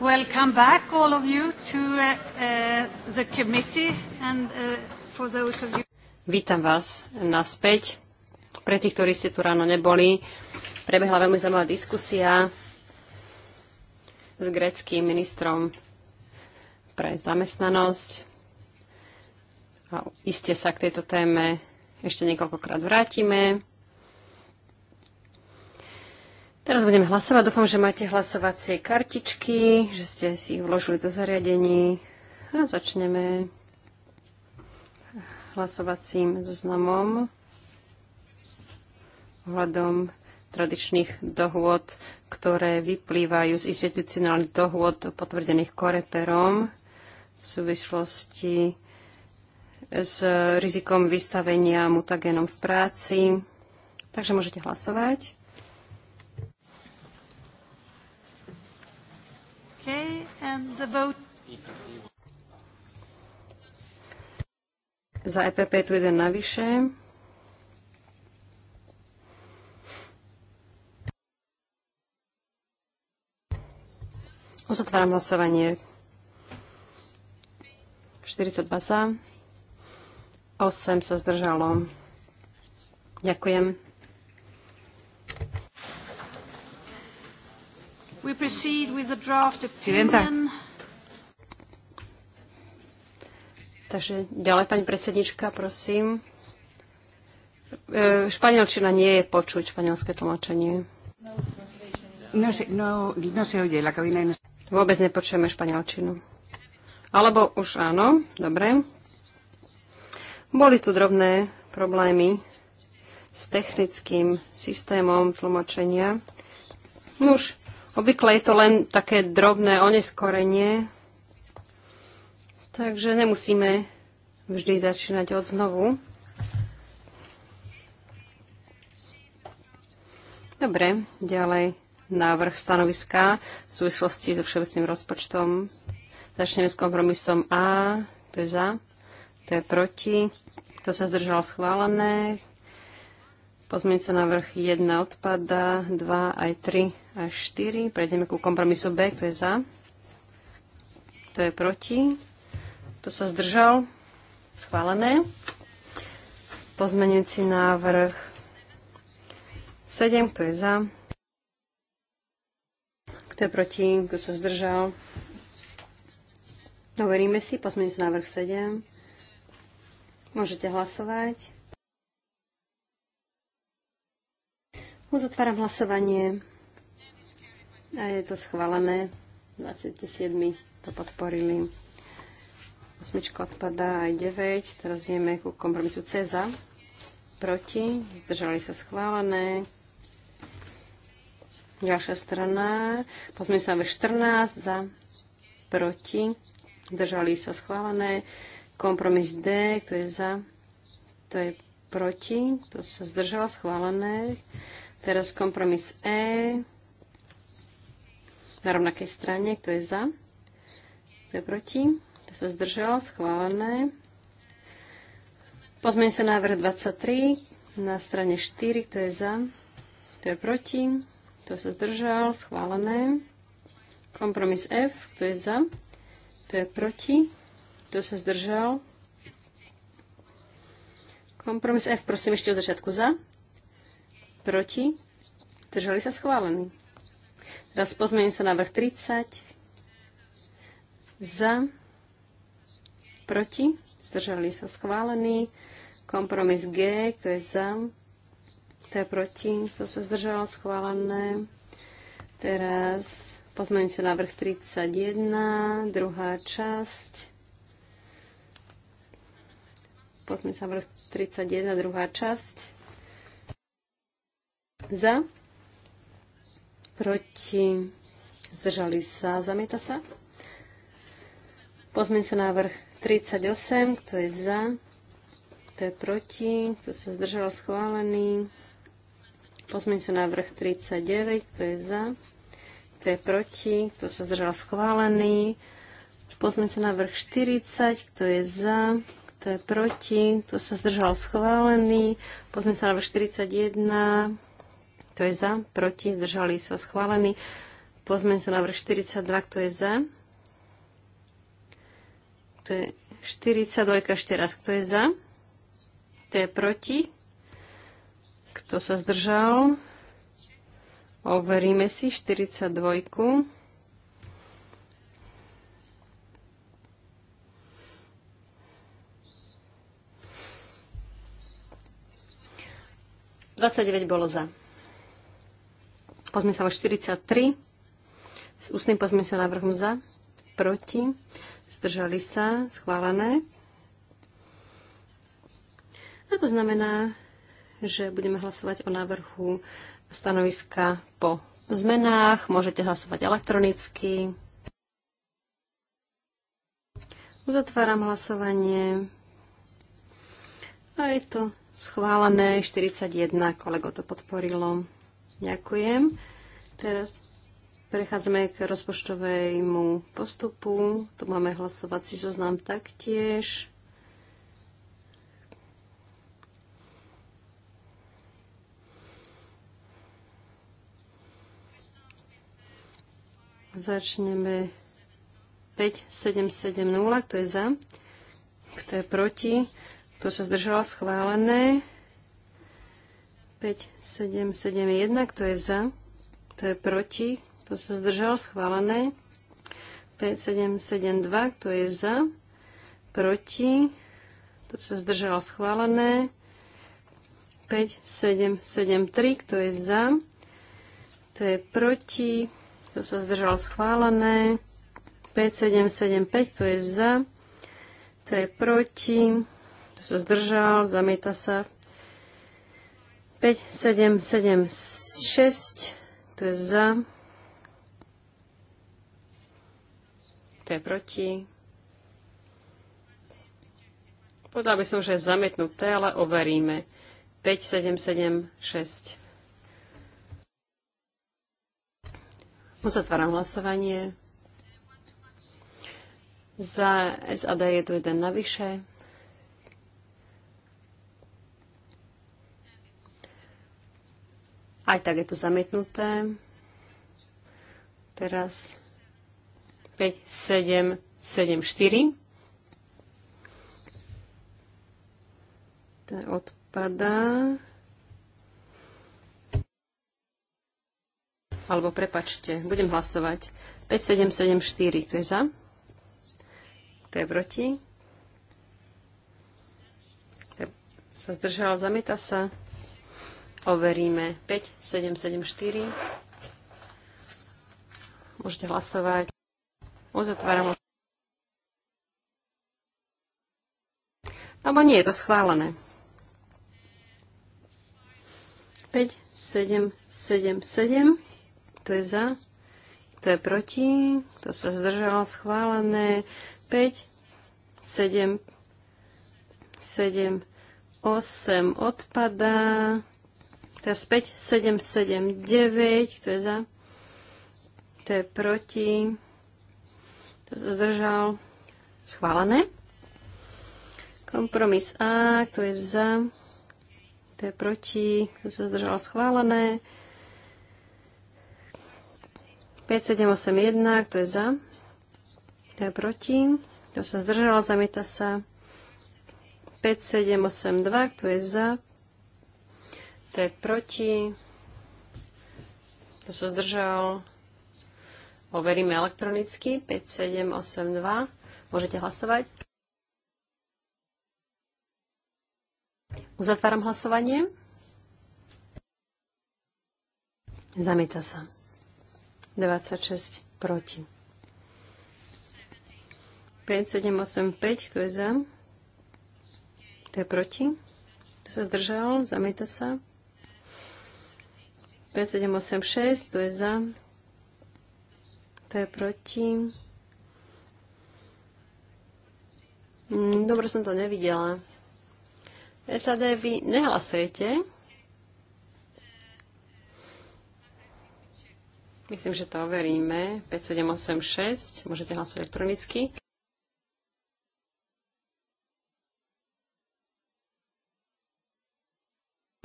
Welcome back, all of you, to uh, uh, the committee and uh, for those of you... Vítam vás naspäť. Pre tých, ktorí ste tu ráno neboli, prebehla veľmi zaujímavá diskusia s greckým ministrom pre zamestnanosť. A iste sa k tejto téme ešte niekoľkokrát vrátime. Teraz budeme hlasovať. Dúfam, že máte hlasovacie kartičky, že ste si ich vložili do zariadení. A začneme hlasovacím zoznamom ohľadom tradičných dohôd, ktoré vyplývajú z institucionálnych dohôd potvrdených koreperom v súvislosti s rizikom vystavenia mutagénom v práci. Takže môžete hlasovať. Okay, and the vote... Za EPP je tu jeden navyše. Uzatváram hlasovanie. 42 za. 8 sa zdržalo. Ďakujem. We Takže ďalej, pani predsednička, prosím. E, španielčina nie je počuť, španielské tlmočenie. No, no, no se la cabina no Vôbec nepočujeme španielčinu. Alebo už áno, dobre. Boli tu drobné problémy s technickým systémom tlmočenia. Nuž, Obvykle je to len také drobné oneskorenie, takže nemusíme vždy začínať od znovu. Dobre, ďalej návrh stanoviska v súvislosti so všeobecným rozpočtom. Začneme s kompromisom A, to je za, to je proti, to sa zdržalo schválené. sa návrh 1 odpada, 2 aj 3 a 4. Prejdeme ku kompromisu B, kto je za. Kto je proti. Kto sa zdržal. Schválené. Pozmenujúci návrh 7, kto je za. Kto je proti. Kto sa zdržal. Overíme si pozmeňujúci návrh 7. Môžete hlasovať. Uzatváram hlasovanie. A je to schválené. 27 to podporili. Osmička odpadá aj 9. Teraz ideme ku kompromisu C za. Proti. Zdržali sa schválené. Ďalšia strana. Pozmeňujú sa 14 za. Proti. Zdržali sa schválené. Kompromis D, To je za, to je proti, to sa zdržalo schválené. Teraz kompromis E, na rovnakej strane. Kto je za? Kto je proti? Kto sa zdržal? Schválené. Pozmeň sa návrh 23 na strane 4. Kto je za? Kto je proti? Kto sa zdržal? Schválené. Kompromis F. Kto je za? Kto je proti? Kto sa zdržal? Kompromis F, prosím, ešte od začiatku za. Proti? Držali sa schválený. Teraz pozmením sa vrch 30. Za. Proti. Zdržali sa schválený. Kompromis G, kto je za. Kto je proti. Kto sa zdržalo schválené. Teraz pozmením sa vrch 31. Druhá časť. Pozmením sa vrch 31. Druhá časť. Za proti, zdržali sa, zamieta sa. Pozmeňujúci návrh 38, kto je za, kto je proti, kto sa zdržal schválený. Pozmeňujúci návrh 39, kto je za, kto je proti, kto sa zdržal schválený. Pozmeňujúci návrh 40, kto je za, kto je proti, kto sa zdržal schválený. Pozmeňujúci návrh 41, kto je za? Proti? Zdržali sa? Schválený. Pozmeň sa návrh 42. Kto je za? To je 42. Ešte raz. Kto je za? Kto je proti? Kto sa zdržal? Overíme si 42. Dvadsaťdeväť bolo za. Pozme sa 43 s ústnym pozme sa návrhom za, proti, zdržali sa, schválené. A to znamená, že budeme hlasovať o návrhu stanoviska po zmenách. Môžete hlasovať elektronicky. Uzatváram hlasovanie. A je to schválené. 41 kolego to podporilo. Ďakujem. Teraz prechádzame k rozpočtovému postupu. Tu máme hlasovací zoznam taktiež. Začneme 5770, kto je za, kto je proti, kto sa zdržala schválené. 1, kto je za, kto je proti, kto sa zdržal, schválené. 2, kto je za, proti, kto sa zdržal, schválené. 3, kto je za, kto je proti, kto sa zdržal, schválené. 5, kto je za, kto je proti, kto sa zdržal, zamieta sa 5, 7, 7, 6. To je za. To je proti. Podľa by som, že je zamietnuté, ale overíme. 5, 7, 7, 6. Uzatváram hlasovanie. Za SAD je tu jeden navyše. Aj tak je to zamietnuté. Teraz 5, 7, 7, 4. To odpadá. Alebo prepačte, budem hlasovať. 5, 7, 7, 4. to je za? To je proti? Kto sa zdržal, zamieta sa overíme 5, 7, 7, 4, Môžete hlasovať. Uzatváram. Alebo nie, je to schválené. 5, 7, 7, 7. To je za. To je proti. To sa zdržalo schválené. 5, 7, 7, 8 odpadá. Teraz 5, 7, 7, 9, kto je za, kto je proti, kto sa zdržal, schválené. Kompromis A, kto je za, kto je proti, kto sa zdržal, schválené. 5, 7, 8, 1, kto je za, kto je proti, kto sa zdržal, zamieta sa. 5, 7, 8, 2, kto je za, kto je proti? To sa zdržal? Overíme elektronicky. 5782. Môžete hlasovať. Uzatváram hlasovanie. Zamieta sa. 26 proti. 5785, kto je za? Kto je proti? Kto sa zdržal? Zamieta sa. 5786, to je za, to je proti. Hm, dobre som to nevidela. SAD, vy nehlasujete. Myslím, že to overíme. 5786, môžete hlasovať elektronicky.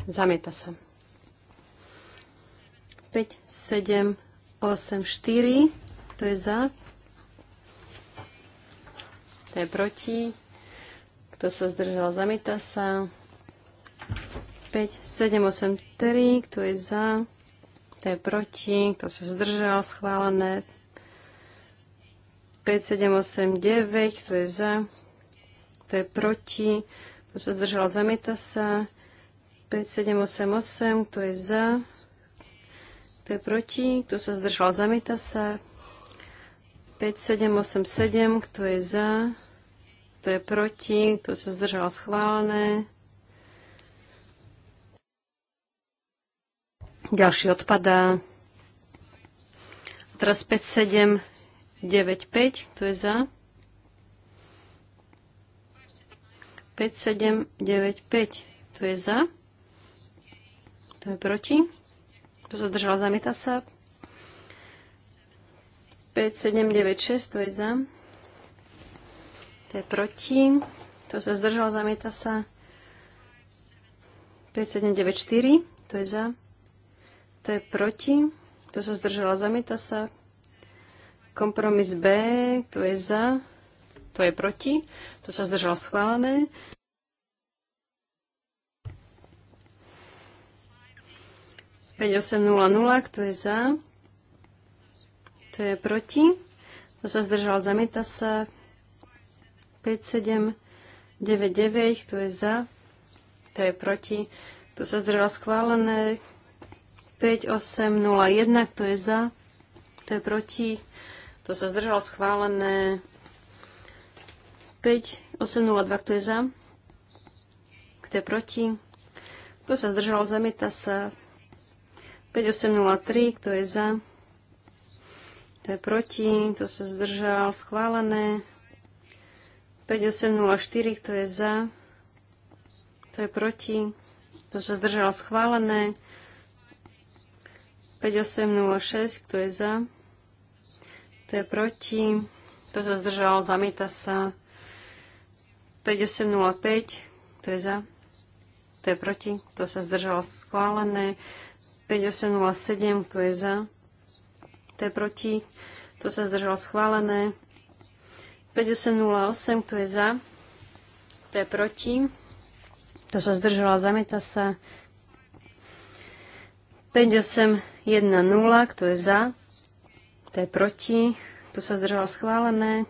Zamieta sa. 5, 7, 8, 4. To je za. To je proti. Kto sa zdržal, zamieta sa. 5, 7, 8, 3. Kto je za? To je proti? Kto sa zdržal, schválené. 5, 7, 8, 9. Kto je za? To je proti? Kto sa zdržal, zamieta sa. 5, 7, 8, 8. Kto je za? Kto je proti? Kto sa zdržal? Zamieta sa. 5, 7, 8, 7. Kto je za? Kto je proti? Kto sa zdržal? Schválne. Ďalší odpadá. Teraz 5, 7, 9, 5. Kto je za? 5, 7, 9, 5. Kto je za? Kto je proti? Kto sa zdržal, zamieta sa. 5, 7, 9, 6, to je za. To je proti. Kto sa zdržal, zamieta sa. 5, 7, 9, 4, to je za. To je proti. Kto sa zdržal, zamieta sa. Kompromis B, to je za, to je proti. To sa zdržal schválené. 5800, kto je za? Kto je proti? Kto sa zdržal, zamieta sa. 5799, kto je za? Kto je proti? Kto sa zdržal, schválené. 5801, kto je za? Kto je proti? Kto sa zdržal, schválené. 5802, kto je za? Kto je proti? Kto sa zdržal, zamieta sa. 5803, kto je za? to je proti? to sa zdržal? Schválené. 5804, kto je za? to je proti? to sa zdržal? Schválené. 5806, kto je za? to je proti? to sa zdržal? Zamieta sa. 5805, kto je za? to je proti? to sa zdržal? Schválené. 5807, kto je za, kto je proti, kto sa zdržal schválené. 5808, kto je za, kto je proti, kto sa zdržal zamieta sa. 5810, kto je za, kto je proti, kto sa zdržal schválené.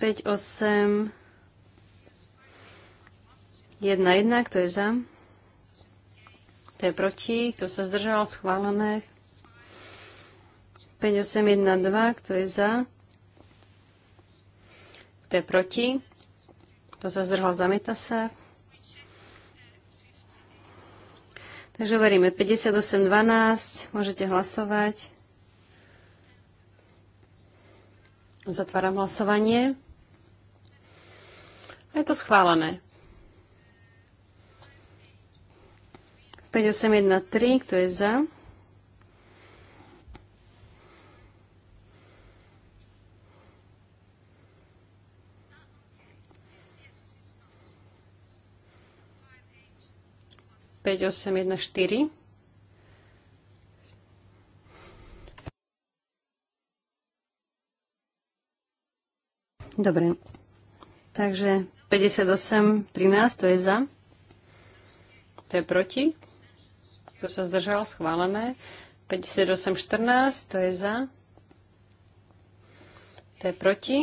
5811, kto je za, kto je proti? Kto sa zdržal? Schválené. 5812. Kto je za? Kto je proti? Kto sa zdržal? Zamieta sa. Takže veríme 5812. Môžete hlasovať. Zatváram hlasovanie. A je to schválené. 5813, kto je za? Päť, osem, jedna, štyri. Dobre. Takže 58, 13, to je za. To je proti. Kto sa zdržal? Schválené. 58.14. To je za. To je proti.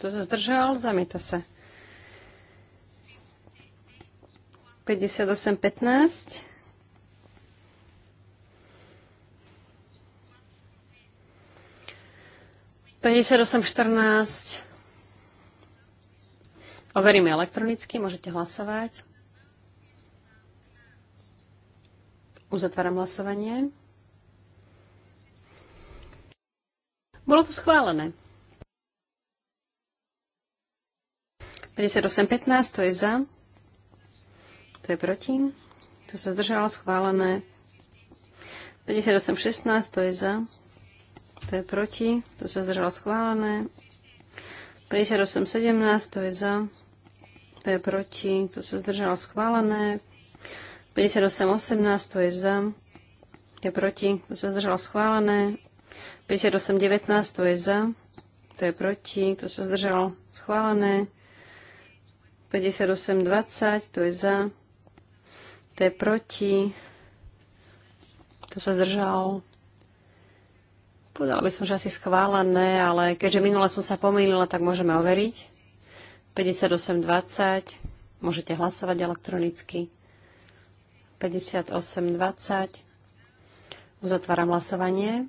Kto sa zdržal? Zamieta sa. 58.15. 58 14. Overíme elektronicky, môžete hlasovať. Uzatváram hlasovanie. Bolo to schválené. 58.15, to je za. To je proti. To sa zdržalo schválené. 58.16, to je za. To je proti. To sa zdržalo schválené. 58.17, to je za. To je proti. To sa zdržalo schválené. 58.18, to je za, to je proti, to sa zdržalo schválené. 58.19, to je za, to je proti, to sa zdržalo schválené. 58.20, to je za, to je proti, to sa zdržalo, Podala by som, že asi schválené, ale keďže minule som sa pomýlila, tak môžeme overiť. 58.20, môžete hlasovať elektronicky. 5820. Uzatváram hlasovanie.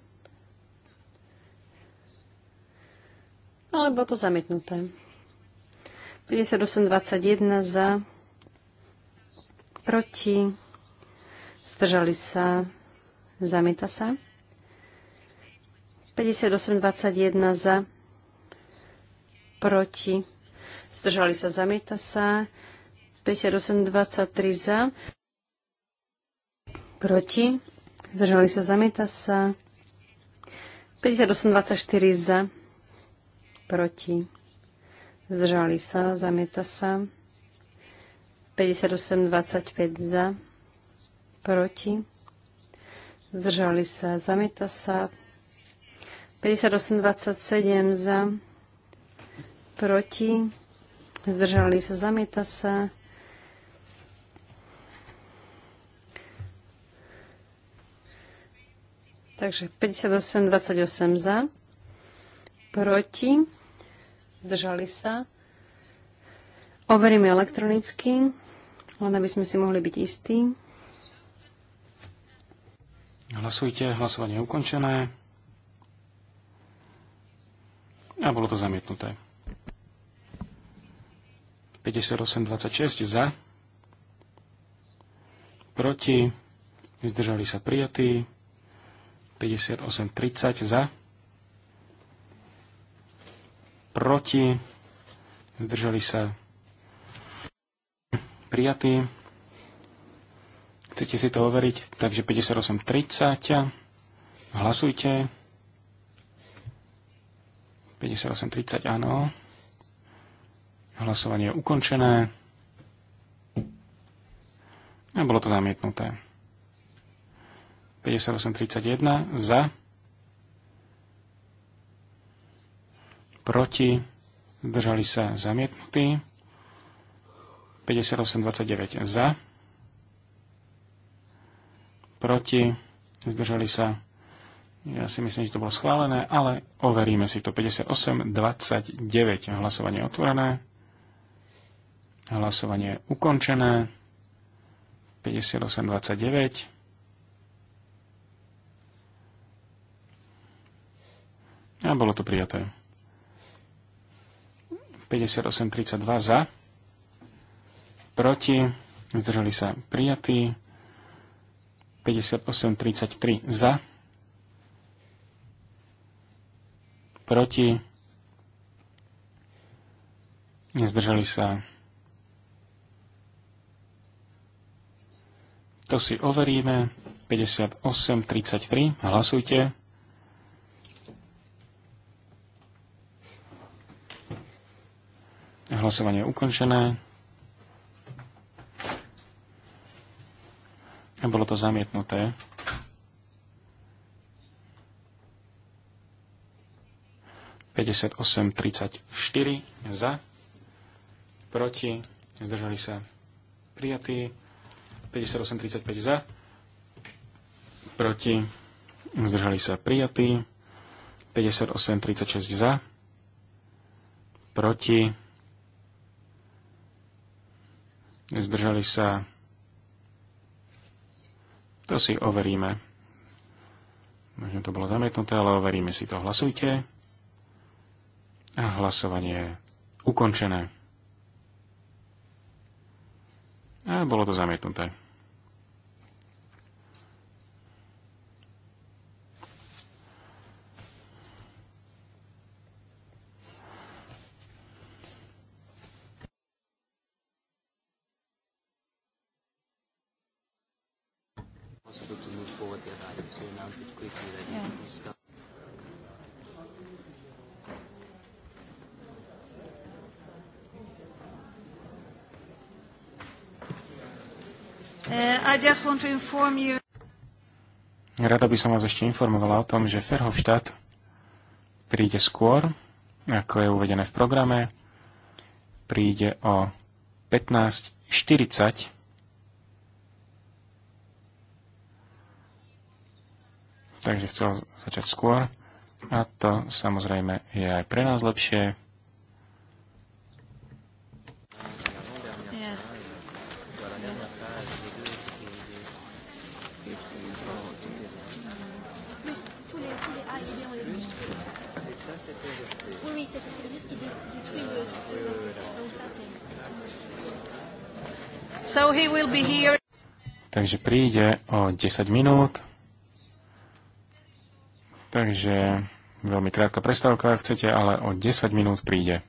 Alebo to zamietnuté. 5821 za. Proti. Zdržali sa. Zamieta sa. 5821 za. Proti. Zdržali sa. Zamieta sa. 5823 za proti, zdržali sa, zamieta sa. 58-24 za, proti, zdržali sa, zamieta sa. 58-25 za, proti, zdržali sa, zamieta sa. 58-27 za, proti, zdržali sa, zamieta sa. Takže 58, 28 za, proti, zdržali sa. Overíme elektronicky, len aby sme si mohli byť istí. Hlasujte, hlasovanie je ukončené. A bolo to zamietnuté. 58,26 za. Proti. Zdržali sa prijatí. 58.30 za. Proti. Zdržali sa prijatí. Chcete si to overiť? Takže 58.30. Hlasujte. 58.30, áno. Hlasovanie je ukončené. A bolo to zamietnuté. 58.31 za, proti, zdržali sa zamietnutí, 58.29 za, proti, zdržali sa, ja si myslím, že to bolo schválené, ale overíme si to, 58.29, hlasovanie otvorené, hlasovanie ukončené, 58.29, A bolo to prijaté. 58.32 za, proti, zdržali sa prijatí, 58.33 za, proti, Nezdržali sa to si overíme, 58.33, hlasujte. Hlasovanie je ukončené. A bolo to zamietnuté. 58, 34 za, proti, zdržali sa prijatí. 35 za, proti, zdržali sa prijatí. 36 za, proti, zdržali sa, to si overíme. Možno to bolo zamietnuté, ale overíme si to. Hlasujte. A hlasovanie je ukončené. A bolo to zamietnuté. Rada by som vás ešte informovala o tom, že Ferhofštát príde skôr, ako je uvedené v programe. Príde o 15.40. Takže chcel začať skôr. A to samozrejme je aj pre nás lepšie. So he will be here. Takže príde o 10 minút. Takže veľmi krátka prestávka, chcete, ale o 10 minút príde.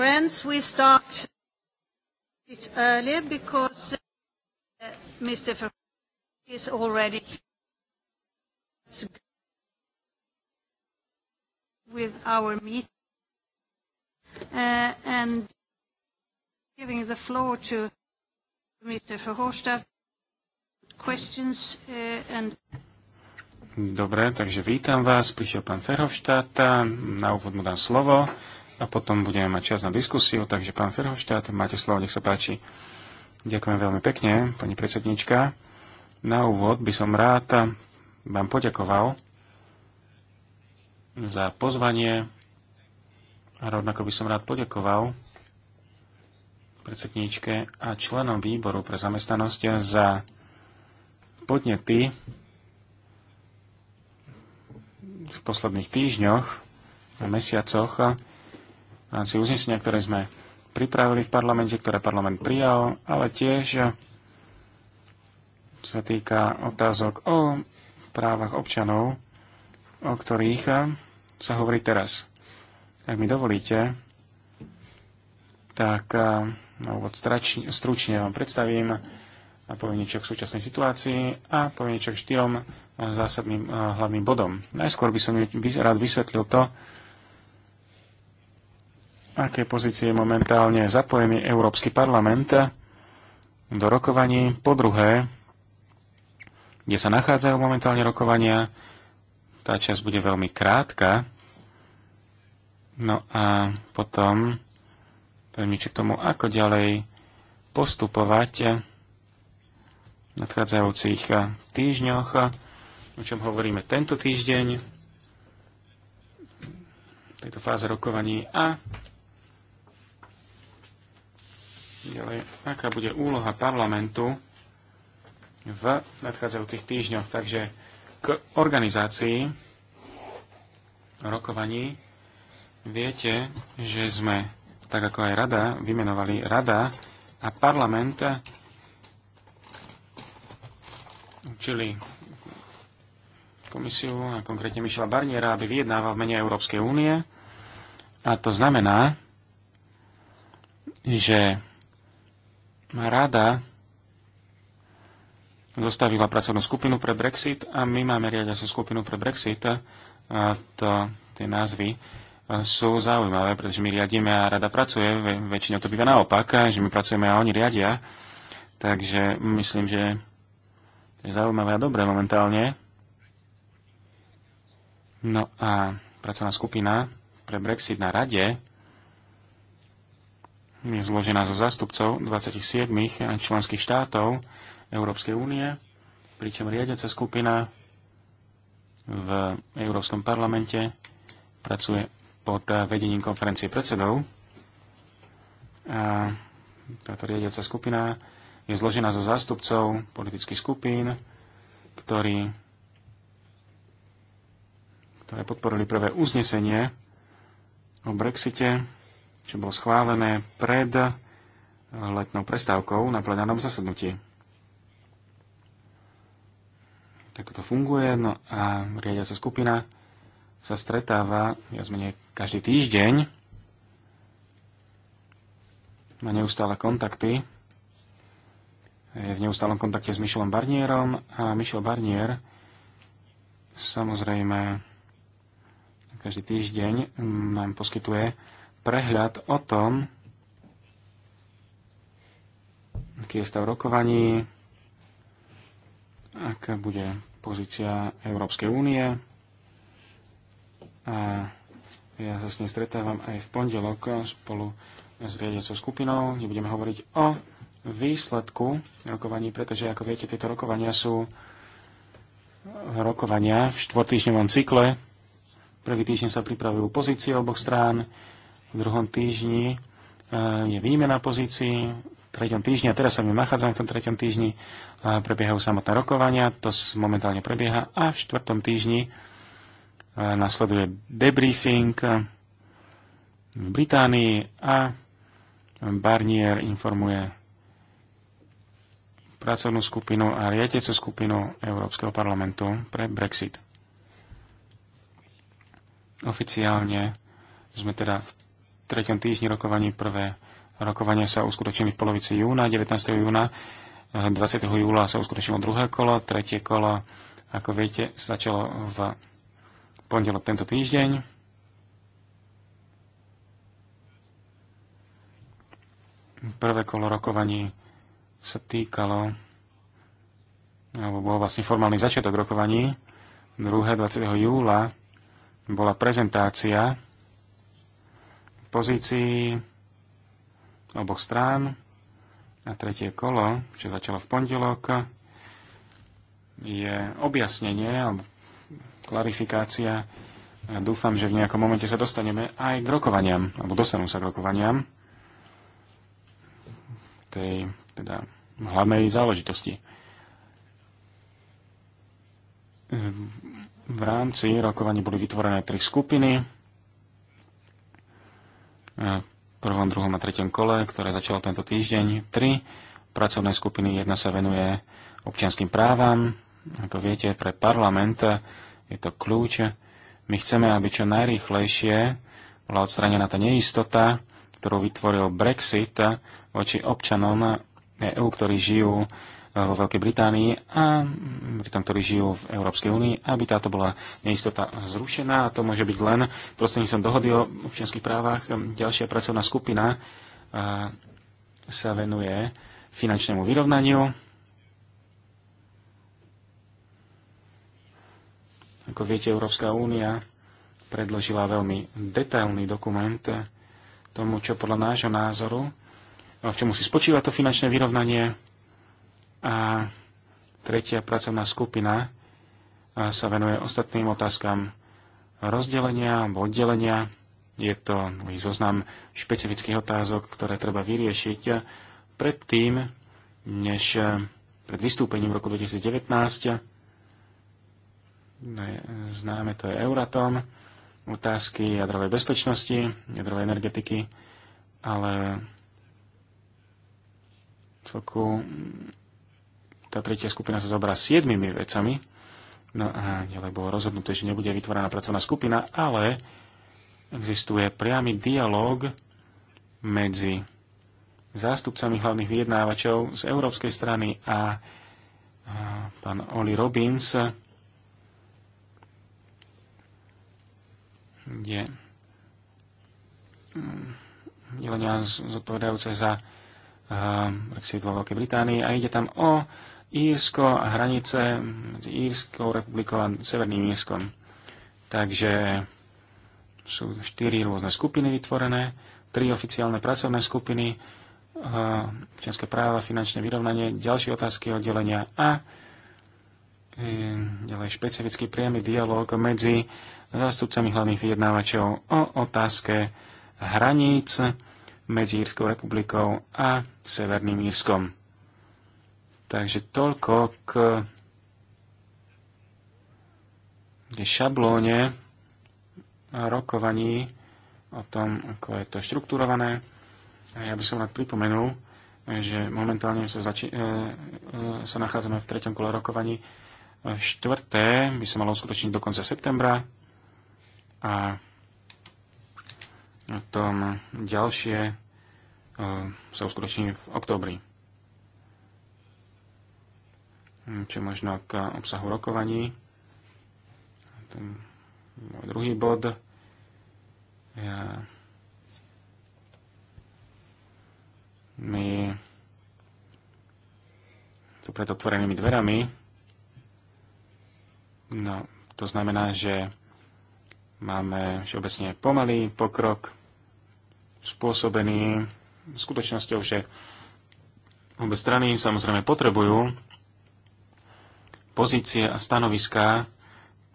Friends, we start a bit early because uh, Mr. Verhofstadt is already with our meeting. Uh, and giving the floor to Mr. Verhofstadt. Questions uh, and Dobre, takže vítam vás. Prišiel pán Ferhovštát. Na úvod mu dám slovo a potom budeme mať čas na diskusiu, takže pán Ferhoštát, máte slovo, nech sa páči. Ďakujem veľmi pekne, pani predsednička. Na úvod by som rád vám poďakoval za pozvanie a rovnako by som rád poďakoval predsedníčke a členom výboru pre zamestnanosť za podnety v posledných týždňoch a mesiacoch v rámci uznesenia, ktoré sme pripravili v parlamente, ktoré parlament prijal, ale tiež eh, čo sa týka otázok o právach občanov, o ktorých eh, sa hovorí teraz. Ak mi dovolíte, tak eh, na úvod stručne vám predstavím a poviem niečo k súčasnej situácii a poviem niečo k štyrom zásadným hlavným bodom. Najskôr by som rád vysvetlil to, Aké pozície je momentálne zapojený Európsky parlament do rokovaní. Po druhé, kde sa nachádzajú momentálne rokovania, tá časť bude veľmi krátka. No a potom pevniči k tomu, ako ďalej postupovať v nadchádzajúcich týždňoch, o čom hovoríme tento týždeň, tejto fáze rokovaní a ďalej, aká bude úloha parlamentu v nadchádzajúcich týždňoch. Takže k organizácii rokovaní viete, že sme, tak ako aj rada, vymenovali rada a parlament učili komisiu a konkrétne Michela Barniera, aby vyjednával v mene Európskej únie. A to znamená, že Rada zostavila pracovnú skupinu pre Brexit a my máme riadiacu skupinu pre Brexit. A to, tie názvy e, sú zaujímavé, pretože my riadíme a rada pracuje. Väčšinou to býva naopak, že my pracujeme a oni riadia. Takže myslím, že to je zaujímavé a dobré momentálne. No a pracovná skupina pre Brexit na rade je zložená zo zástupcov 27 členských štátov Európskej únie, pričom riadiaca skupina v Európskom parlamente pracuje pod vedením konferencie predsedov. A táto riadiaca skupina je zložená zo zástupcov politických skupín, ktorí, ktoré podporili prvé uznesenie o Brexite čo bolo schválené pred eh, letnou prestávkou na plenárnom zasadnutí. Tak toto funguje, no a riadiaca skupina sa stretáva viac ja menej každý týždeň, má neustále kontakty, je v neustálom kontakte s Michelom Barnierom a Michel Barnier samozrejme každý týždeň nám poskytuje prehľad o tom, aký je stav rokovaní, aká bude pozícia Európskej únie. A ja sa s ním stretávam aj v pondelok spolu s riadiacou skupinou, kde budeme hovoriť o výsledku rokovaní, pretože, ako viete, tieto rokovania sú rokovania v štvortýždňovom cykle. Prvý týždeň sa pripravujú pozície oboch strán, v druhom týždni e, je výmena pozícií, v treťom týždni, a teraz sa my nachádzame v tom treťom týždni, e, prebiehajú samotné rokovania, to momentálne prebieha, a v štvrtom týždni e, nasleduje debriefing v Británii a Barnier informuje pracovnú skupinu a riadiacu skupinu Európskeho parlamentu pre Brexit. Oficiálne sme teda v treťom týždni rokovaní prvé rokovania sa uskutočnili v polovici júna, 19. júna. 20. Eh, júla sa uskutočnilo druhé kolo, tretie kolo, ako viete, začalo v pondelok tento týždeň. Prvé kolo rokovaní sa týkalo, alebo bol vlastne formálny začiatok rokovaní. 2. 20. júla bola prezentácia pozícií oboch strán. A tretie kolo, čo začalo v pondelok, je objasnenie alebo klarifikácia. Ja dúfam, že v nejakom momente sa dostaneme aj k rokovaniam, alebo dostanú sa k rokovaniam tej teda, hlavnej záležitosti. V rámci rokovania boli vytvorené tri skupiny prvom, druhom a tretom kole, ktoré začalo tento týždeň. Tri pracovné skupiny. Jedna sa venuje občianským právam. Ako viete, pre parlament je to kľúč. My chceme, aby čo najrýchlejšie bola odstranená tá neistota, ktorú vytvoril Brexit voči občanom EÚ, ktorí žijú Eh, vo Veľkej Británii a Britom, ktorí žijú v Európskej únii, aby táto bola neistota zrušená a to môže byť len prostredníctvom dohody o občianských právach. Ďalšia pracovná skupina eh, sa venuje finančnému vyrovnaniu. Ako viete, Európska únia predložila veľmi detailný dokument tomu, čo podľa nášho názoru, v čom musí spočívať to finančné vyrovnanie, a tretia pracovná skupina sa venuje ostatným otázkam rozdelenia alebo oddelenia. Je to zoznam špecifických otázok, ktoré treba vyriešiť predtým, než pred vystúpením v roku 2019. No, známe to je Euratom, otázky jadrovej bezpečnosti, jadrovej energetiky, ale celku tá tretia skupina sa zaoberá siedmimi vecami. No a ďalej bolo rozhodnuté, že nebude vytvorená pracovná skupina, ale existuje priamy dialog medzi zástupcami hlavných vyjednávačov z európskej strany a pán Oli Robbins, kde Jelenia zodpovedajúce za Brexit vo Veľkej Británii a ide tam o Írsko a hranice medzi Írskou republikou a Severným Írskom. Takže sú štyri rôzne skupiny vytvorené, tri oficiálne pracovné skupiny, e, občianské práva, finančné vyrovnanie, ďalšie otázky oddelenia a e, ďalej špecifický priamy dialog medzi zástupcami hlavných vyjednávačov o otázke hraníc medzi Írskou republikou a Severným Írskom. Takže toľko k šablóne a rokovaní o tom, ako je to štrukturované. A ja by som rád pripomenul, že momentálne sa, zači- e, e, sa nachádzame v treťom kole rokovaní. Štvrté by sa malo uskutočniť do konca septembra a tom ďalšie e, sa uskutoční v októbri. Hm, či možno k obsahu rokovaní. Ten môj druhý bod. Ja... My sú pred otvorenými dverami. No, to znamená, že máme všeobecne pomalý pokrok spôsobený skutočnosťou, že obe strany samozrejme potrebujú pozície a stanoviská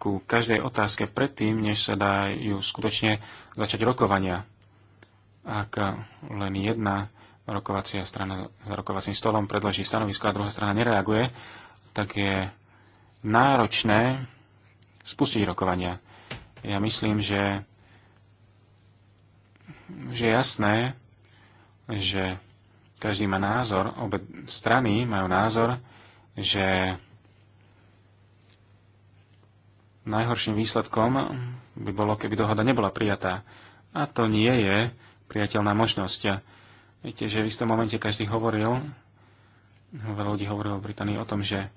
ku každej otázke predtým, než sa dajú skutočne začať rokovania. Ak len jedna rokovacia strana za rokovacím stolom predloží stanovisko a druhá strana nereaguje, tak je náročné spustiť rokovania. Ja myslím, že, že je jasné, že každý má názor, obe strany majú názor, že najhorším výsledkom by bolo, keby dohoda nebola prijatá. A to nie je priateľná možnosť. Viete, že v istom momente každý hovoril, veľa ľudí hovorilo v Británii o tom, že e,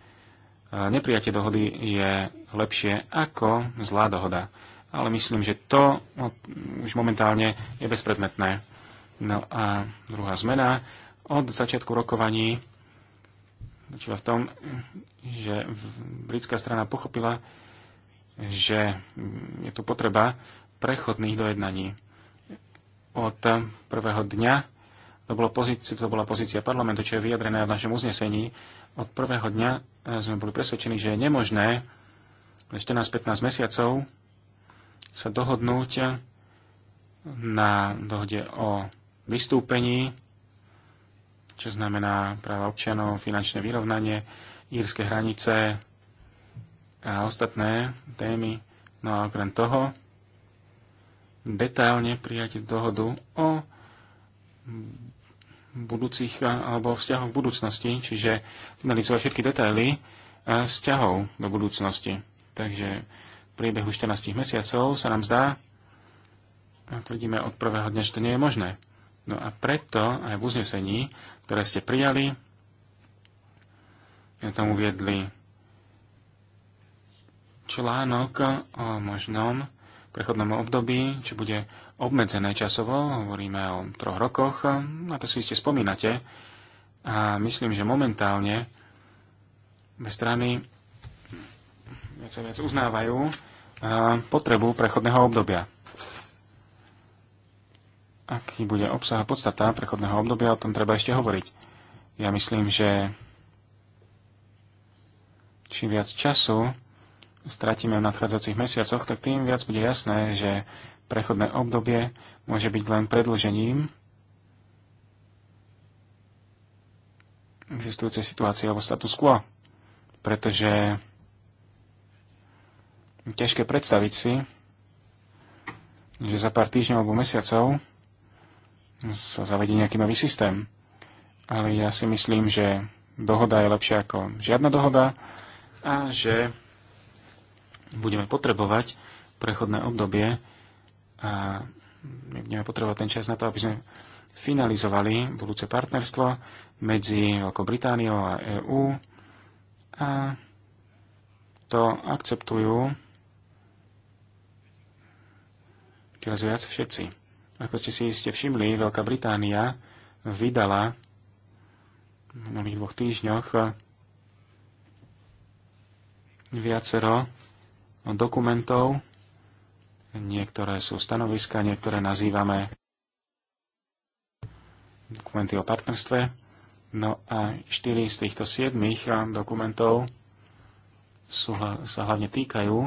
neprijatie dohody je lepšie ako zlá dohoda. Ale myslím, že to už momentálne je bezpredmetné. No a druhá zmena. Od začiatku rokovaní v tom, že britská strana pochopila, že je tu potreba prechodných dojednaní. Od prvého dňa to, bolo pozícia, to bola pozícia parlamentu, čo je vyjadrené v našom uznesení. Od prvého dňa e, sme boli presvedčení, že je nemožné 14-15 mesiacov sa dohodnúť na dohode o vystúpení, čo znamená práva občanov, finančné vyrovnanie, írske hranice, a ostatné témy. No a okrem toho detailne prijať dohodu o budúcich alebo vzťahoch v budúcnosti, čiže mali sa všetky detaily vzťahov do budúcnosti. Takže v priebehu 14 mesiacov sa nám zdá, a tvrdíme od prvého dňa, že to nie je možné. No a preto aj v uznesení, ktoré ste prijali, tam uviedli článok o možnom prechodnom období, čo bude obmedzené časovo, hovoríme o troch rokoch, na to si ste spomínate. A myslím, že momentálne ve strany viac a viac uznávajú potrebu prechodného obdobia. Aký bude obsah a podstata prechodného obdobia, o tom treba ešte hovoriť. Ja myslím, že či viac času stratíme v nadchádzajúcich mesiacoch, tak tým viac bude jasné, že prechodné obdobie môže byť len predlžením existujúcej situácie alebo status quo. Pretože ťažké predstaviť si, že za pár týždňov alebo mesiacov sa zavedie nejaký nový systém. Ale ja si myslím, že dohoda je lepšia ako žiadna dohoda a že budeme potrebovať prechodné obdobie a budeme potrebovať ten čas na to, aby sme finalizovali budúce partnerstvo medzi Veľkou Britániou a EÚ a to akceptujú čoraz viac všetci. Ako ste si iste všimli, Veľká Británia vydala v minulých dvoch týždňoch viacero dokumentov. Niektoré sú stanoviska, niektoré nazývame dokumenty o partnerstve. No a štyri z týchto siedmých dokumentov sú, sa hlavne týkajú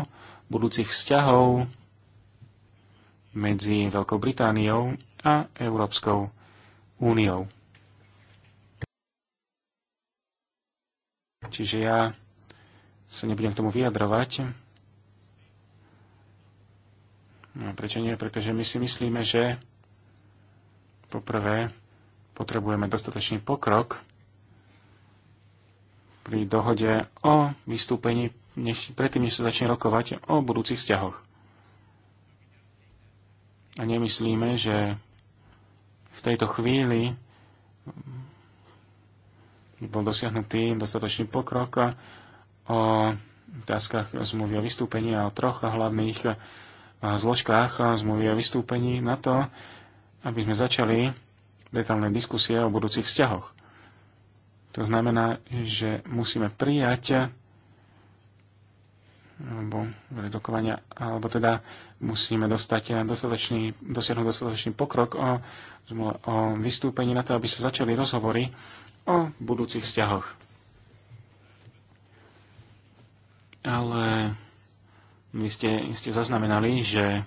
budúcich vzťahov medzi Veľkou Britániou a Európskou úniou. Čiže ja sa nebudem k tomu vyjadrovať. No, prečo nie? Pretože my si myslíme, že poprvé potrebujeme dostatočný pokrok pri dohode o vystúpení, než, predtým, než sa začne rokovať o budúcich vzťahoch. A nemyslíme, že v tejto chvíli bol dosiahnutý dostatočný pokrok o otázkach zmluvy o vystúpení a o troch hlavných zložkách zmluvy o vystúpení na to, aby sme začali detálne diskusie o budúcich vzťahoch. To znamená, že musíme prijať alebo redukovania, alebo teda musíme dostať dostatočný, dosiahnuť dostatočný pokrok o, o vystúpení na to, aby sa začali rozhovory o budúcich vzťahoch. Ale vy ste, ste zaznamenali, že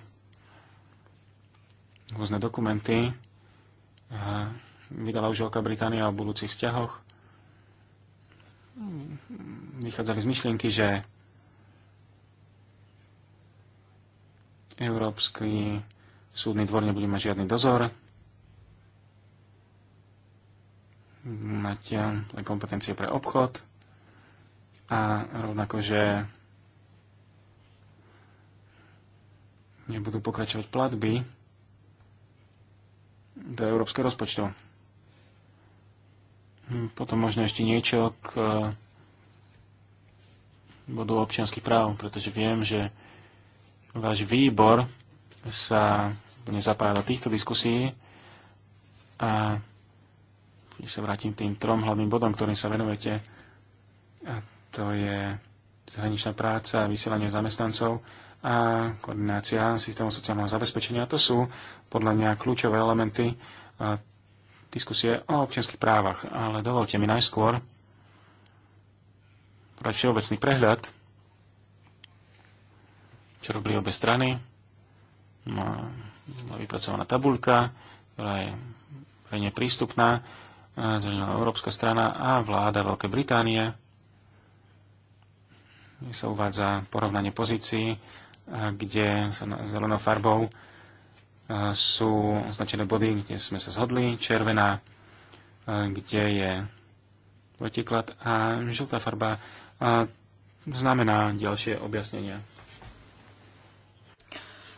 rôzne dokumenty eh, vydala už Veľká Británia o budúcich vzťahoch. Vychádzali z myšlienky, že Európsky súdny dvor nebude mať žiadny dozor mať kompetencie pre obchod a rovnako, že nebudú pokračovať platby do európskeho rozpočtu. Hm, potom možno ešte niečo k e, bodu občianských práv, pretože viem, že váš výbor sa nezapája do týchto diskusí a keď sa vrátim k tým trom hlavným bodom, ktorým sa venujete, a to je zahraničná práca, a vysielanie zamestnancov, a koordinácia systému sociálneho zabezpečenia. To sú podľa mňa kľúčové elementy e, diskusie o občianských právach. Ale dovolte mi najskôr podať všeobecný prehľad, čo robili obe strany. No, bola vypracovaná tabuľka, ktorá je verejne prístupná, e, zelená Európska strana a vláda Veľkej Británie. Kde sa uvádza porovnanie pozícií kde sa zelenou farbou e, sú označené body, kde sme sa zhodli, červená, e, kde je protiklad a žltá farba a e, znamená ďalšie objasnenia.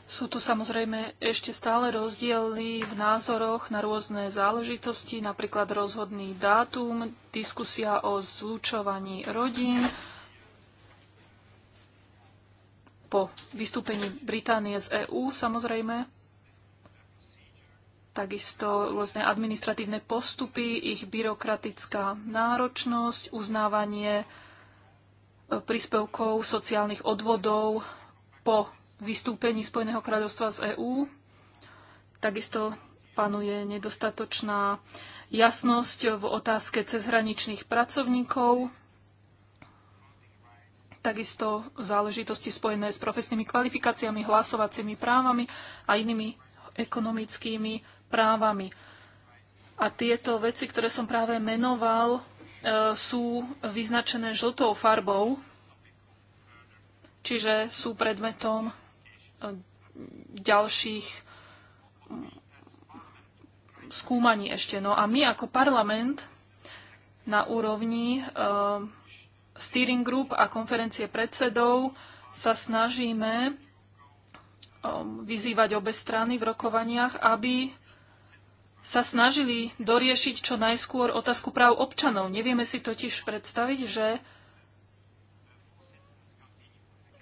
Sú tu samozrejme ešte stále rozdiely v názoroch na rôzne záležitosti, napríklad rozhodný dátum, diskusia o zlučovaní rodín, po vystúpení Británie z EÚ samozrejme. Takisto rôzne administratívne postupy, ich byrokratická náročnosť, uznávanie e, príspevkov sociálnych odvodov po vystúpení Spojeného kráľovstva z EÚ. Takisto panuje nedostatočná jasnosť v otázke cezhraničných pracovníkov, takisto záležitosti spojené s profesnými kvalifikáciami, hlasovacími právami a inými ekonomickými právami. A tieto veci, ktoré som práve menoval, e, sú vyznačené žltou farbou, čiže sú predmetom e, ďalších mm, skúmaní ešte. No a my ako parlament na úrovni e, steering group a konferencie predsedov sa snažíme um, vyzývať obe strany v rokovaniach, aby sa snažili doriešiť čo najskôr otázku práv občanov. Nevieme si totiž predstaviť, že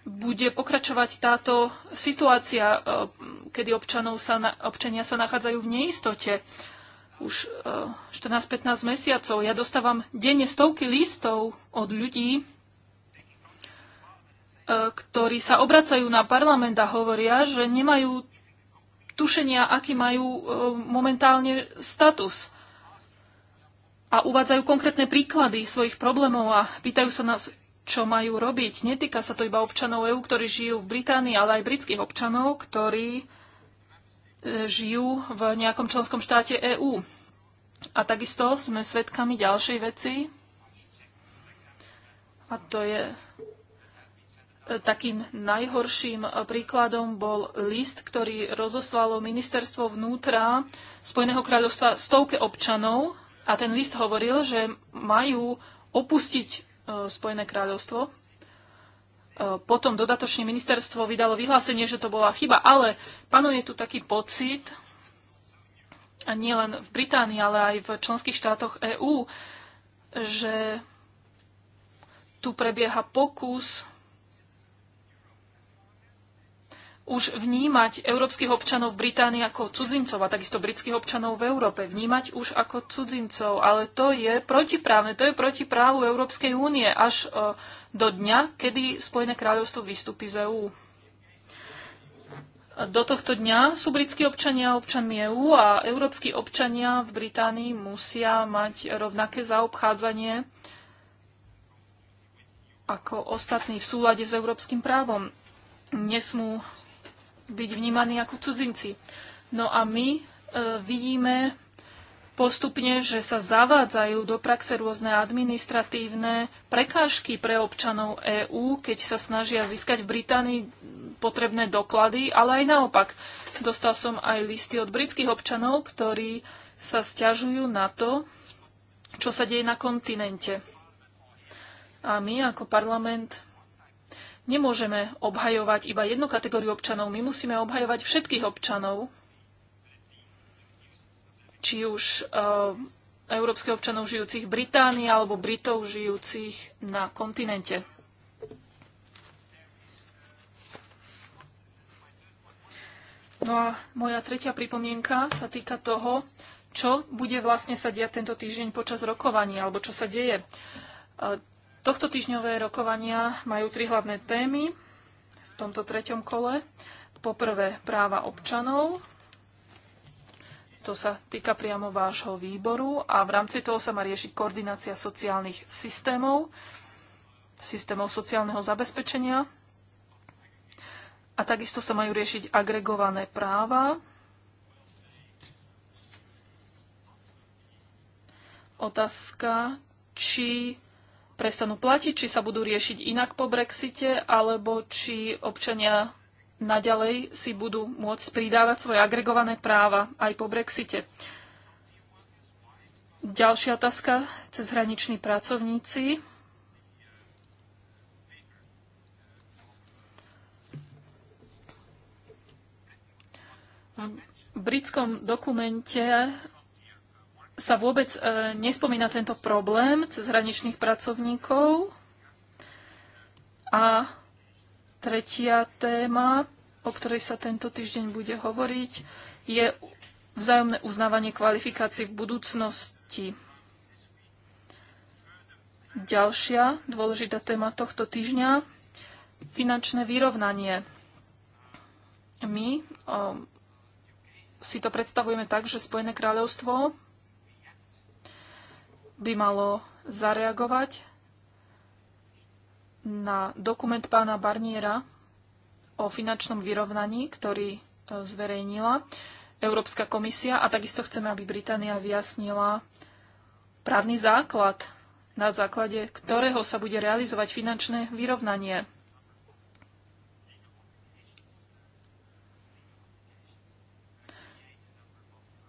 bude pokračovať táto situácia, uh, kedy občanov sa, občania sa nachádzajú v neistote už 14-15 e, mesiacov. Ja dostávam denne stovky listov od ľudí, e, ktorí sa obracajú na parlament a hovoria, že nemajú tušenia, aký majú e, momentálne status. A uvádzajú konkrétne príklady svojich problémov a pýtajú sa nás, čo majú robiť. Netýka sa to iba občanov EÚ, ktorí žijú v Británii, ale aj britských občanov, ktorí žijú v nejakom členskom štáte EÚ. A takisto sme svedkami ďalšej veci, a to je e, takým najhorším príkladom bol list, ktorý rozoslalo ministerstvo vnútra Spojeného kráľovstva stovke občanov a ten list hovoril, že majú opustiť e, Spojené kráľovstvo potom dodatočne ministerstvo vydalo vyhlásenie, že to bola chyba, ale panuje tu taký pocit, a nie len v Británii, ale aj v členských štátoch EÚ, že tu prebieha pokus už vnímať európskych občanov v Británii ako cudzincov a takisto britských občanov v Európe. Vnímať už ako cudzincov, ale to je protiprávne, to je proti právu Európskej únie. Až do dňa, kedy Spojené kráľovstvo vystúpi z EÚ. Do tohto dňa sú britskí občania občanmi EÚ EU a európsky občania v Británii musia mať rovnaké zaobchádzanie ako ostatní v súlade s európskym právom. Nesmú byť vnímaní ako cudzinci. No a my e, vidíme postupne, že sa zavádzajú do praxe rôzne administratívne prekážky pre občanov EÚ, keď sa snažia získať v Británii potrebné doklady, ale aj naopak. Dostal som aj listy od britských občanov, ktorí sa stiažujú na to, čo sa deje na kontinente. A my ako parlament nemôžeme obhajovať iba jednu kategóriu občanov, my musíme obhajovať všetkých občanov či už eh, európskych občanov žijúcich v Británii alebo Britov žijúcich na kontinente. No a moja tretia pripomienka sa týka toho, čo bude vlastne sa diať tento týždeň počas rokovania, alebo čo sa deje. Eh, tohto týždňové rokovania majú tri hlavné témy v tomto treťom kole. Poprvé práva občanov, to sa týka priamo vášho výboru a v rámci toho sa má riešiť koordinácia sociálnych systémov, systémov sociálneho zabezpečenia a takisto sa majú riešiť agregované práva, otázka, či prestanú platiť, či sa budú riešiť inak po Brexite, alebo či občania naďalej si budú môcť pridávať svoje agregované práva aj po Brexite. Ďalšia otázka, cez hraniční pracovníci. V britskom dokumente sa vôbec e, nespomína tento problém cez hraničných pracovníkov a Tretia téma, o ktorej sa tento týždeň bude hovoriť, je vzájomné uznávanie kvalifikácií v budúcnosti. Ďalšia dôležitá téma tohto týždňa finančné vyrovnanie. My o, si to predstavujeme tak, že Spojené kráľovstvo by malo zareagovať na dokument pána Barniera o finančnom vyrovnaní, ktorý e, zverejnila Európska komisia a takisto chceme, aby Británia vyjasnila právny základ, na základe ktorého sa bude realizovať finančné vyrovnanie.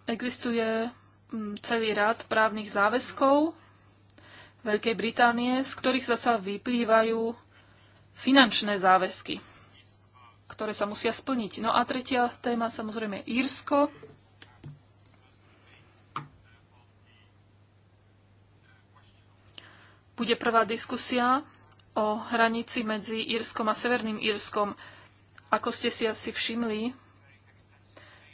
Existuje celý rád právnych záväzkov, Veľkej Británie, z ktorých zasa vyplývajú finančné záväzky, ktoré sa musia splniť. No a tretia téma samozrejme Írsko. Bude prvá diskusia o hranici medzi Írskom a Severným Írskom. Ako ste si asi všimli,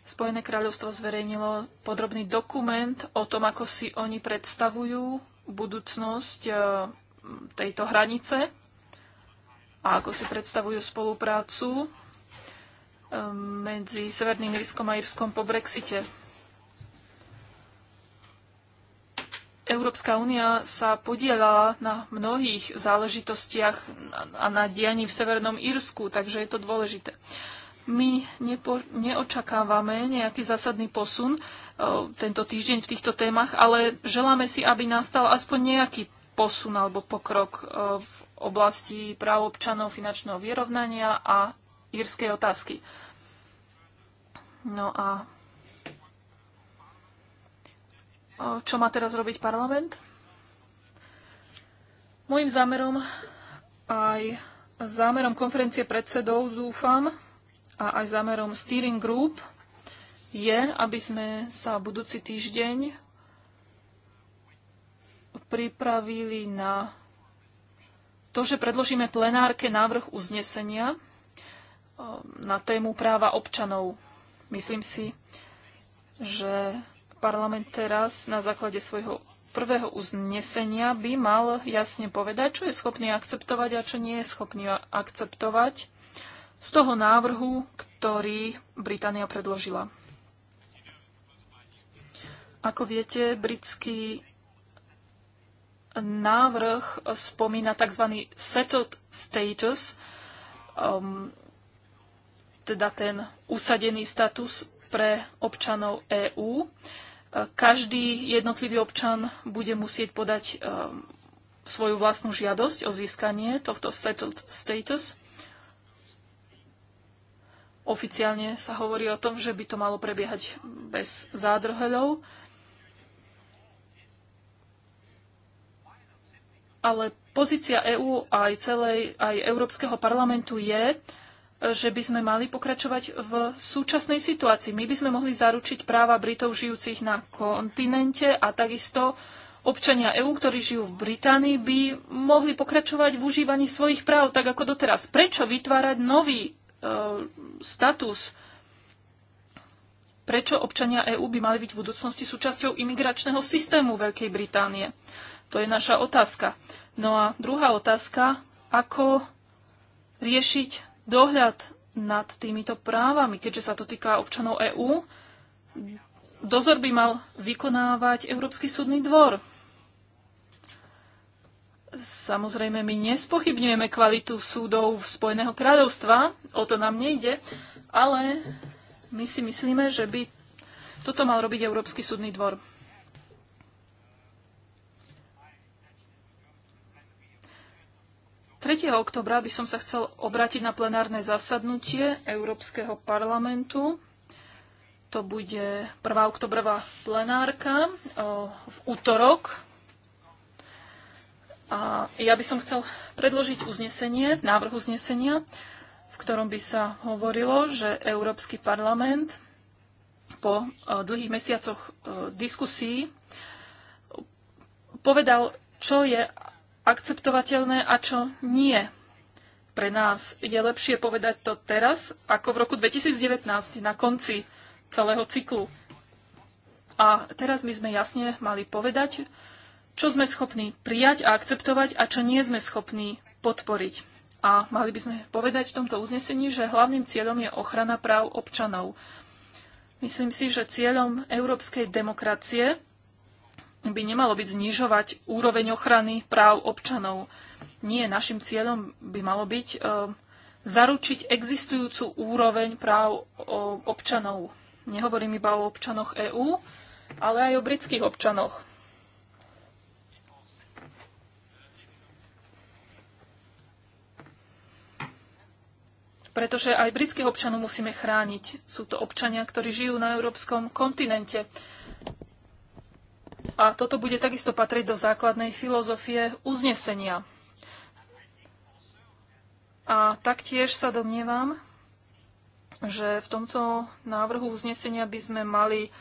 Spojené kráľovstvo zverejnilo podrobný dokument o tom, ako si oni predstavujú budúcnosť eh, tejto hranice a ako si predstavujú spoluprácu eh, medzi Severným Irskom a Irskom po Brexite. Európska únia sa podielala na mnohých záležitostiach a na dianí v Severnom Írsku, takže je to dôležité my nepo, neočakávame nejaký zásadný posun eh, tento týždeň v týchto témach, ale želáme si, aby nastal aspoň nejaký posun alebo pokrok eh, v oblasti práv občanov, finančného vyrovnania a írskej otázky. No a eh, čo má teraz robiť parlament? Mojím zámerom aj zámerom konferencie predsedov dúfam, a aj zámerom Steering Group je, aby sme sa budúci týždeň pripravili na to, že predložíme plenárke návrh uznesenia um, na tému práva občanov. Myslím si, že parlament teraz na základe svojho prvého uznesenia by mal jasne povedať, čo je schopný akceptovať a čo nie je schopný akceptovať z toho návrhu, ktorý Británia predložila. Ako viete, britský návrh spomína tzv. settled status, um, teda ten usadený status pre občanov EÚ. Každý jednotlivý občan bude musieť podať um, svoju vlastnú žiadosť o získanie tohto settled status. Oficiálne sa hovorí o tom, že by to malo prebiehať bez zádrhelov. Ale pozícia EÚ aj celej, aj Európskeho parlamentu je, že by sme mali pokračovať v súčasnej situácii. My by sme mohli zaručiť práva Britov žijúcich na kontinente a takisto občania EÚ, ktorí žijú v Británii, by mohli pokračovať v užívaní svojich práv tak ako doteraz. Prečo vytvárať nový Eh, status. Prečo občania EÚ by mali byť v budúcnosti súčasťou imigračného systému Veľkej Británie? To je naša otázka. No a druhá otázka, ako riešiť dohľad nad týmito právami, keďže sa to týka občanov EÚ. Dozor by mal vykonávať Európsky súdny dvor. Samozrejme, my nespochybňujeme kvalitu súdov v Spojeného kráľovstva, o to nám nejde, ale my si myslíme, že by toto mal robiť Európsky súdny dvor. Tretieho oktobra by som sa chcel obrátiť na plenárne zasadnutie Európskeho parlamentu. To bude 1. oktobrová plenárka v útorok a ja by som chcel predložiť uznesenie, návrh uznesenia, v ktorom by sa hovorilo, že Európsky parlament po e, dlhých mesiacoch e, diskusí povedal, čo je akceptovateľné a čo nie. Pre nás je lepšie povedať to teraz, ako v roku 2019, na konci celého cyklu. A teraz by sme jasne mali povedať, čo sme schopní prijať a akceptovať a čo nie sme schopní podporiť. A mali by sme povedať v tomto uznesení, že hlavným cieľom je ochrana práv občanov. Myslím si, že cieľom európskej demokracie by nemalo byť znižovať úroveň ochrany práv občanov. Nie, našim cieľom by malo byť e, zaručiť existujúcu úroveň práv občanov. Nehovorím iba o občanoch EÚ, ale aj o britských občanoch. pretože aj britských občanov musíme chrániť. Sú to občania, ktorí žijú na európskom kontinente. A toto bude takisto patriť do základnej filozofie uznesenia. A taktiež sa domnievam, že v tomto návrhu uznesenia by sme mali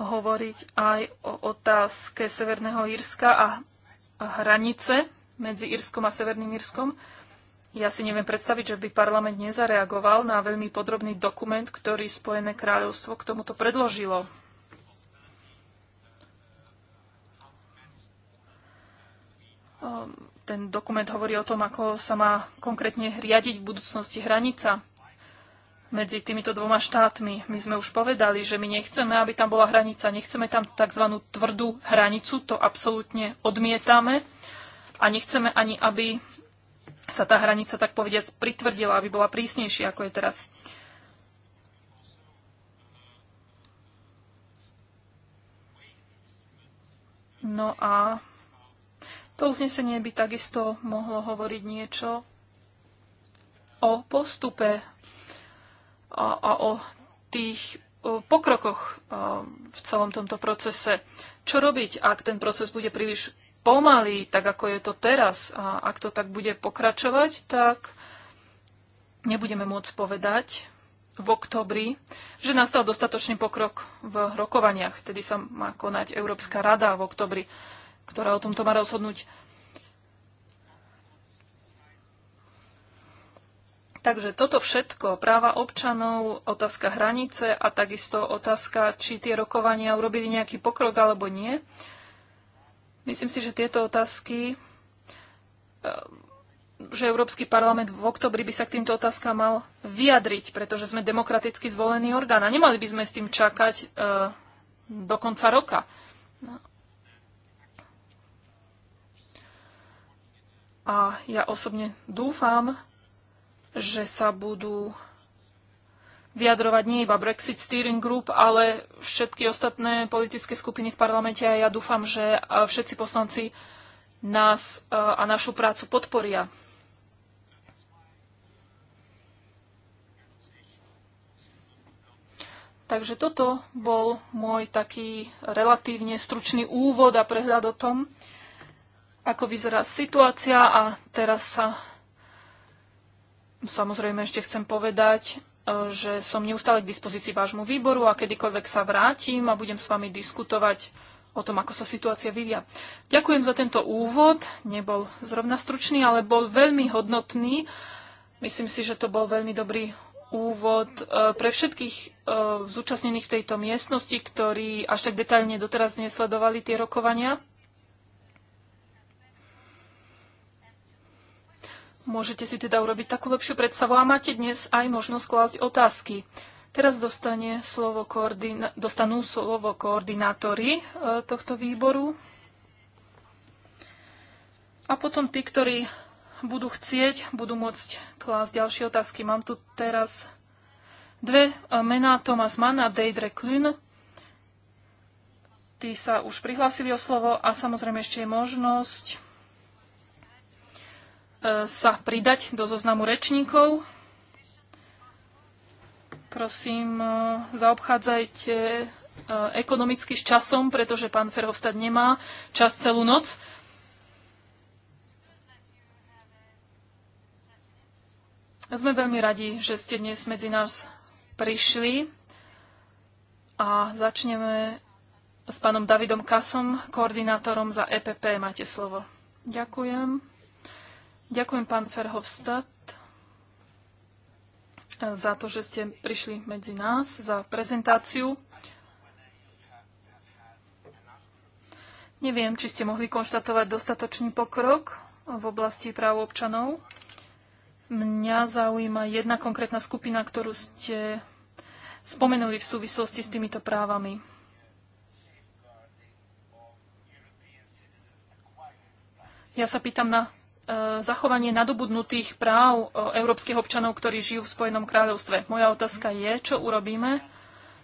hovoriť aj o otázke Severného Írska a hranice medzi Írskom a Severným Írskom. Ja si neviem predstaviť, že by parlament nezareagoval na veľmi podrobný dokument, ktorý Spojené kráľovstvo k tomuto predložilo. Ehm, ten dokument hovorí o tom, ako sa má konkrétne riadiť v budúcnosti hranica medzi týmito dvoma štátmi. My sme už povedali, že my nechceme, aby tam bola hranica, nechceme tam tzv. tvrdú hranicu, to absolútne odmietame a nechceme ani, aby sa tá hranica, tak povediac, pritvrdila, aby bola prísnejšia, ako je teraz. No a to uznesenie by takisto mohlo hovoriť niečo o postupe a, a o tých o pokrokoch v celom tomto procese. Čo robiť, ak ten proces bude príliš pomaly, tak ako je to teraz. A ak to tak bude pokračovať, tak nebudeme môcť povedať v oktobri, že nastal dostatočný pokrok v rokovaniach. Tedy sa má konať Európska rada v oktobri, ktorá o tomto má rozhodnúť. Takže toto všetko, práva občanov, otázka hranice a takisto otázka, či tie rokovania urobili nejaký pokrok alebo nie, Myslím si, že tieto otázky, eh, že Európsky parlament v oktobri by sa k týmto otázkam mal vyjadriť, pretože sme demokraticky zvolený orgán a nemali by sme s tým čakať eh, do konca roka. A ja osobne dúfam, že sa budú vyjadrovať nie iba Brexit Steering Group, ale všetky ostatné politické skupiny v parlamente a ja dúfam, že e, všetci poslanci nás e, a našu prácu podporia. Takže toto bol môj taký relatívne stručný úvod a prehľad o tom, ako vyzerá situácia a teraz sa samozrejme ešte chcem povedať, že som neustále k dispozícii vášmu výboru a kedykoľvek sa vrátim a budem s vami diskutovať o tom, ako sa situácia vyvia. Ďakujem za tento úvod. Nebol zrovna stručný, ale bol veľmi hodnotný. Myslím si, že to bol veľmi dobrý úvod e, pre všetkých e, zúčastnených v tejto miestnosti, ktorí až tak detailne doteraz nesledovali tie rokovania. Môžete si teda urobiť takú lepšiu predstavu a máte dnes aj možnosť klásť otázky. Teraz dostane slovo koordina- dostanú slovo koordinátori e, tohto výboru a potom tí, ktorí budú chcieť, budú môcť klásť ďalšie otázky. Mám tu teraz dve e, mená, Thomas Mann a Deidre Klün. Tí sa už prihlásili o slovo a samozrejme ešte je možnosť sa pridať do zoznamu rečníkov. Prosím, e, zaobchádzajte e, ekonomicky s časom, pretože pán Ferhovstad nemá čas celú noc. Sme veľmi radi, že ste dnes medzi nás prišli a začneme s pánom Davidom Kasom, koordinátorom za EPP. Máte slovo. Ďakujem. Ďakujem, pán Ferhovstad, za to, že ste prišli medzi nás, za prezentáciu. Neviem, či ste mohli konštatovať dostatočný pokrok v oblasti práv občanov. Mňa zaujíma jedna konkrétna skupina, ktorú ste spomenuli v súvislosti s týmito právami. Ja sa pýtam na E, zachovanie nadobudnutých práv e, európskych občanov, ktorí žijú v Spojenom kráľovstve. Moja otázka je, čo urobíme,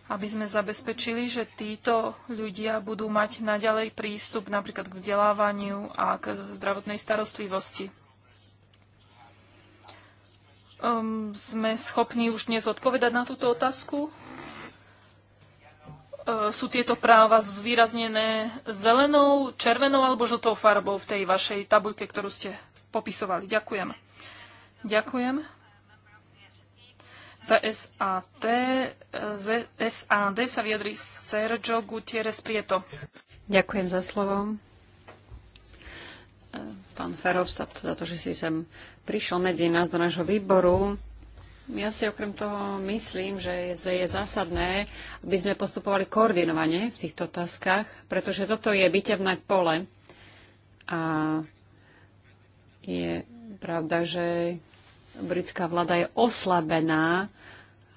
aby sme zabezpečili, že títo ľudia budú mať naďalej prístup napríklad k vzdelávaniu a k zdravotnej starostlivosti. Um, sme schopní už dnes odpovedať na túto otázku? E, sú tieto práva zvýraznené zelenou, červenou alebo žltou farbou v tej vašej tabuľke, ktorú ste popisovali. Ďakujem. Ďakujem. Za SAT, eh, z SAD sa vyjadri Sergio Gutierrez Prieto. Ďakujem za slovo. Eh, pán Ferovstat, za to, že si sem prišiel medzi nás do nášho výboru. Ja si okrem toho myslím, že je zásadné, aby sme postupovali koordinovane v týchto otázkach, pretože toto je bytevné pole. A je pravda, že britská vláda je oslabená,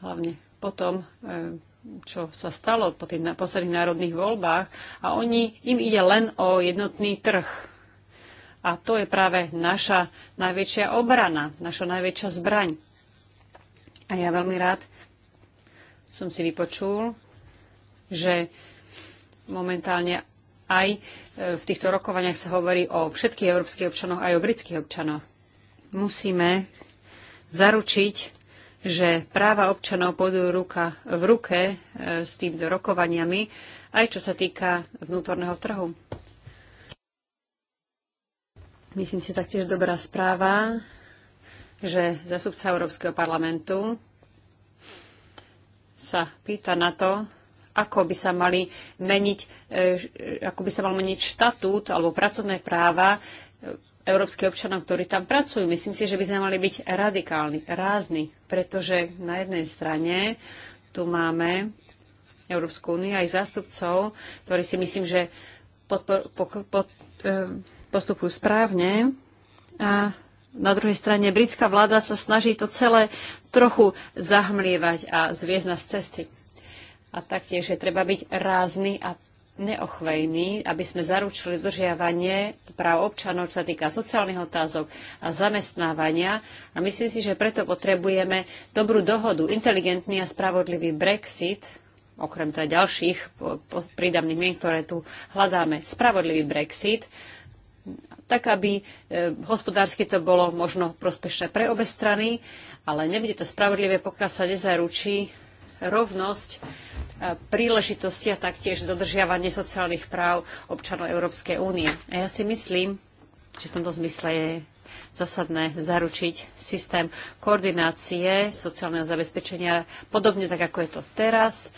hlavne potom, e, čo sa stalo po tých posledných národných voľbách a oni, im ide len o jednotný trh. A to je práve naša najväčšia obrana, naša najväčšia zbraň. A ja veľmi rád som si vypočul, že momentálne aj E, v týchto rokovaniach sa hovorí o všetkých európskych občanoch aj o britských občanoch. Musíme zaručiť, že práva občanov pôjdu ruka v ruke e, s týmto rokovaniami, aj čo sa týka vnútorného trhu. Myslím si taktiež dobrá správa, že zasúbca Európskeho parlamentu sa pýta na to, ako by sa mali meniť, e, e, ako by sa mal meniť štatút alebo pracovné práva e, európskych občanov, ktorí tam pracujú. Myslím si, že by sme mali byť radikálni, rázni, pretože na jednej strane tu máme Európsku úniu aj zástupcov, ktorí si myslím, že podpor, po, po, postupujú správne. A na druhej strane britská vláda sa snaží to celé trochu zahmlievať a zviezť nás cesty. A taktiež je treba byť rázny a neochvejný, aby sme zaručili dodržiavanie práv občanov, čo sa týka sociálnych otázok a zamestnávania. A myslím si, že preto potrebujeme dobrú dohodu, inteligentný a spravodlivý Brexit, okrem teda ďalších prídavných mien, ktoré tu hľadáme, spravodlivý Brexit, tak aby e, hospodársky to bolo možno prospešné pre obe strany, ale nebude to spravodlivé, pokiaľ sa nezaručí rovnosť e, príležitosti a taktiež dodržiavanie sociálnych práv občanov Európskej únie. A ja si myslím, že v tomto zmysle je zásadné zaručiť systém koordinácie sociálneho zabezpečenia, podobne tak, ako je to teraz,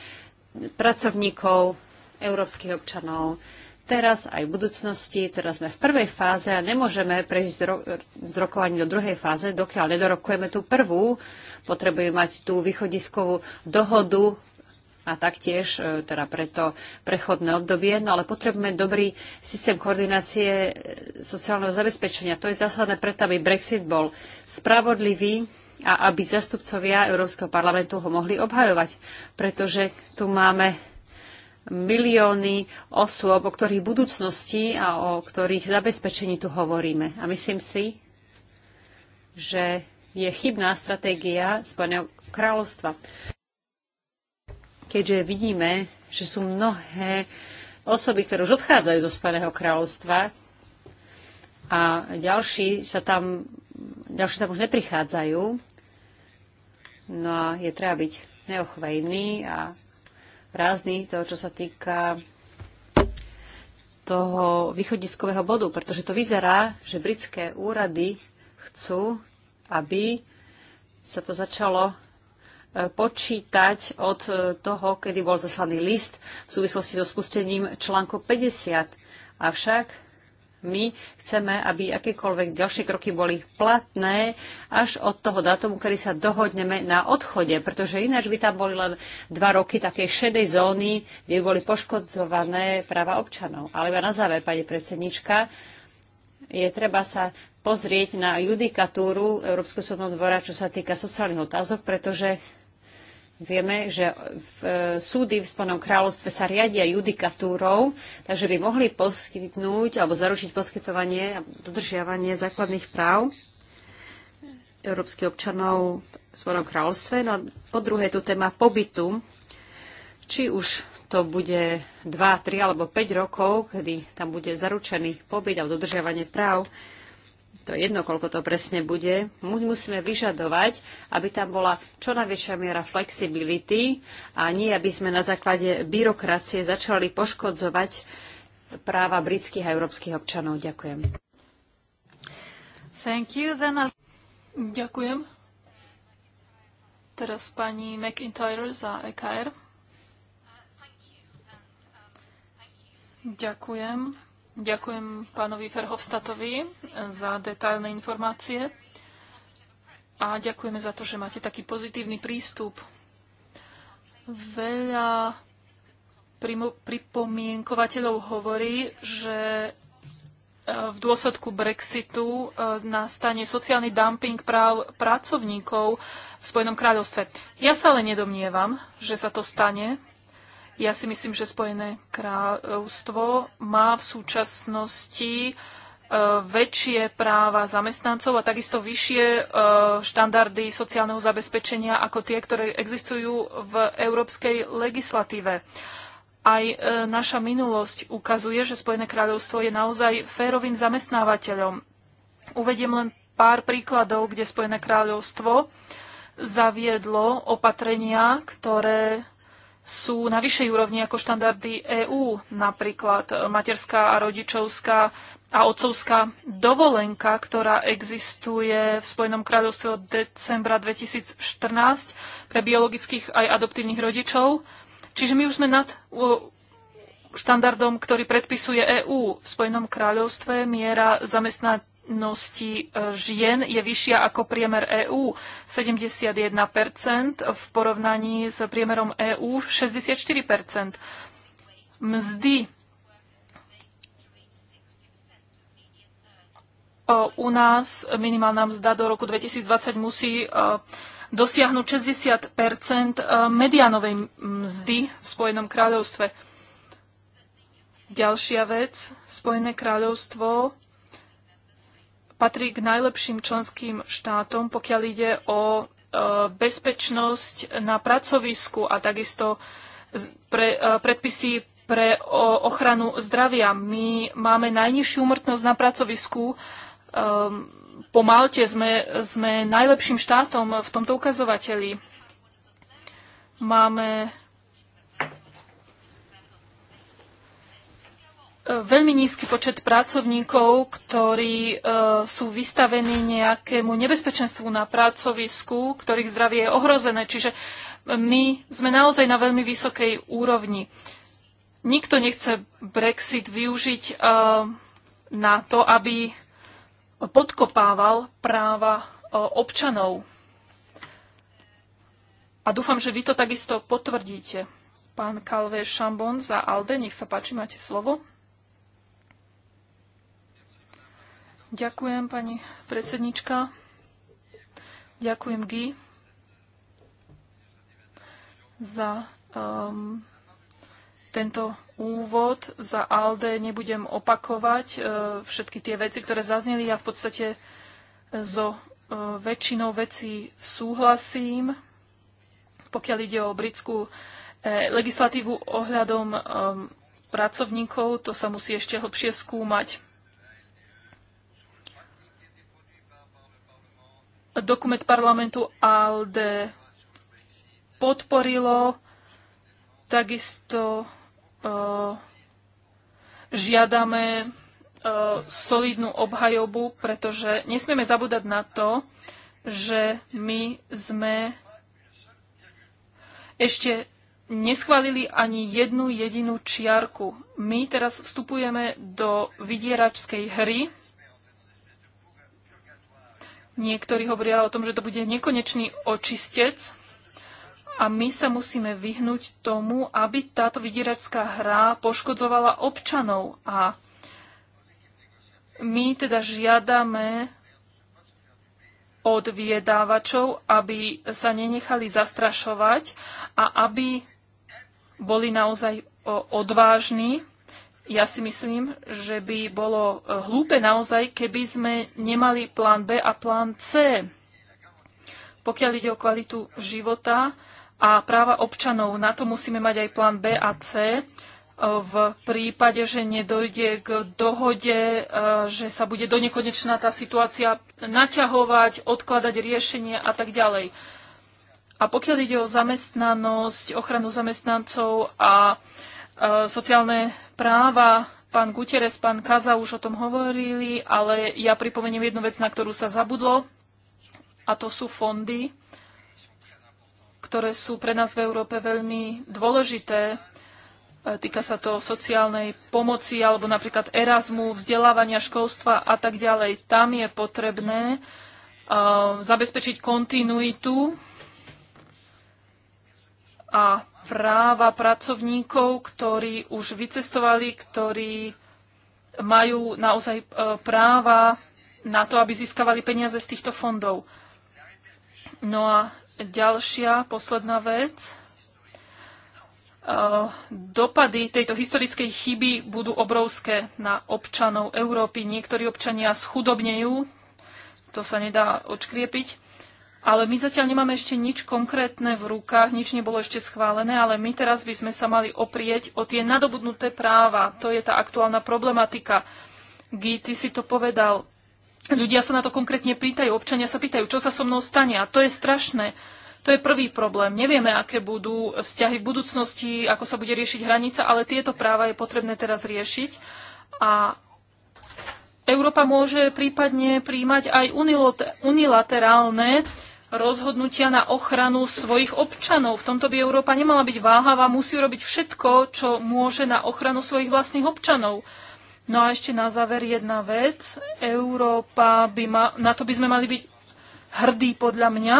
pracovníkov, európskych občanov, teraz aj v budúcnosti. Teraz sme v prvej fáze a nemôžeme prejsť z rokovania do druhej fáze, dokiaľ nedorokujeme tú prvú. Potrebujeme mať tú východiskovú dohodu a taktiež e, teda preto prechodné obdobie, no ale potrebujeme dobrý systém koordinácie e, sociálneho zabezpečenia. To je zásadné preto, aby Brexit bol spravodlivý a aby zastupcovia Európskeho parlamentu ho mohli obhajovať, pretože tu máme milióny osôb, o ktorých budúcnosti a o ktorých zabezpečení tu hovoríme. A myslím si, že je chybná stratégia Spojeného kráľovstva. Keďže vidíme, že sú mnohé osoby, ktoré už odchádzajú zo Spojeného kráľovstva a ďalší sa tam, ďalší tam už neprichádzajú, no a je treba byť neochvejný a prázdny, to, čo sa týka toho východiskového bodu, pretože to vyzerá, že britské úrady chcú, aby sa to začalo e, počítať od e, toho, kedy bol zaslaný list v súvislosti so spustením článku 50. Avšak my chceme, aby akékoľvek ďalšie kroky boli platné až od toho dátumu, kedy sa dohodneme na odchode, pretože ináč by tam boli len dva roky takej šedej zóny, kde boli poškodzované práva občanov. Ale iba na záver, pani predsednička, je treba sa pozrieť na judikatúru Európskeho súdneho dvora, čo sa týka sociálnych otázok, pretože Vieme, že v, e, súdy v Spojenom kráľovstve sa riadia judikatúrou, takže by mohli poskytnúť alebo zaručiť poskytovanie a dodržiavanie základných práv európskych občanov v Spojenom kráľovstve. No a po druhé tu téma pobytu, či už to bude 2, 3 alebo 5 rokov, kedy tam bude zaručený pobyt a dodržiavanie práv to je jedno, koľko to presne bude, my musíme vyžadovať, aby tam bola čo najväčšia miera flexibility a nie, aby sme na základe byrokracie začali poškodzovať práva britských a európskych občanov. Ďakujem. Thank you. Then I'll... Ďakujem. Teraz pani McIntyre za EKR. Uh, uh, Ďakujem. Ďakujem pánovi Ferhovstatovi eh, za detailné informácie a ďakujeme za to, že máte taký pozitívny prístup. Veľa pripomienkovateľov hovorí, že eh, v dôsledku Brexitu eh, nastane sociálny dumping práv pracovníkov v Spojenom kráľovstve. Ja sa ale nedomnievam, že sa to stane, ja si myslím, že Spojené kráľovstvo má v súčasnosti e, väčšie práva zamestnancov a takisto vyššie e, štandardy sociálneho zabezpečenia ako tie, ktoré existujú v európskej legislatíve. Aj e, naša minulosť ukazuje, že Spojené kráľovstvo je naozaj férovým zamestnávateľom. Uvediem len pár príkladov, kde Spojené kráľovstvo zaviedlo opatrenia, ktoré sú na vyššej úrovni ako štandardy EÚ, napríklad materská a rodičovská a otcovská dovolenka, ktorá existuje v Spojenom kráľovstve od decembra 2014 pre biologických aj adoptívnych rodičov. Čiže my už sme nad štandardom, ktorý predpisuje EÚ. V Spojenom kráľovstve miera zamestnať nosti e, žien je vyššia ako priemer EÚ. 71% v porovnaní s priemerom EÚ 64%. Mzdy e, u nás minimálna mzda do roku 2020 musí e, dosiahnuť 60 medianovej mzdy v Spojenom kráľovstve. Ďalšia vec, Spojené kráľovstvo patrí k najlepším členským štátom, pokiaľ ide o e, bezpečnosť na pracovisku a takisto pre, e, predpisy pre ochranu zdravia. My máme najnižšiu umrtnosť na pracovisku. E, po Malte sme, sme najlepším štátom v tomto ukazovateli. Máme veľmi nízky počet pracovníkov, ktorí e, sú vystavení nejakému nebezpečenstvu na pracovisku, ktorých zdravie je ohrozené. Čiže my sme naozaj na veľmi vysokej úrovni. Nikto nechce Brexit využiť e, na to, aby podkopával práva e, občanov. A dúfam, že vy to takisto potvrdíte. Pán Kalvé Šambon za ALDE, nech sa páči, máte slovo. Ďakujem, pani predsednička. Ďakujem, Guy, za um, tento úvod. Za ALDE nebudem opakovať uh, všetky tie veci, ktoré zazneli. Ja v podstate uh, so uh, väčšinou vecí súhlasím, pokiaľ ide o britskú uh, legislatívu ohľadom um, pracovníkov. To sa musí ešte hlbšie skúmať. dokument parlamentu ALDE podporilo, takisto uh, žiadame uh, solidnú obhajobu, pretože nesmieme zabúdať na to, že my sme ešte neschválili ani jednu jedinú čiarku. My teraz vstupujeme do vydieračskej hry, Niektorí hovoria o tom, že to bude nekonečný očistec a my sa musíme vyhnúť tomu, aby táto vydieračská hra poškodzovala občanov a my teda žiadame od viedávačov, aby sa nenechali zastrašovať a aby boli naozaj odvážni ja si myslím, že by bolo eh, hlúpe naozaj, keby sme nemali plán B a plán C. Pokiaľ ide o kvalitu života a práva občanov, na to musíme mať aj plán B a C. Eh, v prípade, že nedojde k dohode, eh, že sa bude do nekonečná tá situácia naťahovať, odkladať riešenie a tak ďalej. A pokiaľ ide o zamestnanosť, ochranu zamestnancov a uh, E, sociálne práva. Pán Guterres, pán Kaza už o tom hovorili, ale ja pripomeniem jednu vec, na ktorú sa zabudlo, a to sú fondy, ktoré sú pre nás v Európe veľmi dôležité. E, týka sa to sociálnej pomoci alebo napríklad Erasmu, vzdelávania, školstva a tak ďalej. Tam je potrebné e, zabezpečiť kontinuitu a práva pracovníkov, ktorí už vycestovali, ktorí majú naozaj e, práva na to, aby získavali peniaze z týchto fondov. No a ďalšia, posledná vec. E, dopady tejto historickej chyby budú obrovské na občanov Európy. Niektorí občania schudobnejú, to sa nedá odškriepiť. Ale my zatiaľ nemáme ešte nič konkrétne v rukách, nič nebolo ešte schválené, ale my teraz by sme sa mali oprieť o tie nadobudnuté práva. To je tá aktuálna problematika. Guy, ty si to povedal. Ľudia sa na to konkrétne pýtajú, občania sa pýtajú, čo sa so mnou stane. A to je strašné. To je prvý problém. Nevieme, aké budú vzťahy v budúcnosti, ako sa bude riešiť hranica, ale tieto práva je potrebné teraz riešiť. A Európa môže prípadne príjmať aj unilaterálne rozhodnutia na ochranu svojich občanov. V tomto by Európa nemala byť váhavá, musí robiť všetko, čo môže na ochranu svojich vlastných občanov. No a ešte na záver jedna vec. Európa by ma, na to by sme mali byť hrdí podľa mňa.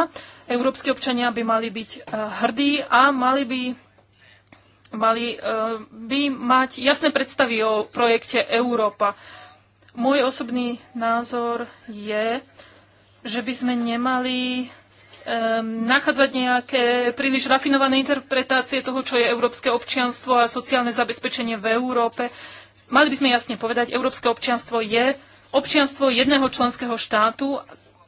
Európsky občania by mali byť eh, hrdí a mali by, mali, eh, by mať jasné predstavy o projekte Európa. Môj osobný názor je, že by sme nemali um, nachádzať nejaké príliš rafinované interpretácie toho, čo je európske občianstvo a sociálne zabezpečenie v Európe. Mali by sme jasne povedať, európske občianstvo je občianstvo jedného členského štátu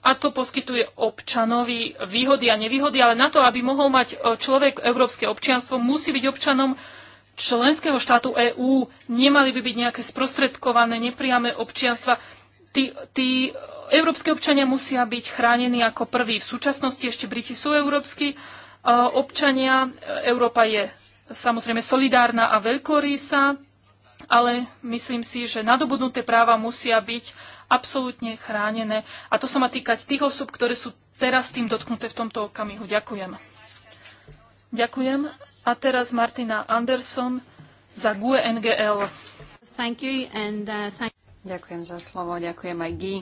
a to poskytuje občanovi výhody a nevýhody, ale na to, aby mohol mať e, človek európske občianstvo, musí byť občanom členského štátu EÚ. Nemali by byť nejaké sprostredkované, nepriame občianstva. Tí, tí Európske občania musia byť chránení ako prví. V súčasnosti ešte Briti sú európsky e, občania. Európa je samozrejme solidárna a veľkorýsa, ale myslím si, že nadobudnuté práva musia byť absolútne chránené. A to sa má týkať tých osob, ktoré sú teraz tým dotknuté v tomto okamihu. Ďakujem. Ďakujem. A teraz Martina Anderson za GUE NGL. Thank you and, uh, thank... Ďakujem za slovo, ďakujem aj GI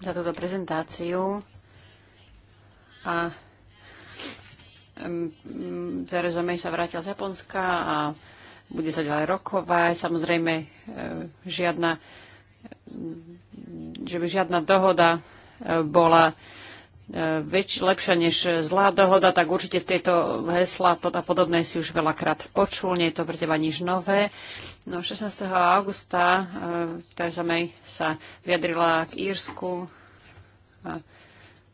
za túto prezentáciu a Tereza mm, mm, May sa vrátila z Japonska a bude sa ďalej rokovať. Samozrejme, e, žiadna, mm, že by žiadna dohoda e, bola e, väč, lepšia než zlá dohoda, tak určite tieto hesla a podobné si už veľakrát počul, nie je to pre teba nič nové. No, 16. augusta uh, eh, Theresa May sa vyjadrila k Írsku a,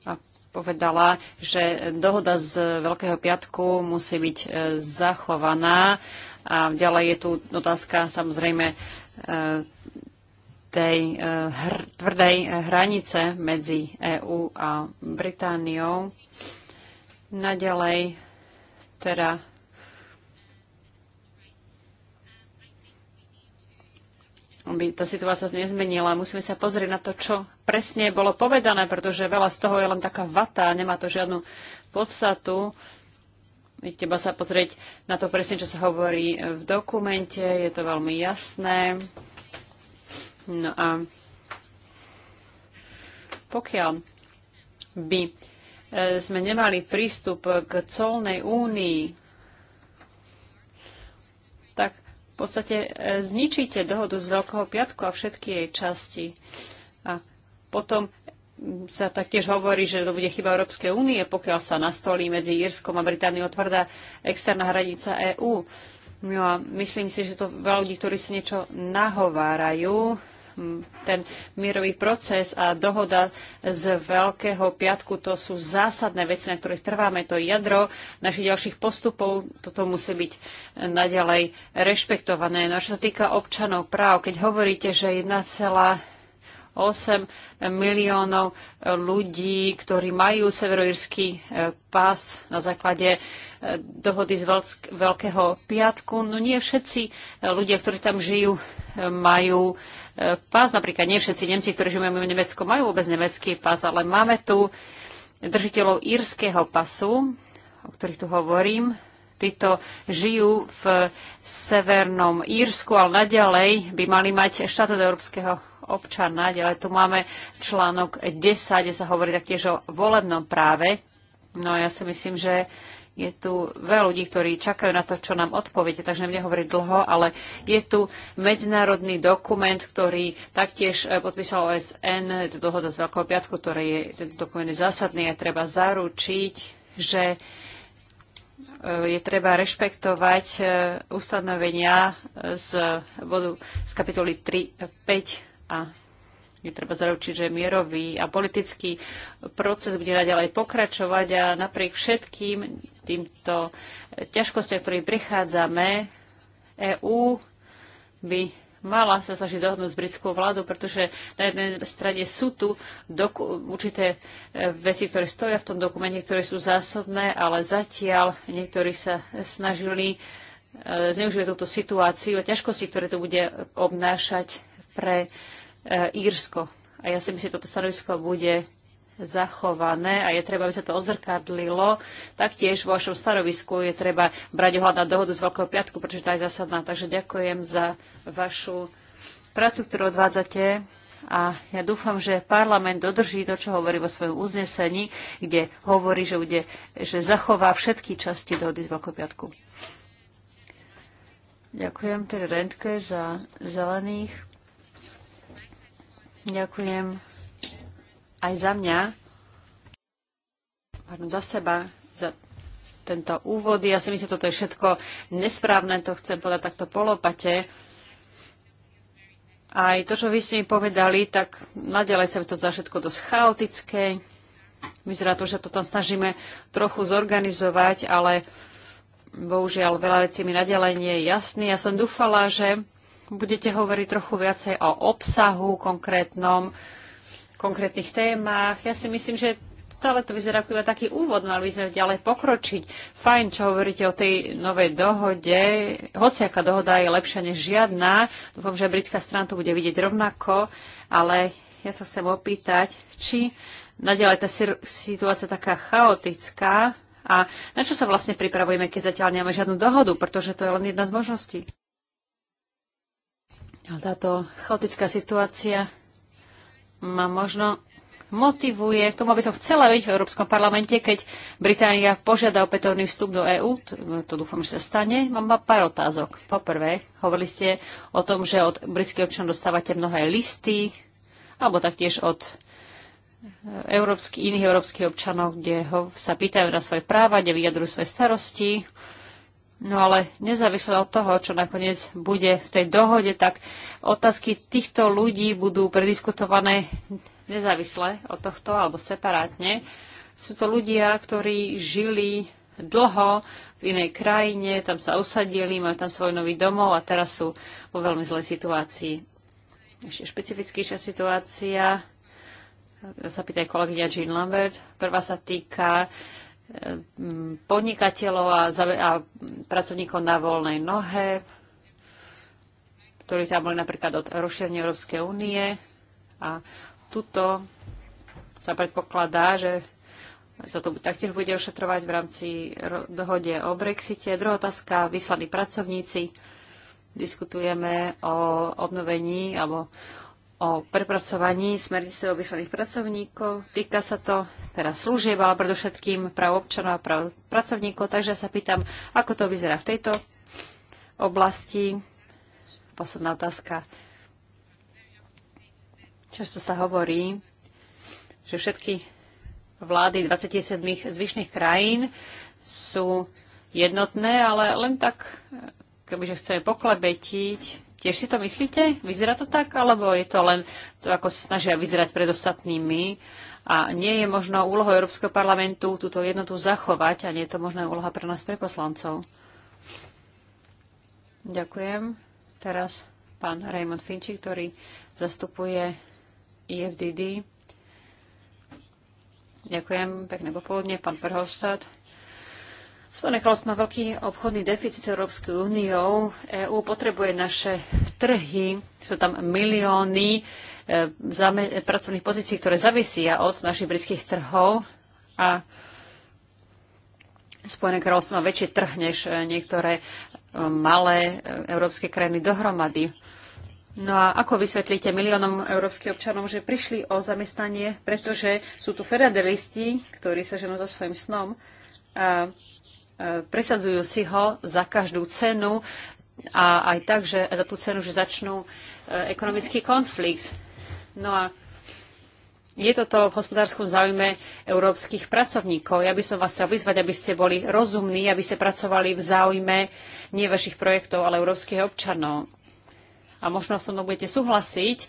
a povedala, že dohoda z Veľkého piatku musí byť uh, zachovaná. A ďalej je tu otázka samozrejme eh, tej hr, tvrdej hranice medzi EÚ a Britániou. Naďalej teda by tá situácia nezmenila. Musíme sa pozrieť na to, čo presne bolo povedané, pretože veľa z toho je len taká vata, nemá to žiadnu podstatu. Treba sa pozrieť na to presne, čo sa hovorí v dokumente, je to veľmi jasné. No a pokiaľ by e, sme nemali prístup k colnej únii, v podstate e, zničíte dohodu z Veľkého piatku a všetky jej časti. A potom mm, sa taktiež hovorí, že to bude chyba Európskej únie, pokiaľ sa nastolí medzi Írskom a Britániou tvrdá externá hranica EÚ. No a myslím si, že to veľa ľudí, ktorí si niečo nahovárajú, Hm, ten mírový proces a dohoda z Veľkého piatku, to sú zásadné veci, na ktorých trváme. To jadro našich ďalších postupov, toto musí byť naďalej rešpektované. No a čo sa týka občanov práv, keď hovoríte, že 8 miliónov ľudí, ktorí majú severoírsky e, pás na základe e, dohody z Veľkého piatku. No nie všetci e, ľudia, ktorí tam žijú, majú pás. Napríklad nie všetci Nemci, ktorí žijú v Nemecku, majú vôbec nemecký pás, ale máme tu držiteľov írskeho pasu, o ktorých tu hovorím, títo žijú v Severnom Írsku, ale naďalej by mali mať štátu Európskeho občan Ďalej tu máme článok 10, kde sa hovorí taktiež o volebnom práve. No ja si myslím, že je tu veľa ľudí, ktorí čakajú na to, čo nám odpoviete, takže nebudem hovoriť dlho, ale je tu medzinárodný dokument, ktorý taktiež eh, podpísal OSN, je to dohoda z Veľkého piatku, ktorý je, tento dokument je zásadný a treba zaručiť, že eh, je treba rešpektovať eh, ustanovenia z, bodu, z kapitoly 3.5 a je treba zaručiť, že mierový a politický proces bude naďalej pokračovať a napriek všetkým týmto ťažkostiam, ktorým prichádzame, EÚ by mala sa snažiť dohodnúť s britskou vládou, pretože na jednej strane sú tu určité e, veci, ktoré stoja v tom dokumente, ktoré sú zásobné, ale zatiaľ niektorí sa snažili e, zneužívať túto situáciu a ťažkosti, ktoré to bude obnášať pre e, Írsko. A ja si myslím, že toto stanovisko bude zachované a je treba, aby sa to odzrkadlilo. Taktiež vo vašom stanovisku je treba brať ohľad na dohodu z Veľkého piatku, pretože tá je zásadná. Takže ďakujem za vašu prácu, ktorú odvádzate a ja dúfam, že parlament dodrží to, čo hovorí vo svojom uznesení, kde hovorí, že, bude, že zachová všetky časti dohody z Veľkého piatku. Ďakujem teda Rentke za zelených. Ďakujem aj za mňa, pardon, za seba, za tento úvod. Ja si myslím, že toto je všetko nesprávne, to chcem povedať takto polopate. Aj to, čo vy ste mi povedali, tak nadalej sa to zdá všetko dosť chaotické. Vyzerá to, že to tam snažíme trochu zorganizovať, ale bohužiaľ veľa vecí mi nadalej nie je jasný. Ja som dúfala, že budete hovoriť trochu viacej o obsahu konkrétnom, konkrétnych témach. Ja si myslím, že stále to vyzerá ako iba taký úvod, mali no by sme ďalej pokročiť. Fajn, čo hovoríte o tej novej dohode. Hociaká dohoda je lepšia než žiadna. Dúfam, že britská strana to bude vidieť rovnako, ale ja sa chcem opýtať, či naďalej tá situácia taká chaotická a na čo sa vlastne pripravujeme, keď zatiaľ nemáme žiadnu dohodu, pretože to je len jedna z možností. Ale táto chaotická situácia ma možno motivuje k tomu, aby som chcela byť v Európskom parlamente, keď Británia požiada opätovný vstup do EÚ. To, to dúfam, že sa stane. Mám pár otázok. Poprvé, hovorili ste o tom, že od britských občanov dostávate mnohé listy, alebo taktiež od eh, európsky, iných európskych občanov, kde ho, sa pýtajú na svoje práva, kde vyjadrujú svoje starosti. No ale nezávisle od toho, čo nakoniec bude v tej dohode, tak otázky týchto ľudí budú prediskutované nezávisle od tohto alebo separátne. Sú to ľudia, ktorí žili dlho v inej krajine, tam sa usadili, majú tam svoj nový domov a teraz sú vo veľmi zlej situácii. Ešte špecifickejšia situácia, sa pýta kolegyňa Jean Lambert, prvá sa týka podnikateľov a, a pracovníkov na voľnej nohe, ktorí tam boli napríklad od rozšírenia Európskej únie. A tuto sa predpokladá, že sa to taktiež bude ošetrovať v rámci dohode o Brexite. Druhá otázka, vyslaní pracovníci. Diskutujeme o obnovení alebo o prepracovaní smernice o vyslaných pracovníkov. Týka sa to teda služieb, ale predovšetkým práv občanov a práv pracovníkov. Takže sa pýtam, ako to vyzerá v tejto oblasti. Posledná otázka. Často sa hovorí, že všetky vlády 27 zvyšných krajín sú jednotné, ale len tak, kebyže chceme poklebetiť, Tiež si to myslíte? Vyzerá to tak? Alebo je to len to, ako sa snažia vyzerať pred ostatnými? A nie je možno úlohou Európskeho parlamentu túto jednotu zachovať a nie je to možná úloha pre nás, pre poslancov. Ďakujem. Teraz pán Raymond Finči, ktorý zastupuje IFDD. Ďakujem, pekné popoludne, pán Verhofstadt. Spojené kráľovstvo má veľký obchodný deficit s Európskou úniou. EÚ potrebuje naše trhy. Sú tam milióny e, pracovných pozícií, ktoré zavisia od našich britských trhov. A Spojené kráľovstvo má väčší trh než e, niektoré e, malé e, európske krajiny dohromady. No a ako vysvetlíte miliónom európskych občanov, že prišli o zamestnanie, pretože sú tu federalisti, ktorí sa ženú so svojím snom a presadzujú si ho za každú cenu a aj tak, že za tú cenu, že začnú e, ekonomický konflikt. No a je toto v hospodárskom záujme európskych pracovníkov. Ja by som vás chcel vyzvať, aby ste boli rozumní, aby ste pracovali v záujme nie vašich projektov, ale európskych občanov. A možno so mnou budete súhlasiť,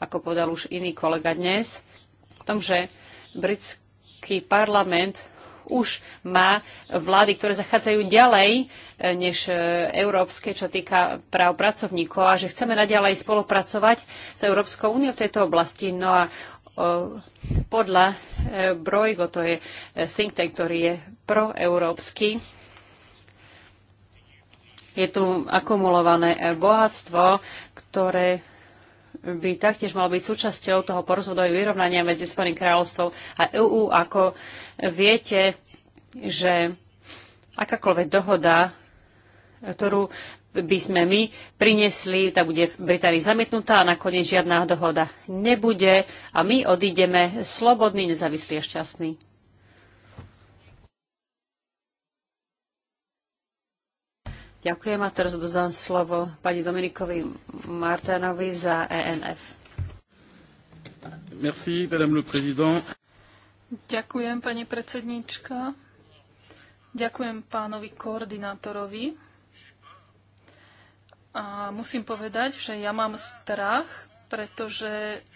ako povedal už iný kolega dnes, v tom, že britský parlament už má vlády, ktoré zachádzajú ďalej e, než e, európske, čo týka práv pracovníkov a že chceme naďalej spolupracovať s Európskou úniou v tejto oblasti. No a podľa e, Brojgo, to je think tank, ktorý je proeurópsky, je tu akumulované bohatstvo, ktoré by taktiež mal byť súčasťou toho porozvodového vyrovnania medzi Spojeným kráľovstvom a EÚ. Ako viete, že akákoľvek dohoda, ktorú by sme my priniesli, tak bude v Británii zamietnutá a nakoniec žiadna dohoda nebude a my odídeme slobodný, nezávislý a šťastný. Ďakujem a teraz dodám slovo pani Dominikovi Martinovi za ENF. Merci, madame le président. Ďakujem, pani predsednička. Ďakujem pánovi koordinátorovi. A musím povedať, že ja mám strach, pretože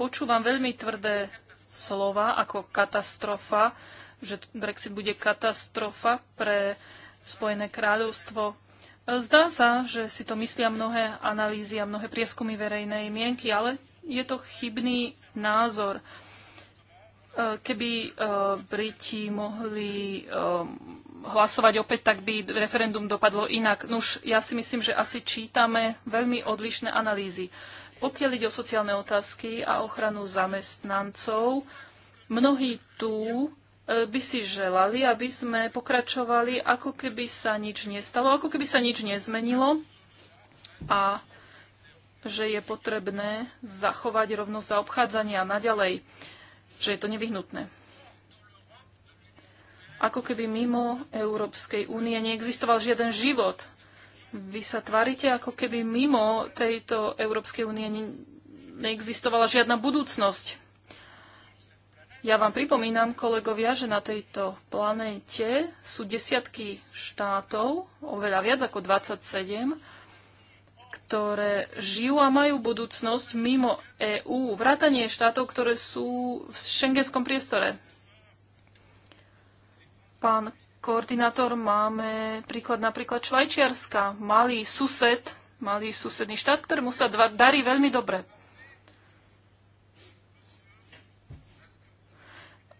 počúvam veľmi tvrdé slova ako katastrofa, že Brexit bude katastrofa pre uh, Spojené kráľovstvo. Zdá sa, že si to myslia mnohé analýzy a mnohé prieskumy verejnej mienky, ale je to chybný názor. E, keby e, Briti mohli e, hlasovať opäť, tak by referendum dopadlo inak. Nuž, ja si myslím, že asi čítame veľmi odlišné analýzy. Pokiaľ ide o sociálne otázky a ochranu zamestnancov, mnohí tu E, by si želali, aby sme pokračovali, ako keby sa nič nestalo, ako keby sa nič nezmenilo a že je potrebné zachovať rovnosť a naďalej, že je to nevyhnutné. Ako keby mimo Európskej únie neexistoval žiaden život. Vy sa tvárite, ako keby mimo tejto Európskej únie neexistovala žiadna budúcnosť. Ja vám pripomínam, kolegovia, že na tejto planéte sú desiatky štátov, oveľa viac ako 27, ktoré žijú a majú budúcnosť mimo EÚ, vrátanie štátov, ktoré sú v šengenskom priestore. Pán koordinátor, máme príklad napríklad Švajčiarska, malý sused, malý susedný štát, ktorému sa dva, darí veľmi dobre.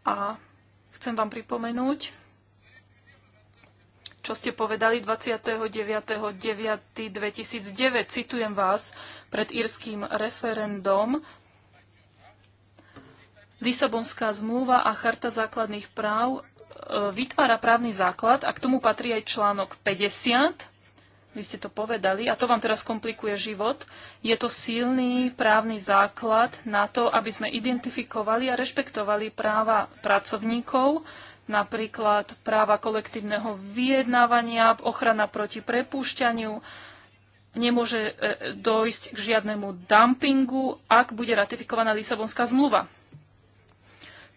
A chcem vám pripomenúť, čo ste povedali 29.9.2009. Citujem vás pred írským referendom. Lisabonská zmluva a Charta základných práv e, vytvára právny základ a k tomu patrí aj článok 50 vy ste to povedali a to vám teraz komplikuje život. Je to silný právny základ na to, aby sme identifikovali a rešpektovali práva pracovníkov, napríklad práva kolektívneho vyjednávania, ochrana proti prepúšťaniu Nemôže e, e, dojsť k žiadnemu dumpingu, ak bude ratifikovaná Lisabonská zmluva.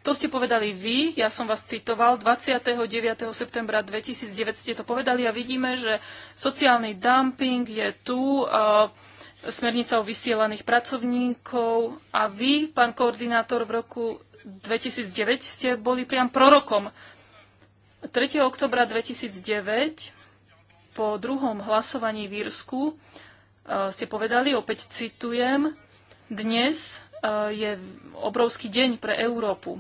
To ste povedali vy, ja som vás citoval, 29. septembra 2009 ste to povedali a vidíme, že sociálny dumping je tu, smernica o vysielaných pracovníkov a vy, pán koordinátor, v roku 2009 ste boli priam prorokom. 3. oktobra 2009 po druhom hlasovaní v Írsku ste povedali, opäť citujem, dnes je obrovský deň pre Európu.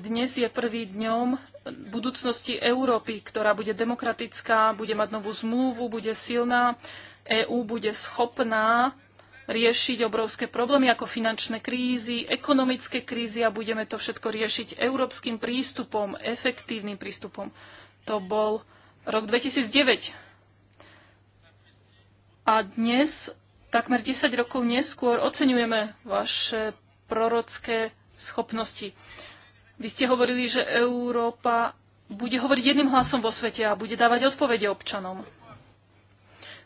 Dnes je prvý dňom budúcnosti Európy, ktorá bude demokratická, bude mať novú zmluvu, bude silná. EÚ bude schopná riešiť obrovské problémy ako finančné krízy, ekonomické krízy a budeme to všetko riešiť európskym prístupom, efektívnym prístupom. To bol rok 2009. A dnes, takmer 10 rokov neskôr, oceňujeme vaše prorocké schopnosti. Vy ste hovorili, že Európa bude hovoriť jedným hlasom vo svete a bude dávať odpovede občanom.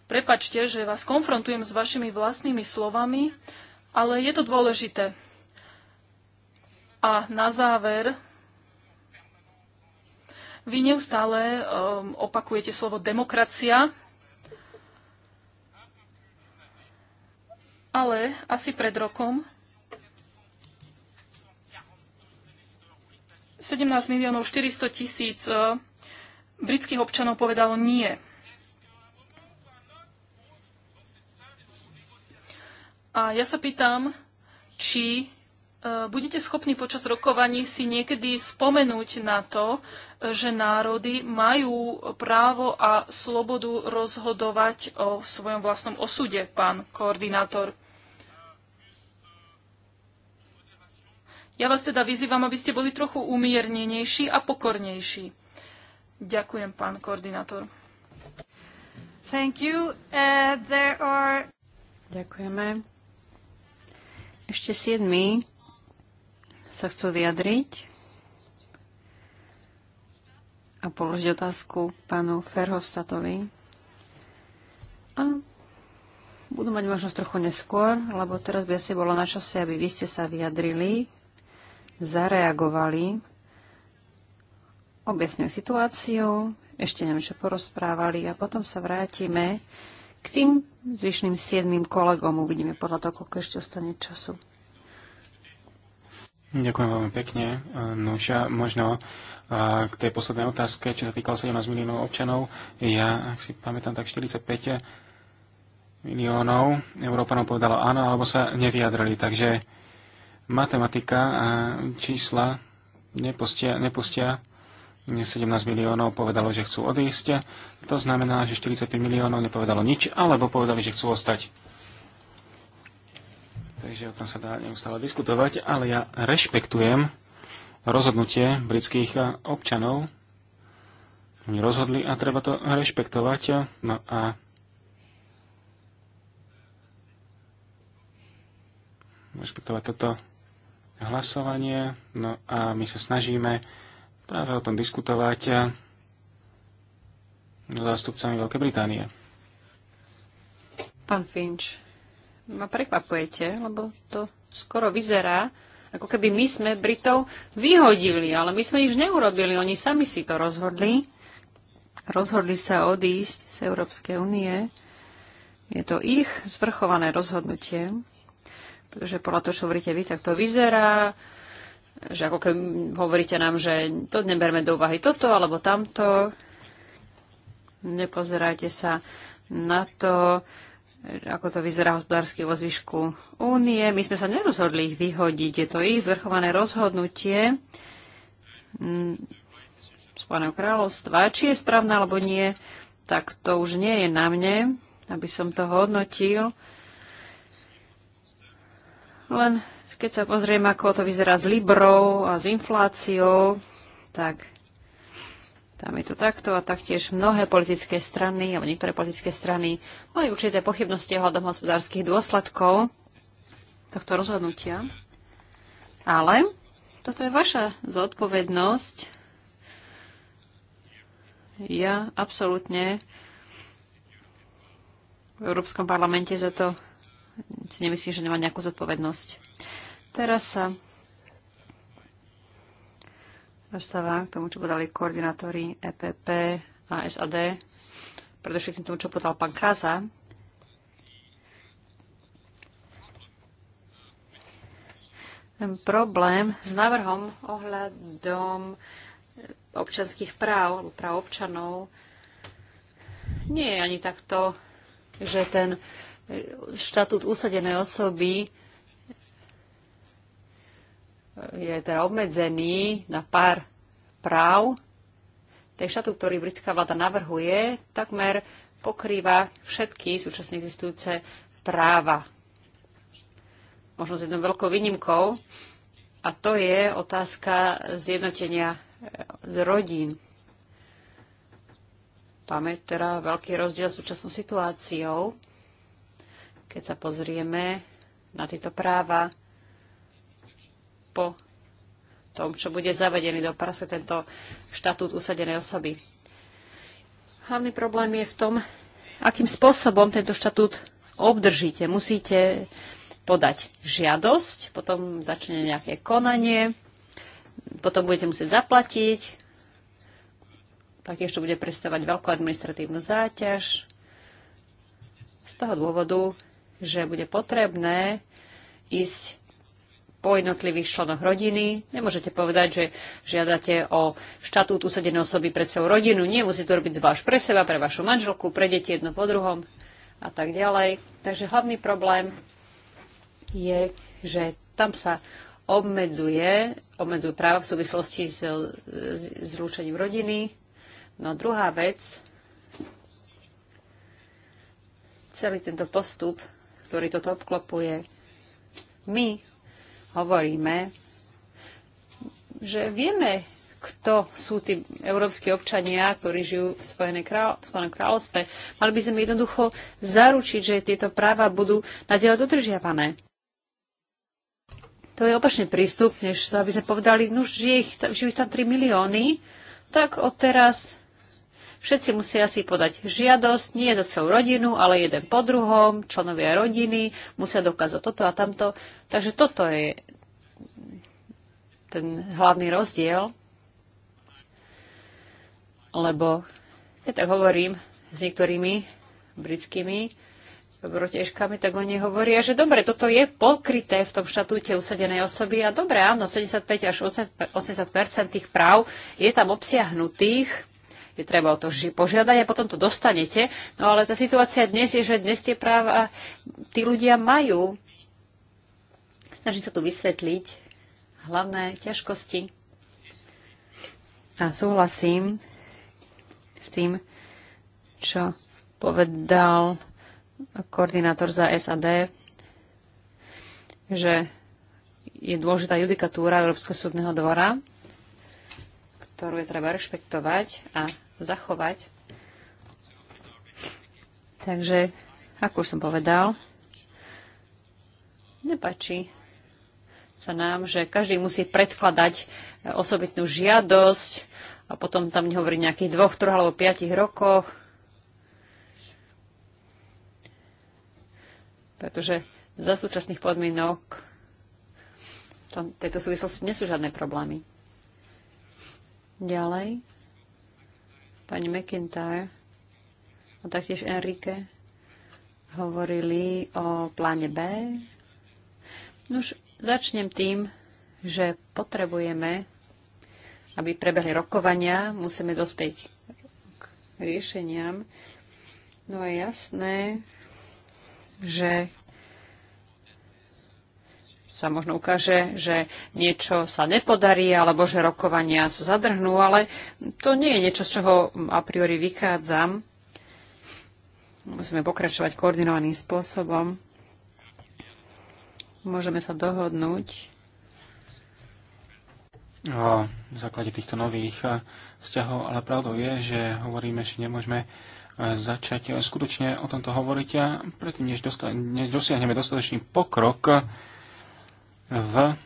Prepačte, že vás konfrontujem s vašimi vlastnými slovami, ale je to dôležité. A na záver, vy neustále um, opakujete slovo demokracia, ale asi pred rokom 17 miliónov 400 tisíc e, britských občanov povedalo nie. A ja sa pýtam, či e, budete schopní počas rokovaní si niekedy spomenúť na to, že národy majú právo a slobodu rozhodovať o svojom vlastnom osude, pán koordinátor. Ja vás teda vyzývam, aby ste boli trochu umiernenejší a pokornejší. Ďakujem, pán koordinátor. Thank you. Uh, there are... Ďakujeme. Ešte siedmi sa chcú vyjadriť a položiť otázku pánu Ferhostatovi. A budú mať možnosť trochu neskôr, lebo teraz by asi bolo na čase, aby vy ste sa vyjadrili zareagovali, objasnili situáciu, ešte neviem, čo porozprávali a potom sa vrátime k tým zvyšným siedmým kolegom. Uvidíme podľa toho, koľko ešte ostane času. Ďakujem veľmi pekne. Nuša, možno k tej poslednej otázke, čo sa týkalo 17 miliónov občanov, ja, ak si pamätám, tak 45 miliónov Európanov povedalo áno, alebo sa nevyjadrili. Takže matematika a čísla nepustia, nepustia 17 miliónov povedalo, že chcú odísť. To znamená, že 45 miliónov nepovedalo nič, alebo povedali, že chcú ostať. Takže o tom sa dá neustále diskutovať, ale ja rešpektujem rozhodnutie britských občanov. Oni rozhodli a treba to rešpektovať. No a rešpektovať toto hlasovanie. No a my sa snažíme práve o tom diskutovať s zástupcami Veľkej Británie. Pán Finč, ma prekvapujete, lebo to skoro vyzerá, ako keby my sme Britov vyhodili, ale my sme nič neurobili, oni sami si to rozhodli. Rozhodli sa odísť z Európskej únie. Je to ich zvrchované rozhodnutie že podľa toho, čo hovoríte vy, tak to vyzerá, že ako keby hovoríte nám, že to neberme do úvahy toto alebo tamto, nepozerajte sa na to, ako to vyzerá hospodársky vo zvyšku únie. My sme sa nerozhodli ich vyhodiť, je to ich zvrchované rozhodnutie Spojeného kráľovstva. Či je správne alebo nie, tak to už nie je na mne, aby som to hodnotil. Len keď sa pozrieme, ako to vyzerá s Librou a s infláciou, tak tam je to takto a taktiež mnohé politické strany, alebo niektoré politické strany majú určité pochybnosti ohľadom hospodárskych dôsledkov tohto rozhodnutia. Ale toto je vaša zodpovednosť. Ja absolútne v Európskom parlamente za to si nemyslím, že nemá nejakú zodpovednosť. Teraz sa dostáva k tomu, čo podali koordinátori EPP a SAD, predovšetkým tomu, čo podal pán Kaza. Ten problém s návrhom ohľadom občanských práv alebo práv občanov nie je ani takto, že ten štatút usadenej osoby je teda obmedzený na pár práv, ten štatút, ktorý britská vláda navrhuje, takmer pokrýva všetky súčasne existujúce práva. Možno s jednou veľkou výnimkou, a to je otázka zjednotenia e, z rodín. je teda veľký rozdiel s súčasnou situáciou. Keď sa pozrieme na tieto práva po tom, čo bude zavedený do prase tento štatút usadenej osoby. Hlavný problém je v tom, akým spôsobom tento štatút obdržíte. Musíte podať žiadosť, potom začne nejaké konanie, potom budete musieť zaplatiť, tak ešte bude prestávať veľkú administratívnu záťaž. Z toho dôvodu že bude potrebné ísť po jednotlivých členoch rodiny. Nemôžete povedať, že žiadate o štatút usadenej osoby pre celú rodinu. Nie, musí to robiť zvlášť pre seba, pre vašu manželku, pre deti jedno po druhom a tak ďalej. Takže hlavný problém je, že tam sa obmedzuje, obmedzujú práva v súvislosti s zlúčením rodiny. No druhá vec, celý tento postup ktorý toto obklopuje. My hovoríme, že vieme, kto sú tí európsky občania, ktorí žijú v Spojenom kráľ, Spojenom kráľovstve. Mali by sme jednoducho zaručiť, že tieto práva budú nadiaľ dodržiavané. To je opačný prístup, než aby sme povedali, že ich, žijú ich tam 3 milióny, tak odteraz Všetci musia si podať žiadosť, nie za celú rodinu, ale jeden po druhom, členovia rodiny, musia dokázať toto a tamto. Takže toto je ten hlavný rozdiel, lebo ja tak hovorím s niektorými britskými protižkami, tak oni hovoria, že dobre, toto je pokryté v tom štatúte usadenej osoby a dobre, áno, 75 až 80 tých práv je tam obsiahnutých, je treba o to požiadať a potom to dostanete. No ale tá situácia dnes je, že dnes tie práva tí ľudia majú. Snažím sa tu vysvetliť hlavné ťažkosti. A súhlasím s tým, čo povedal koordinátor za SAD, že je dôležitá judikatúra Európskeho súdneho dvora, ktorú je treba rešpektovať a zachovať. Takže, ako už som povedal, nepačí sa nám, že každý musí predkladať e, osobitnú žiadosť a potom tam nehovorí nejakých dvoch, troch alebo piatich rokoch. Pretože za súčasných podmienok v tejto súvislosti nie sú žiadne problémy. Ďalej pani McIntyre a taktiež Enrique hovorili o pláne B. Už začnem tým, že potrebujeme, aby prebehli rokovania, musíme dospieť k riešeniam. No je jasné, že sa možno ukáže, že niečo sa nepodarí alebo že rokovania sa zadrhnú, ale to nie je niečo, z čoho a priori vychádzam. Musíme pokračovať koordinovaným spôsobom. Môžeme sa dohodnúť o základe týchto nových eh, vzťahov, ale pravdou je, že hovoríme, že nemôžeme eh, začať eh, skutočne o tomto hovoriť a predtým, než, dosta- než dosiahneme dostatočný pokrok, v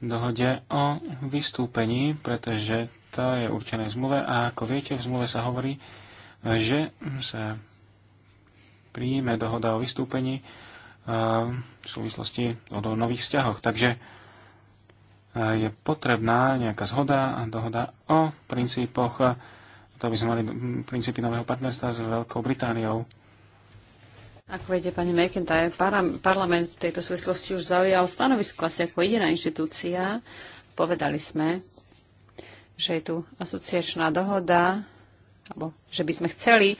dohode o vystúpení, pretože to je určené v zmluve a ako viete, v zmluve sa hovorí, že sa príjme dohoda o vystúpení e, v súvislosti o nových vzťahoch. Takže e, je potrebná nejaká zhoda a dohoda o princípoch, e, to by sme mali princípy nového partnerstva s Veľkou Britániou. Ako viete, pani McIntyre, parlament v tejto súvislosti už zaujal stanovisko asi ako jediná inštitúcia. Povedali sme, že je tu asociačná dohoda, alebo že by sme chceli,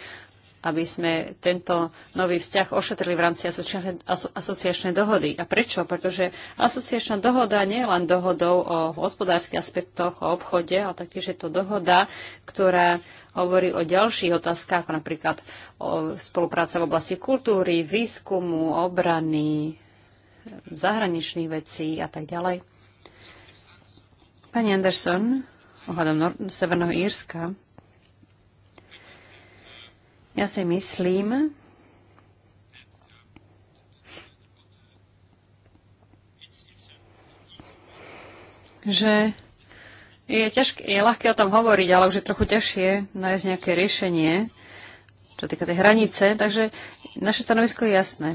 aby sme tento nový vzťah ošetrili v rámci asociačnej dohody. A prečo? Pretože asociačná dohoda nie je len dohodou o hospodárskych aspektoch, o obchode, ale taktiež je to dohoda, ktorá hovorí o ďalších otázkach, napríklad o spolupráce v oblasti kultúry, výskumu, obrany, zahraničných vecí a tak ďalej. Pani Anderson, ohľadom Severného Írska, ja si myslím, že je, ťažké, je ľahké o tom hovoriť, ale už je trochu ťažšie nájsť nejaké riešenie, čo týka tej hranice. Takže naše stanovisko je jasné.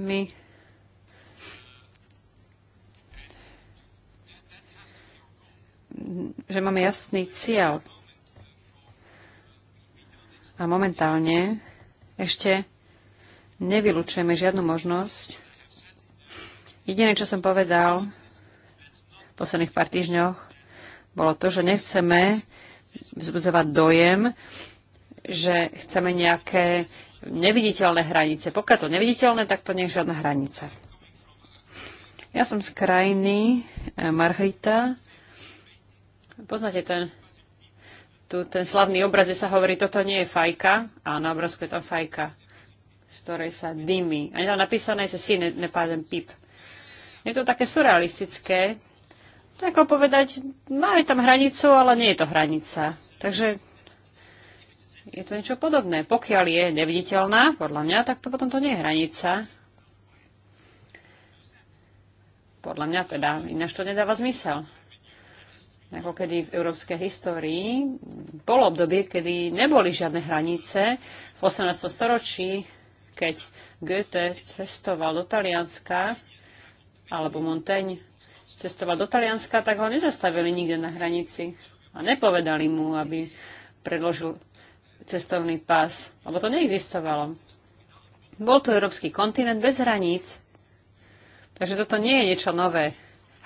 My že máme jasný cieľ. A momentálne ešte nevylučujeme žiadnu možnosť. Jediné, čo som povedal, posledných pár týždňoch, bolo to, že nechceme vzbudzovať dojem, že chceme nejaké neviditeľné hranice. Pokiaľ to neviditeľné, tak to nie je žiadna hranica. Ja som z krajiny e, Marhita. Poznáte ten, tu, ten slavný obraz, kde sa hovorí, toto nie je fajka. A na obrazku je tam fajka, z ktorej sa dymí. A je tam napísané, že si ne, nepádem pip. Je to také surrealistické, tak ako povedať, máme tam hranicu, ale nie je to hranica. Takže je to niečo podobné. Pokiaľ je neviditeľná, podľa mňa, tak to potom to nie je hranica. Podľa mňa teda, ináč to nedáva zmysel. Ako kedy v európskej histórii bolo obdobie, kedy neboli žiadne hranice. V 18. storočí, keď Goethe cestoval do Talianska, alebo Montaigne cestoval do Talianska, tak ho nezastavili nikde na hranici. A nepovedali mu, aby predložil cestovný pás, lebo to neexistovalo. Bol to európsky kontinent bez hraníc, takže toto nie je niečo nové.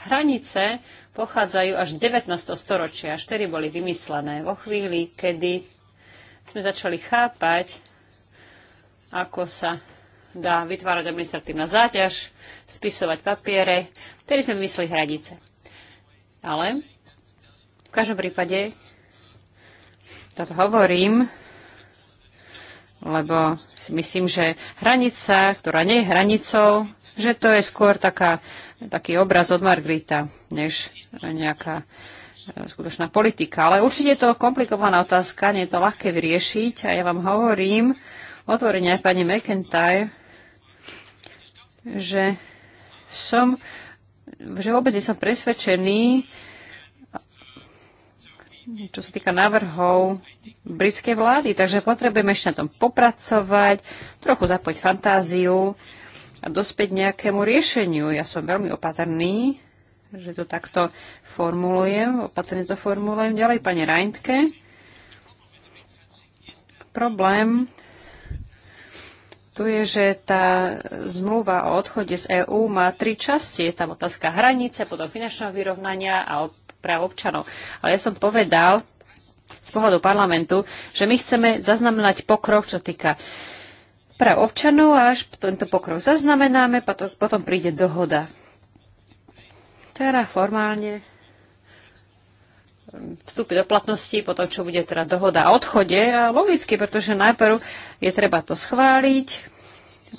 Hranice pochádzajú až z 19. storočia, až tedy boli vymyslené. Vo chvíli, kedy sme začali chápať, ako sa dá vytvárať administratívna záťaž, spisovať papiere, vtedy sme vymysleli hranice. Ale v každom prípade toto hovorím, lebo si myslím, že hranica, ktorá nie je hranicou, že to je skôr taká, taký obraz od Margrita, než nejaká e, skutočná politika. Ale určite je to komplikovaná otázka, nie je to ľahké vyriešiť a ja vám hovorím otvorene aj pani McIntyre, že som, že vôbec nie som presvedčený, čo sa týka návrhov britskej vlády. Takže potrebujeme ešte na tom popracovať, trochu zapojiť fantáziu a dospäť nejakému riešeniu. Ja som veľmi opatrný, že to takto formulujem, opatrne to formulujem. Ďalej, pani Reintke. Problém tu je, že tá zmluva o odchode z EÚ má tri časti. Je tam otázka hranice, potom finančného vyrovnania a práv občanov. Ale ja som povedal z pohľadu parlamentu, že my chceme zaznamenať pokrok, čo týka práv občanov a až tento pokrok zaznamenáme, potom príde dohoda. Teda formálne vstúpi do platnosti, potom čo bude teda dohoda o odchode. A logicky, pretože najprv je treba to schváliť.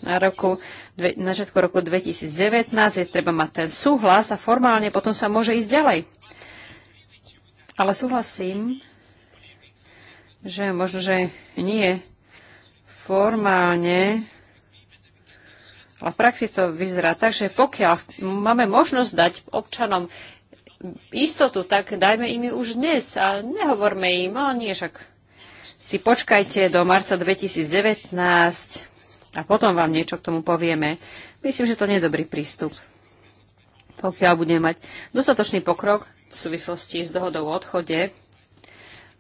Na, roku, na začiatku roku 2019 je treba mať ten súhlas a formálne potom sa môže ísť ďalej. Ale súhlasím, že možno, že nie formálne, ale v praxi to vyzerá tak, že pokiaľ máme možnosť dať občanom istotu, tak dajme im ju už dnes a nehovorme im, ale nie však si počkajte do marca 2019 a potom vám niečo k tomu povieme. Myslím, že to nie je dobrý prístup. Pokiaľ budeme mať dostatočný pokrok v súvislosti s dohodou o odchode,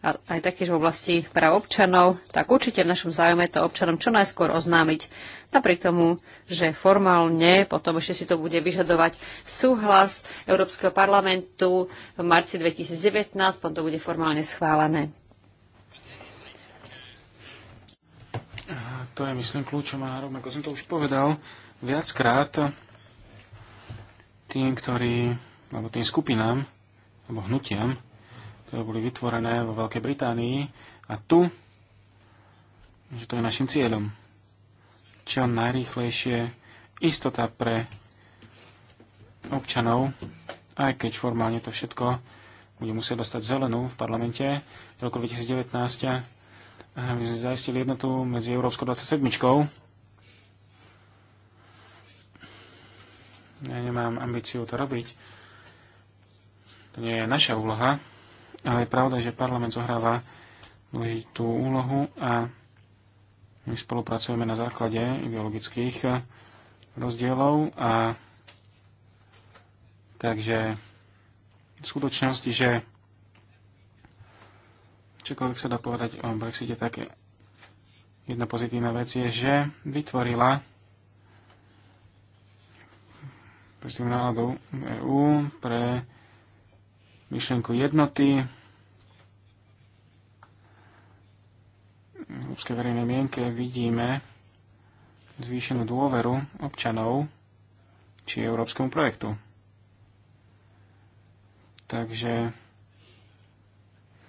aj taktiež v oblasti práv občanov, tak určite v našom zájme to občanom čo najskôr oznámiť. Napriek tomu, že formálne potom ešte si to bude vyžadovať súhlas Európskeho parlamentu v marci 2019, potom to bude formálne schválené. To je, myslím, kľúčom a rovnako som to už povedal viackrát tým, ktorí, alebo tým skupinám, alebo hnutiam, ktoré boli vytvorené vo Veľkej Británii a tu, že to je našim cieľom. Čo najrýchlejšie istota pre občanov, aj keď formálne to všetko bude musieť dostať zelenú v parlamente v roku 2019, aby eh, sme zaistili jednotu medzi Európskou 27. Ja nemám ambíciu to robiť. To nie je naša úloha. Ale je pravda, že parlament zohráva dôležitú úlohu a my spolupracujeme na základe ideologických rozdielov a takže v skutočnosti, že čokoľvek sa dá povedať o Brexite, tak jedna pozitívna vec je, že vytvorila pozitívnu náladu EÚ pre myšlenku jednoty v európskej verejnej mienke vidíme zvýšenú dôveru občanov či európskemu projektu. Takže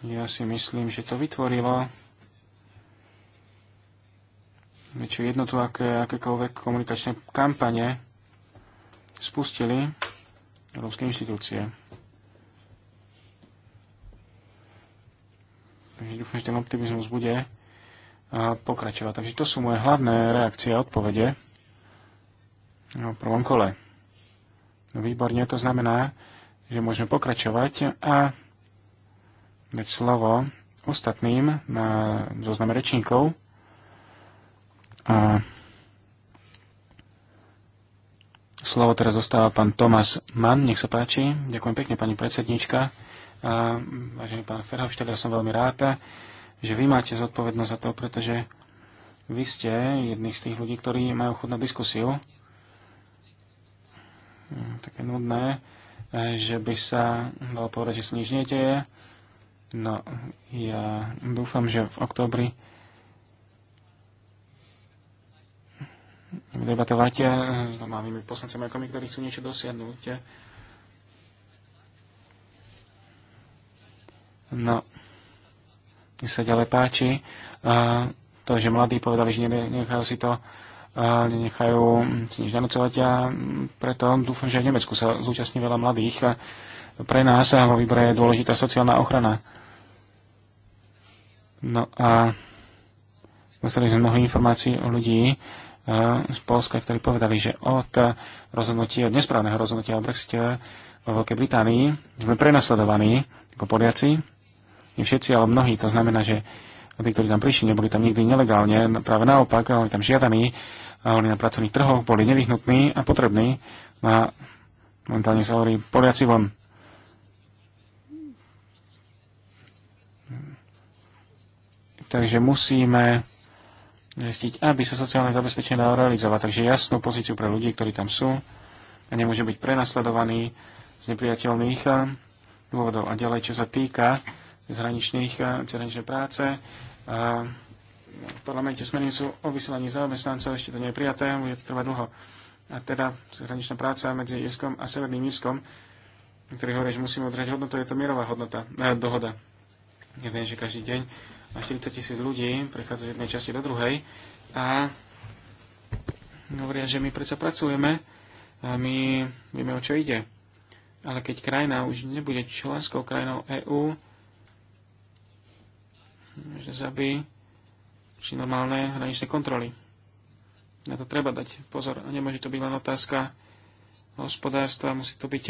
ja si myslím, že to vytvorilo väčšiu jednotu, aké, akékoľvek komunikačné kampane spustili európske inštitúcie. Takže dúfam, že ten optimizmus bude pokračovať. Takže to sú moje hlavné reakcie a odpovede v prvom kole. No výborne, to znamená, že môžeme pokračovať a dať slovo ostatným na zozname rečníkov. A slovo teraz zostáva pán Tomas Mann, nech sa páči. Ďakujem pekne, pani predsednička. A, vážený pán Ferhovštel, ja som veľmi rád, že vy máte zodpovednosť za to, pretože vy ste jedný z tých ľudí, ktorí majú chud na diskusiu. Hm, také nudné, eh, že by sa dalo povedať, že sa nič nedieje. No, ja dúfam, že v oktobri debatovať eh, s domámymi poslancami, ktorí chcú niečo dosiahnuť. No, mi sa ďalej páči to, že mladí povedali, že nenechajú si to nenechajú si nič nanocovať. a preto dúfam, že aj v Nemecku sa zúčastní veľa mladých a pre nás a vo výbore je dôležitá sociálna ochrana. No a dostali sme mnoho informácií o ľudí z Polska, ktorí povedali, že od rozhodnutia, od nesprávneho rozhodnutia o Brexite vo Veľkej Británii sme prenasledovaní ako Poliaci, nie všetci, ale mnohí. To znamená, že tí, ktorí tam prišli, neboli tam nikdy nelegálne, práve naopak, oni tam žiadaní, oni na pracovných trhoch, boli nevyhnutní a potrební. a momentálne sa hovorí Poliaci von. Takže musíme zistiť, aby sa sociálne zabezpečenie dalo realizovať. Takže jasnú pozíciu pre ľudí, ktorí tam sú a nemôžu byť prenasledovaní z nepriateľných dôvodov. A ďalej, čo sa týka zhraničných, eh, cezhraničnej práce. A v parlamente smernicu o vysielaní zamestnancov, ešte to nie je prijaté, bude to trvať dlho. A teda cezhraničná práca medzi Írskom a Severným Írskom, ktorý hovorí, že musíme udržať hodnotu, je to mierová hodnota, eh, dohoda. Ja viem, že každý deň má 40 tisíc ľudí prechádza z jednej časti do druhej a hovoria, že my predsa pracujeme a my vieme, o čo ide. Ale keď krajina už nebude členskou krajinou EÚ, zabí či normálne hraničné kontroly. Na to treba dať pozor. Nemôže to byť len otázka hospodárstva, musí to byť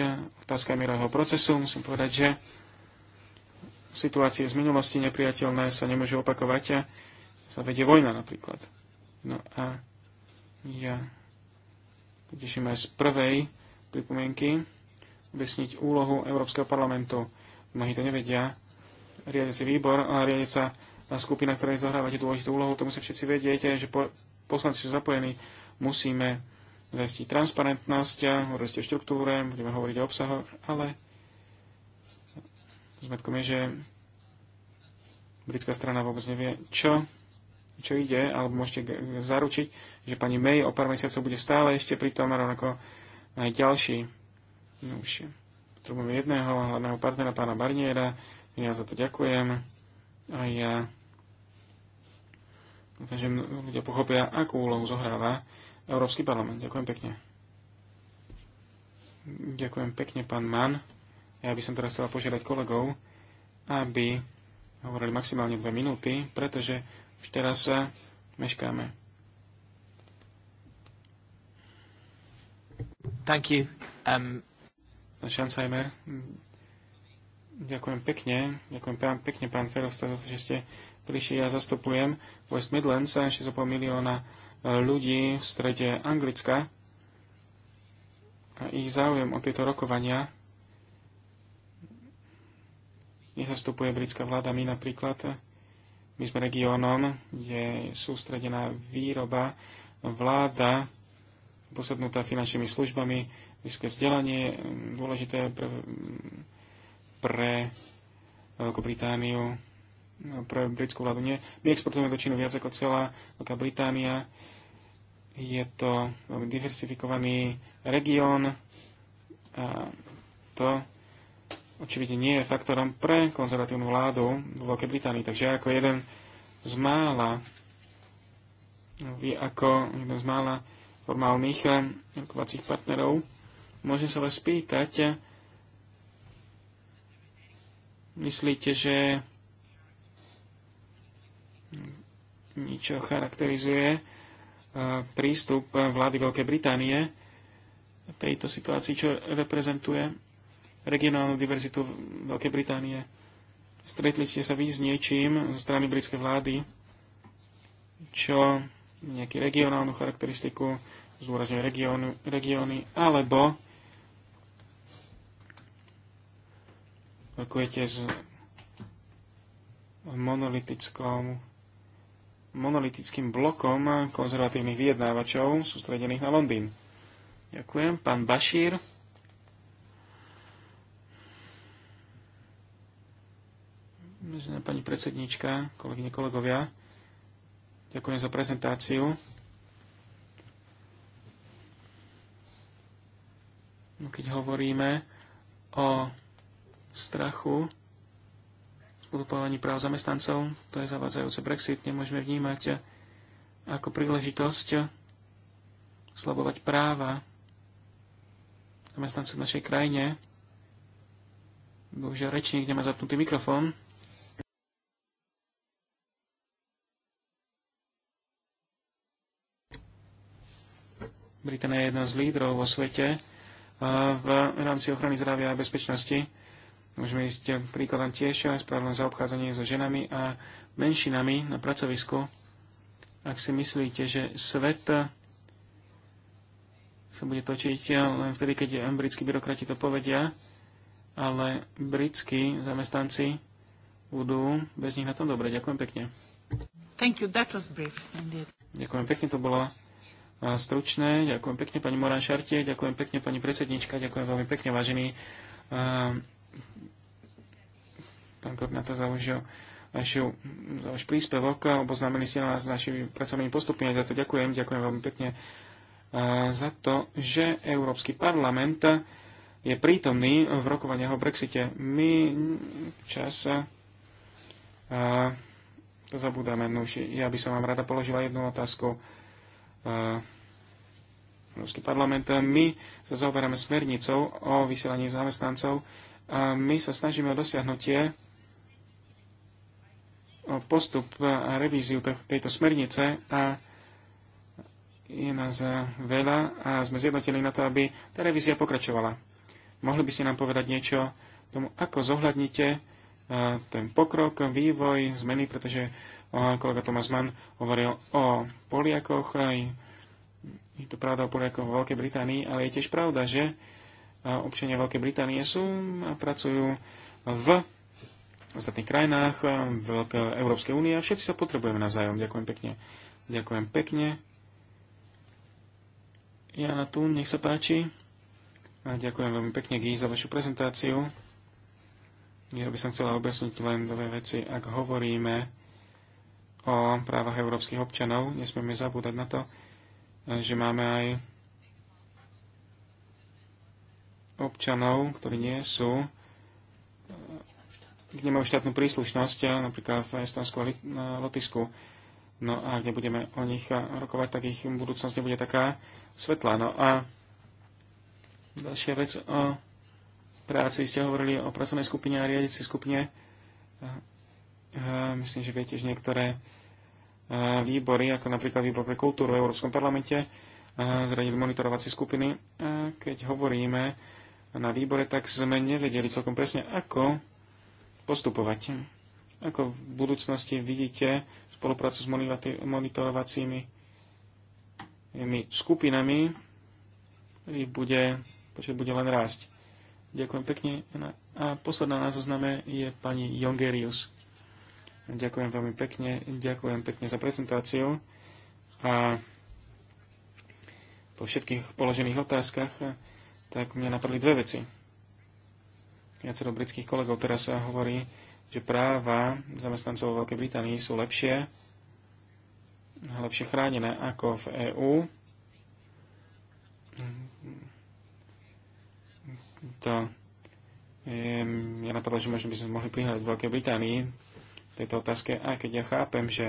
otázka mierového procesu. Musím povedať, že situácie z minulosti nepriateľné sa nemôžu opakovať a sa vedie vojna napríklad. No a ja teším aj z prvej pripomienky objasniť úlohu Európskeho parlamentu. Mnohí to nevedia, riadiaci výbor a riadiaca skupina, ktorá zohrávate dôležitú úlohu, to musí všetci vedieť, že po, poslanci sú zapojení, musíme zajistiť transparentnosť, hovorili o štruktúre, budeme hovoriť o obsahoch, ale zmetkom je, že britská strana vôbec nevie, čo, čo ide, alebo môžete zaručiť, že pani May o pár mesiacov bude stále ešte pri tom, rovnako aj ďalší. No už potrebujeme jedného hlavného partnera, pána Barniera, ja za to ďakujem a ja dúfam, že ľudia pochopia, akú úlohu zohráva Európsky parlament. Ďakujem pekne. Ďakujem pekne, pán Mann. Ja by som teraz chcel požiadať kolegov, aby hovorili maximálne dve minúty, pretože už teraz sa eh, meškáme. Thank you. Um... Ďakujem pekne. Ďakujem pán, pekne, pán Ferosta, za to, že ste prišli. Ja zastupujem West Midlands, 6,5 milióna e, ľudí v strede Anglicka. A ich záujem o tieto rokovania nezastupuje britská vláda. My napríklad, my sme regiónom, kde je sústredená výroba, vláda, posadnutá finančnými službami, vysoké vzdelanie, dôležité pre pre Veľkú Britániu, no, pre britskú vládu nie. My exportujeme do Čínu viac ako celá Veľká Británia. Je to veľmi diversifikovaný región a to očividne nie je faktorom pre konzervatívnu vládu v Veľkej Británii. Takže ako jeden z mála, vy ako jeden z mála formálnych rokovacích partnerov, môžem sa vás spýtať, Myslíte, že niečo charakterizuje e, prístup vlády Veľkej Británie v tejto situácii, čo reprezentuje regionálnu diverzitu Veľkej Británie. Stretli ste sa vy s niečím zo strany britskej vlády, čo nejakú regionálnu charakteristiku, zdôrazňuje regióny, alebo rokujete s monolitickom monolitickým blokom konzervatívnych vyjednávačov sústredených na Londýn. Ďakujem. Pán Bašír. Vážená pani predsednička, kolegyne, kolegovia, ďakujem za prezentáciu. No, keď hovoríme o strachu z práv zamestnancov. To je zavádzajúce Brexit. Nemôžeme vnímať eh, ako príležitosť slabovať práva zamestnancov v našej krajine. Bohužiaľ, rečník nemá zapnutý mikrofón. Británia je jedna z lídrov vo svete eh, v rámci ochrany zdravia a bezpečnosti. Môžeme ísť príkladom tiež správne zaobchádzanie so ženami a menšinami na pracovisku. Ak si myslíte, že svet sa bude točiť len vtedy, keď britskí byrokrati to povedia, ale britskí zamestnanci budú bez nich na tom dobre. Ďakujem pekne. Thank you. That was brief, Ďakujem pekne, to bolo stručné. Ďakujem pekne pani Moran Šartie, ďakujem pekne pani predsednička, ďakujem veľmi pekne vážení Pán koordinátor zaužil našu, váš príspevok. Oboznámili ste nás s našimi pracovnými postupmi. Za to ďakujem. Ďakujem veľmi pekne za to, že Európsky parlament je prítomný v rokovaniach o Brexite. My čas to zabudáme. No, ja by som vám rada položila jednu otázku. Európsky parlament. My sa zaoberáme smernicou o vysielaní zamestnancov a my sa snažíme o dosiahnutie o postup a revíziu tejto smernice a je nás veľa a sme zjednotili na to, aby tá revízia pokračovala. Mohli by ste nám povedať niečo tomu, ako zohľadnite e, ten pokrok, vývoj, zmeny, pretože e, kolega Thomas Mann hovoril o Poliakoch, aj je to pravda o Poliakoch v Veľkej Británii, ale je tiež pravda, že občania Veľkej Británie sú a pracujú v ostatných krajinách v Európskej únie a všetci sa potrebujeme navzájom. Ďakujem pekne. Ďakujem pekne. Jana tu, nech sa páči. A ďakujem veľmi pekne, Gý, za vašu prezentáciu. Ja by som chcela objasniť len dve veci. Ak hovoríme o právach európskych občanov, nesmieme zabúdať na to, že máme aj občanov, ktorí nie sú eh, kde majú štátnu príslušnosť, eh, napríklad v Estonsku a Lotisku. No a kde nebudeme o nich eh, rokovať, tak ich budúcnosť nebude taká svetlá. No a ďalšia vec o práci. Ste hovorili o pracovnej skupine a riadiacej skupine. Myslím, že viete, že niektoré výbory, ako napríklad výbor pre kultúru v Európskom parlamente, zradili monitorovacie skupiny. A keď hovoríme na výbore, tak sme nevedeli celkom presne, ako postupovať. Ako v budúcnosti vidíte spoluprácu s monitorovacími skupinami, ktorý bude, počet bude len rásť. Ďakujem pekne. No a posledná na zozname je pani Jongerius. Ďakujem veľmi pekne. Ďakujem pekne za prezentáciu. A po všetkých položených otázkach tak mňa napadli dve veci. Viacero britských kolegov teraz sa hovorí, že práva zamestnancov vo Veľkej Británii sú lepšie, lepšie chránené ako v EÚ. To je, mňa napadlo, že možno by sme mohli prihľadať v Veľkej Británii tejto otázke, aj keď ja chápem, že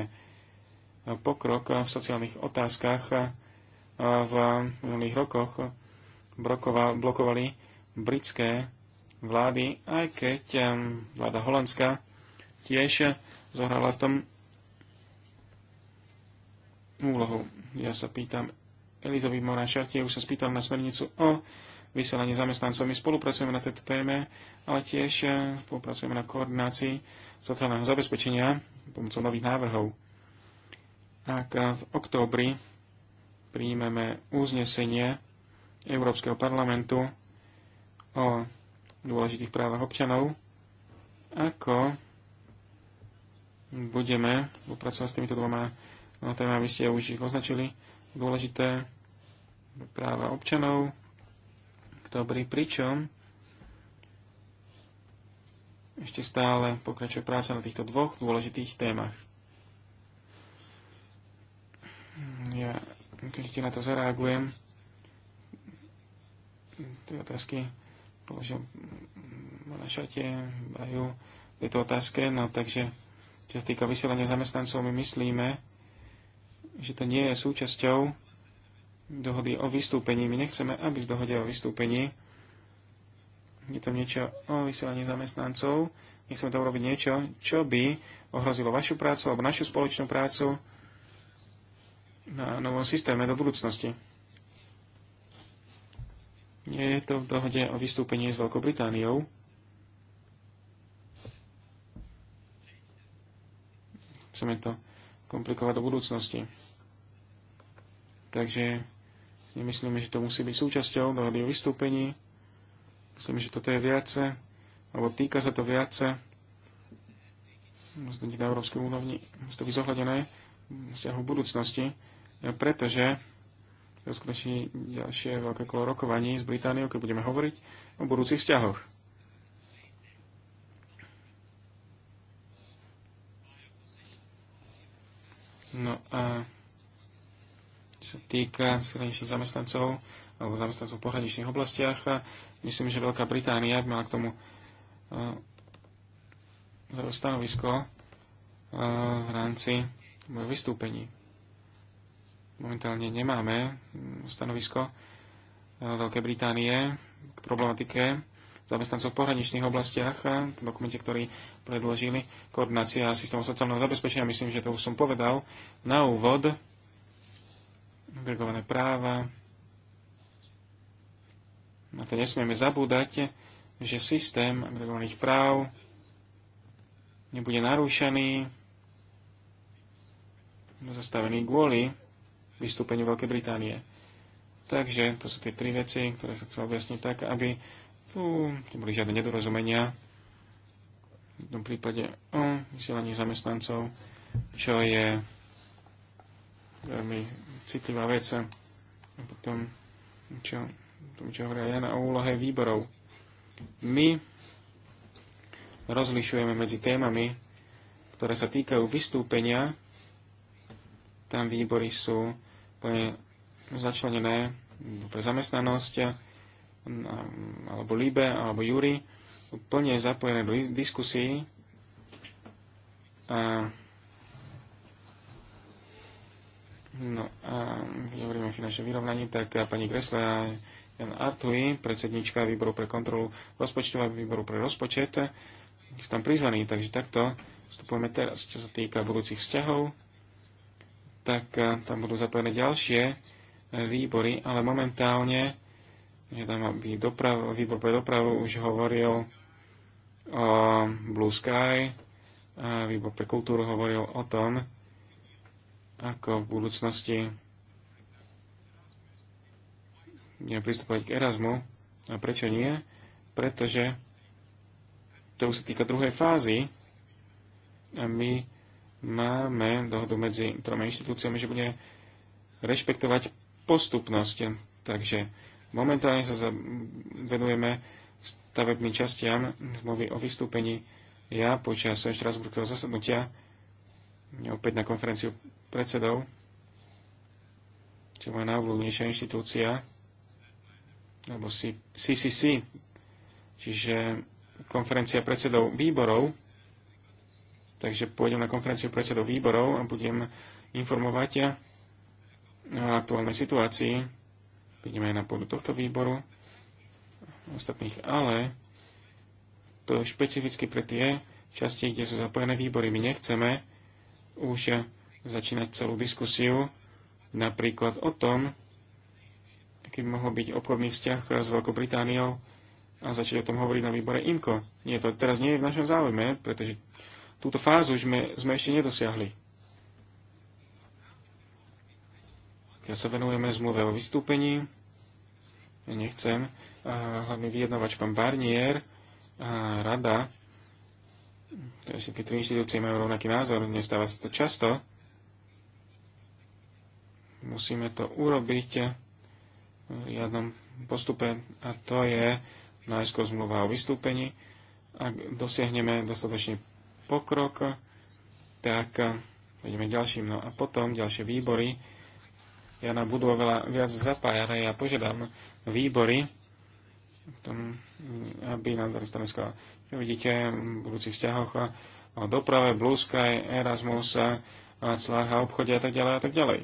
pokrok v sociálnych otázkach v minulých rokoch blokovali, britské vlády, aj keď vláda Holandska tiež zohrala v tom úlohu. Ja sa pýtam Elizovi Mora Šartie, už sa spýtal na smernicu o vyselení zamestnancov. My spolupracujeme na tejto téme, ale tiež spolupracujeme na koordinácii sociálneho zabezpečenia pomocou nových návrhov. Ak v októbri príjmeme uznesenie Európskeho parlamentu o dôležitých právach občanov, ako budeme popracovať s týmito dvoma no, témami, aby ste už ich označili, dôležité práva občanov, dobrý, pričom ešte stále pokračuje práca na týchto dvoch dôležitých témach. Ja keď na to zareagujem Tri otázky položil na šate, majú tieto otázke, no takže čo sa týka vysielania zamestnancov, my myslíme, že to nie je súčasťou dohody o vystúpení. My nechceme, aby v dohode o vystúpení je tam niečo o vysielaní zamestnancov, nechceme tam urobiť niečo, čo by ohrozilo vašu prácu alebo našu spoločnú prácu na novom systéme do budúcnosti. Nie je to v dohode o vystúpení s Veľkou Britániou. Chceme to komplikovať do budúcnosti. Takže nemyslíme, že to musí byť súčasťou dohody o vystúpení. Myslím, že toto je viace, alebo týka sa to viace. Musí to byť na európskej úrovni, musí to byť zohľadené v vzťahu budúcnosti, pretože uskutoční ďalšie veľké kolo rokovaní s Britániou, keď budeme hovoriť o budúcich vzťahoch. No a čo sa týka zahraničných zamestnancov alebo zamestnancov v pohraničných oblastiach, a myslím, že Veľká Británia by mala k tomu uh, stanovisko uh, v rámci môjho vystúpení momentálne nemáme mm, stanovisko e, Veľkej Británie k problematike zamestnancov v pohraničných oblastiach, v dokumente, ktorý predložili, koordinácia systému sociálneho zabezpečenia, myslím, že to už som povedal, na úvod, agregované práva, na to nesmieme zabúdať, že systém agregovaných práv nebude narúšaný, zastavený kvôli vystúpeniu Veľkej Británie. Takže to sú tie tri veci, ktoré sa chcel objasniť tak, aby tu neboli žiadne nedorozumenia v tom prípade o vysielaní zamestnancov, čo je veľmi citlivá vec. A potom, čo, tom, čo hovorí Jana o úlohe výborov. My rozlišujeme medzi témami, ktoré sa týkajú vystúpenia, tam výbory sú je začlenené pre zamestnanosť alebo Libe, alebo Júri, plne zapojené do diskusí a No a keď hovoríme o finančnom vyrovnaní, tak pani Gresle a Jan Artui, predsednička výboru pre kontrolu rozpočtu a výboru pre rozpočet, sú tam prizvaní, takže takto vstupujeme teraz, čo sa týka budúcich vzťahov tak eh, tam budú zapojené ďalšie eh, výbory, ale momentálne žiadam, aby doprav, výbor pre dopravu už hovoril o eh, Blue Sky, a výbor pre kultúru hovoril o tom, ako v budúcnosti budeme pristúpať k Erasmu. A prečo nie? Pretože to už sa týka druhej fázy a my máme dohodu medzi troma inštitúciami, že bude rešpektovať postupnosť. Takže momentálne sa venujeme stavebným častiam zmluvy o vystúpení. Ja počas Štrasburského zasadnutia opäť na konferenciu predsedov, čo je moja najobľúbenejšia inštitúcia, alebo CCC, čiže konferencia predsedov výborov, Takže pôjdem na konferenciu predsedov výborov a budem informovať o aktuálnej situácii. Budeme aj na pôdu tohto výboru, ostatných, ale to je špecificky pre tie časti, kde sú zapojené výbory. My nechceme už začínať celú diskusiu napríklad o tom, aký by mohol byť obchodný vzťah s Veľkou Britániou a začať o tom hovoriť na výbore IMCO. Nie, to teraz nie je v našom záujme, pretože túto fázu sme, sme ešte nedosiahli. Keď sa venujeme zmluve o vystúpení, nechcem, eh, hlavne vyjednávač pán Barnier a rada, keď tri inštitúcie majú rovnaký názor, nestáva sa to často, musíme to urobiť eh, v riadnom postupe a to je najskôr zmluva o vystúpení. Ak dosiahneme dostatočne pokrok, tak eh, ideme ďalším. No a potom ďalšie výbory. Ja nám budú oveľa viac zapájať. a Ja požiadam výbory, tom, eh, aby nám dali stanovisko. Čo vidíte v budúcich vzťahoch eh, o doprave, Blue Sky, Erasmus, clách a obchode a tak ďalej a tak ďalej.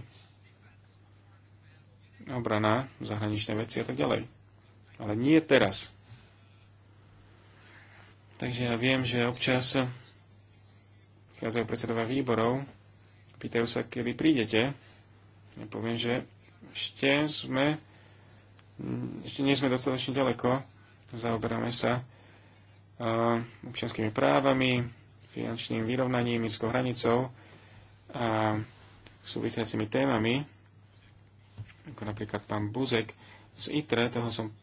Obrana, zahraničné veci a tak ďalej. Ale nie teraz. Takže ja viem, že občas prichádzajú predsedovia výborov, pýtajú sa, kedy prídete. Ja poviem, že ešte sme, ešte nie sme dostatočne ďaleko, zaoberáme sa občianskými právami, finančným vyrovnaním, minskou hranicou a súvisiacimi témami, ako napríklad pán Buzek z ITRE, toho som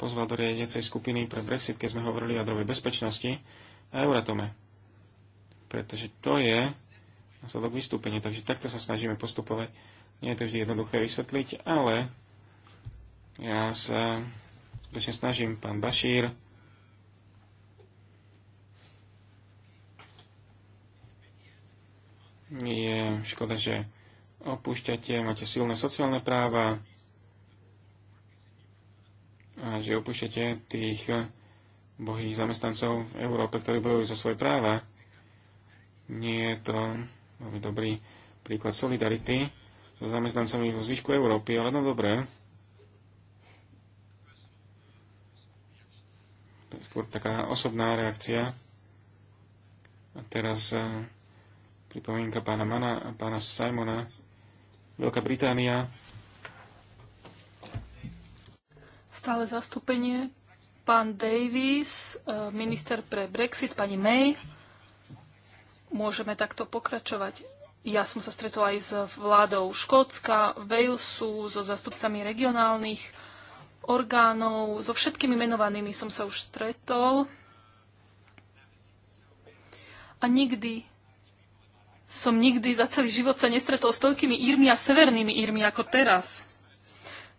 pozval do riadiacej skupiny pre Brexit, keď sme hovorili o jadrovej bezpečnosti a Euratome pretože to je následok vystúpenia. Takže takto sa snažíme postupovať. Nie je to vždy jednoduché vysvetliť, ale ja sa skutočne snažím, pán Bašír, je škoda, že opúšťate, máte silné sociálne práva a že opúšťate tých bohých zamestnancov v Európe, ktorí bojujú za svoje práva. Nie je to veľmi dobrý príklad solidarity so zamestnancami vo zvyšku Európy, ale no dobré. To je skôr taká osobná reakcia. A teraz eh, pripomienka pána Mana a pána Simona. Veľká Británia. Stále zastúpenie. Pán Davis, eh, minister pre Brexit, pani May môžeme takto pokračovať. Ja som sa stretol aj s vládou Škótska, Walesu, so zastupcami regionálnych orgánov, so všetkými menovanými som sa už stretol. A nikdy som nikdy za celý život sa nestretol s toľkými írmi a severnými írmi ako teraz.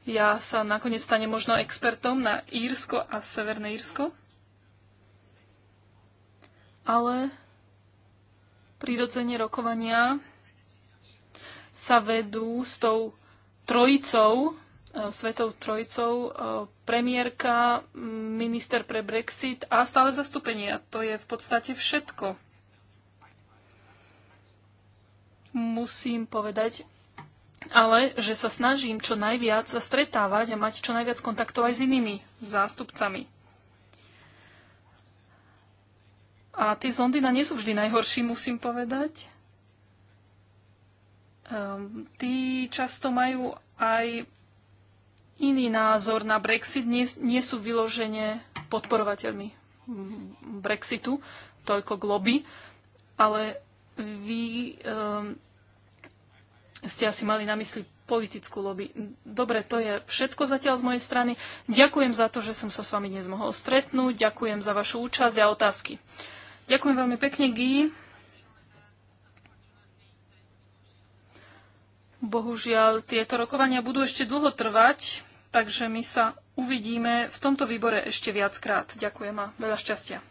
Ja sa nakoniec stane možno expertom na Írsko a Severné Írsko. Ale prirodzene rokovania sa vedú s tou trojicou, e, svetou trojicou, e, premiérka, minister pre Brexit a stále zastúpenie. A to je v podstate všetko. Musím povedať, ale že sa snažím čo najviac stretávať a mať čo najviac kontaktov aj s inými zástupcami A tie z Londýna nie sú vždy najhorší, musím povedať. Um, tí často majú aj iný názor na Brexit, nie, nie sú vyložene podporovateľmi Brexitu, toľko globy, ale vy um, ste asi mali na mysli politickú lobby. Dobre, to je všetko zatiaľ z mojej strany. Ďakujem za to, že som sa s vami dnes mohol stretnúť, ďakujem za vašu účasť a otázky. Ďakujem veľmi pekne, Guy. Bohužiaľ, tieto rokovania budú ešte dlho trvať, takže my sa uvidíme v tomto výbore ešte viackrát. Ďakujem a veľa šťastia.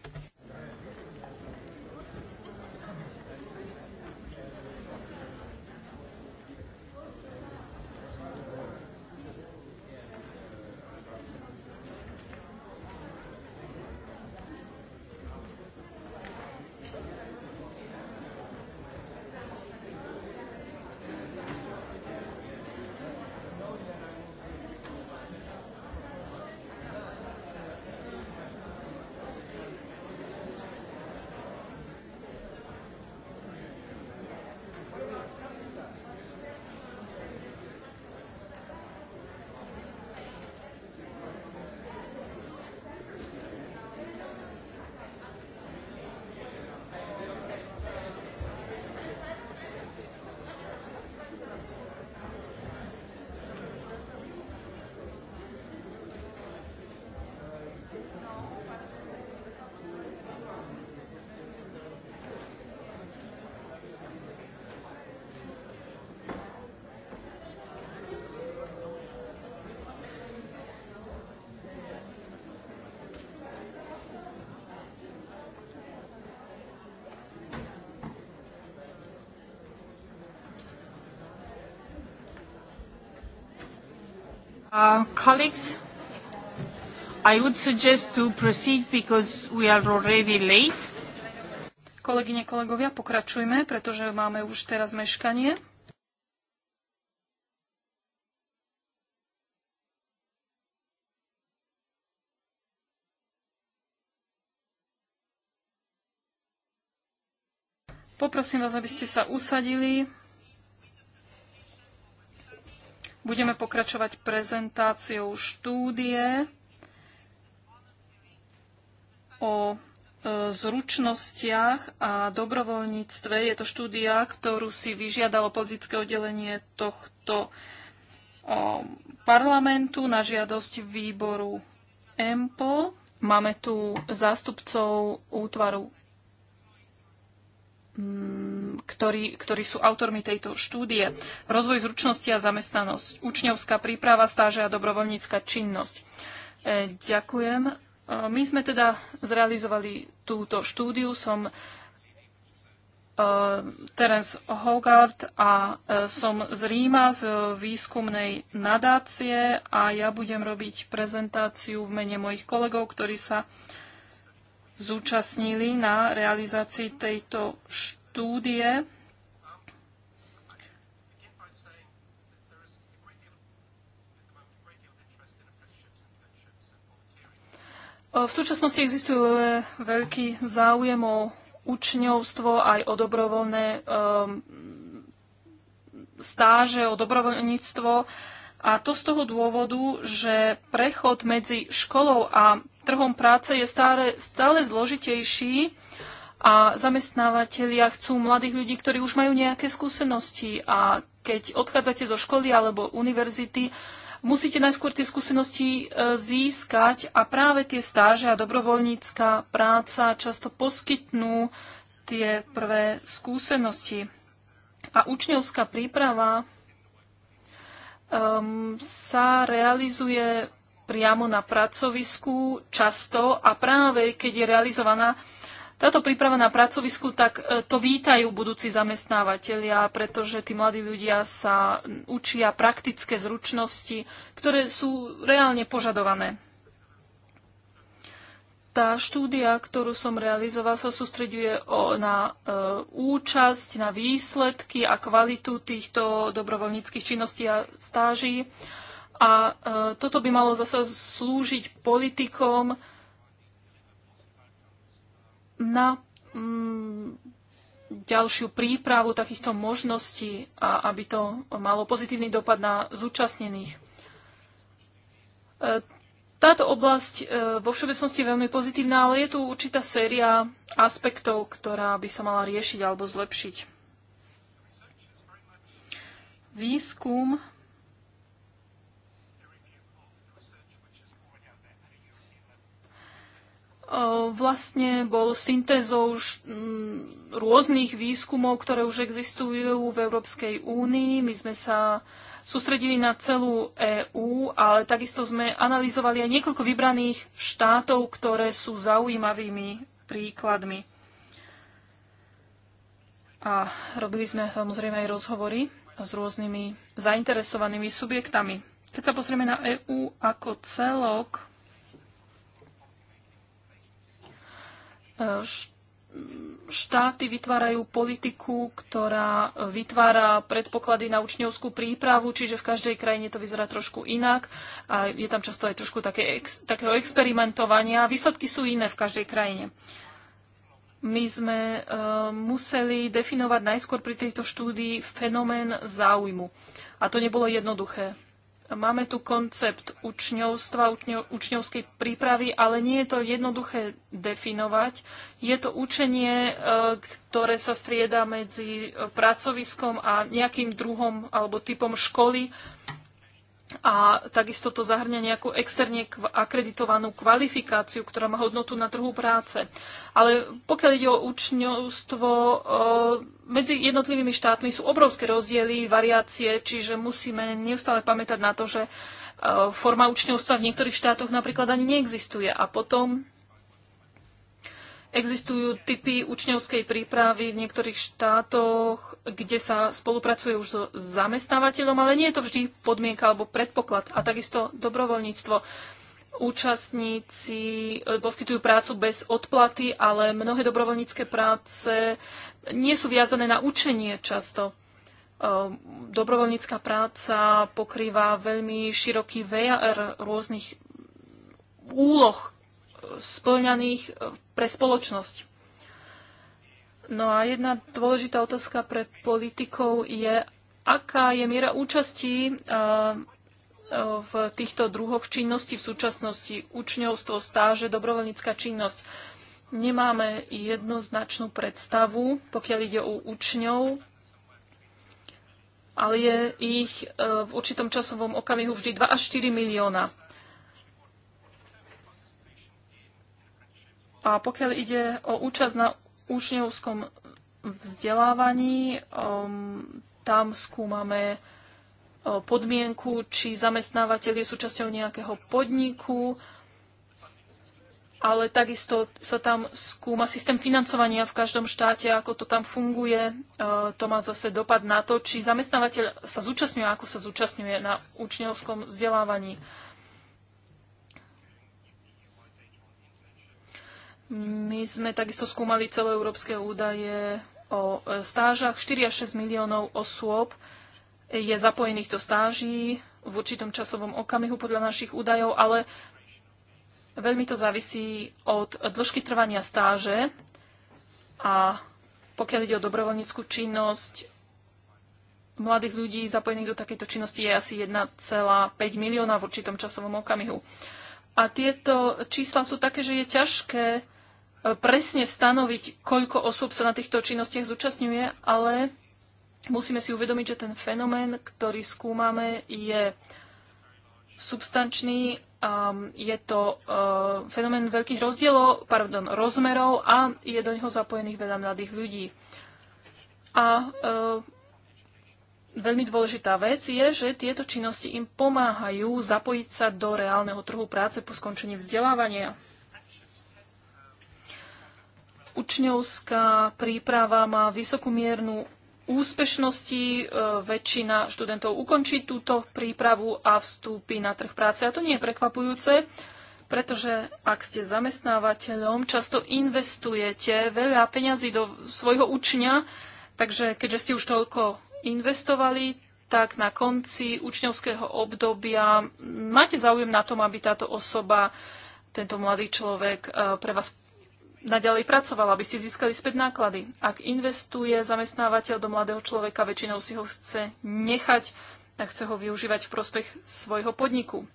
Uh, colleagues, I would suggest to proceed because we are already late. Kolegyne, kolegovia, pokračujme, pretože máme už teraz meškanie. Poprosím vás, aby ste sa usadili. Budeme pokračovať prezentáciou štúdie o e, zručnostiach a dobrovoľníctve. Je to štúdia, ktorú si vyžiadalo politické oddelenie tohto parlamentu na žiadosť výboru EMPO. Máme tu zástupcov útvaru Mm, ktorí, ktorí sú autormi tejto štúdie. Rozvoj zručnosti a zamestnanosť, učňovská príprava, stáže a dobrovoľnícka činnosť. E, ďakujem. E, my sme teda zrealizovali túto štúdiu. Som e, Terence Hogard a e, som z Ríma, z výskumnej nadácie a ja budem robiť prezentáciu v mene mojich kolegov, ktorí sa zúčastnili na realizácii tejto štúdie. V súčasnosti existuje veľký záujem o učňovstvo aj o dobrovoľné um, stáže, o dobrovoľníctvo. A to z toho dôvodu, že prechod medzi školou a trhom práce je stále, stále zložitejší a zamestnávateľia chcú mladých ľudí, ktorí už majú nejaké skúsenosti a keď odchádzate zo školy alebo univerzity, musíte najskôr tie skúsenosti e, získať a práve tie stáže a dobrovoľnícká práca často poskytnú tie prvé skúsenosti. A učňovská príprava um, sa realizuje priamo na pracovisku často a práve keď je realizovaná táto príprava na pracovisku, tak e, to vítajú budúci zamestnávateľia, pretože tí mladí ľudia sa učia praktické zručnosti, ktoré sú reálne požadované. Tá štúdia, ktorú som realizoval, sa sústreďuje na e, účasť, na výsledky a kvalitu týchto dobrovoľníckých činností a stáží. A e, toto by malo zase slúžiť politikom na mm, ďalšiu prípravu takýchto možností a aby to malo pozitívny dopad na zúčastnených. E, táto oblasť e, vo všeobecnosti je veľmi pozitívna, ale je tu určitá séria aspektov, ktorá by sa mala riešiť alebo zlepšiť. Výskum vlastne bol syntézou rôznych výskumov, ktoré už existujú v Európskej únii. My sme sa sústredili na celú EÚ, ale takisto sme analyzovali aj niekoľko vybraných štátov, ktoré sú zaujímavými príkladmi. A robili sme samozrejme aj rozhovory s rôznymi zainteresovanými subjektami. Keď sa pozrieme na EÚ ako celok, štáty vytvárajú politiku, ktorá vytvára predpoklady na učňovskú prípravu, čiže v každej krajine to vyzerá trošku inak a je tam často aj trošku také, ex, takého experimentovania. Výsledky sú iné v každej krajine. My sme uh, museli definovať najskôr pri tejto štúdii fenomén záujmu. A to nebolo jednoduché. Máme tu koncept učňovstva, učňovskej prípravy, ale nie je to jednoduché definovať. Je to učenie, e, ktoré sa strieda medzi e, pracoviskom a nejakým druhom alebo typom školy, a takisto to zahrňa nejakú externe akreditovanú kvalifikáciu, ktorá má hodnotu na trhu práce. Ale pokiaľ ide o učňovstvo, medzi jednotlivými štátmi sú obrovské rozdiely, variácie, čiže musíme neustále pamätať na to, že forma učňovstva v niektorých štátoch napríklad ani neexistuje. A potom Existujú typy učňovskej prípravy v niektorých štátoch, kde sa spolupracuje už so zamestnávateľom, ale nie je to vždy podmienka alebo predpoklad. A takisto dobrovoľníctvo. Účastníci e, poskytujú prácu bez odplaty, ale mnohé dobrovoľnícke práce nie sú viazané na učenie často. E, dobrovoľnícka práca pokrýva veľmi široký VR rôznych úloh e, splňaných pre spoločnosť. No a jedna dôležitá otázka pre politikov je, aká je miera účasti eh, eh, v týchto druhoch činností v súčasnosti. Učňovstvo, stáže, dobrovoľnícka činnosť. Nemáme jednoznačnú predstavu, pokiaľ ide o učňov, ale je ich eh, v určitom časovom okamihu vždy 2 až 4 milióna. A pokiaľ ide o účasť na učňovskom vzdelávaní, um, tam skúmame podmienku, či zamestnávateľ je súčasťou nejakého podniku, ale takisto sa tam skúma systém financovania v každom štáte, ako to tam funguje. to má zase dopad na to, či zamestnávateľ sa zúčastňuje, ako sa zúčastňuje na učňovskom vzdelávaní. My sme takisto skúmali celé európske údaje o e, stážach. 4 až 6 miliónov osôb je zapojených do stáží v určitom časovom okamihu podľa našich údajov, ale veľmi to závisí od dĺžky trvania stáže a pokiaľ ide o dobrovoľníckú činnosť, mladých ľudí zapojených do takejto činnosti je asi 1,5 milióna v určitom časovom okamihu. A tieto čísla sú také, že je ťažké E, presne stanoviť, koľko osôb sa na týchto činnostiach zúčastňuje, ale musíme si uvedomiť, že ten fenomén, ktorý skúmame, je substančný, um, je to uh, fenomén veľkých rozdielov, pardon, rozmerov a je do neho zapojených veľa mladých ľudí. A uh, veľmi dôležitá vec je, že tieto činnosti im pomáhajú zapojiť sa do reálneho trhu práce po skončení vzdelávania učňovská príprava má vysokú miernu úspešnosti. E, väčšina študentov ukončí túto prípravu a vstúpi na trh práce. A to nie je prekvapujúce, pretože ak ste zamestnávateľom, často investujete veľa peňazí do svojho učňa, takže keďže ste už toľko investovali, tak na konci učňovského obdobia máte záujem na tom, aby táto osoba, tento mladý človek e, pre vás naďalej pracoval, aby ste získali späť náklady. Ak investuje zamestnávateľ do mladého človeka, väčšinou si ho chce nechať a chce ho využívať v prospech svojho podniku.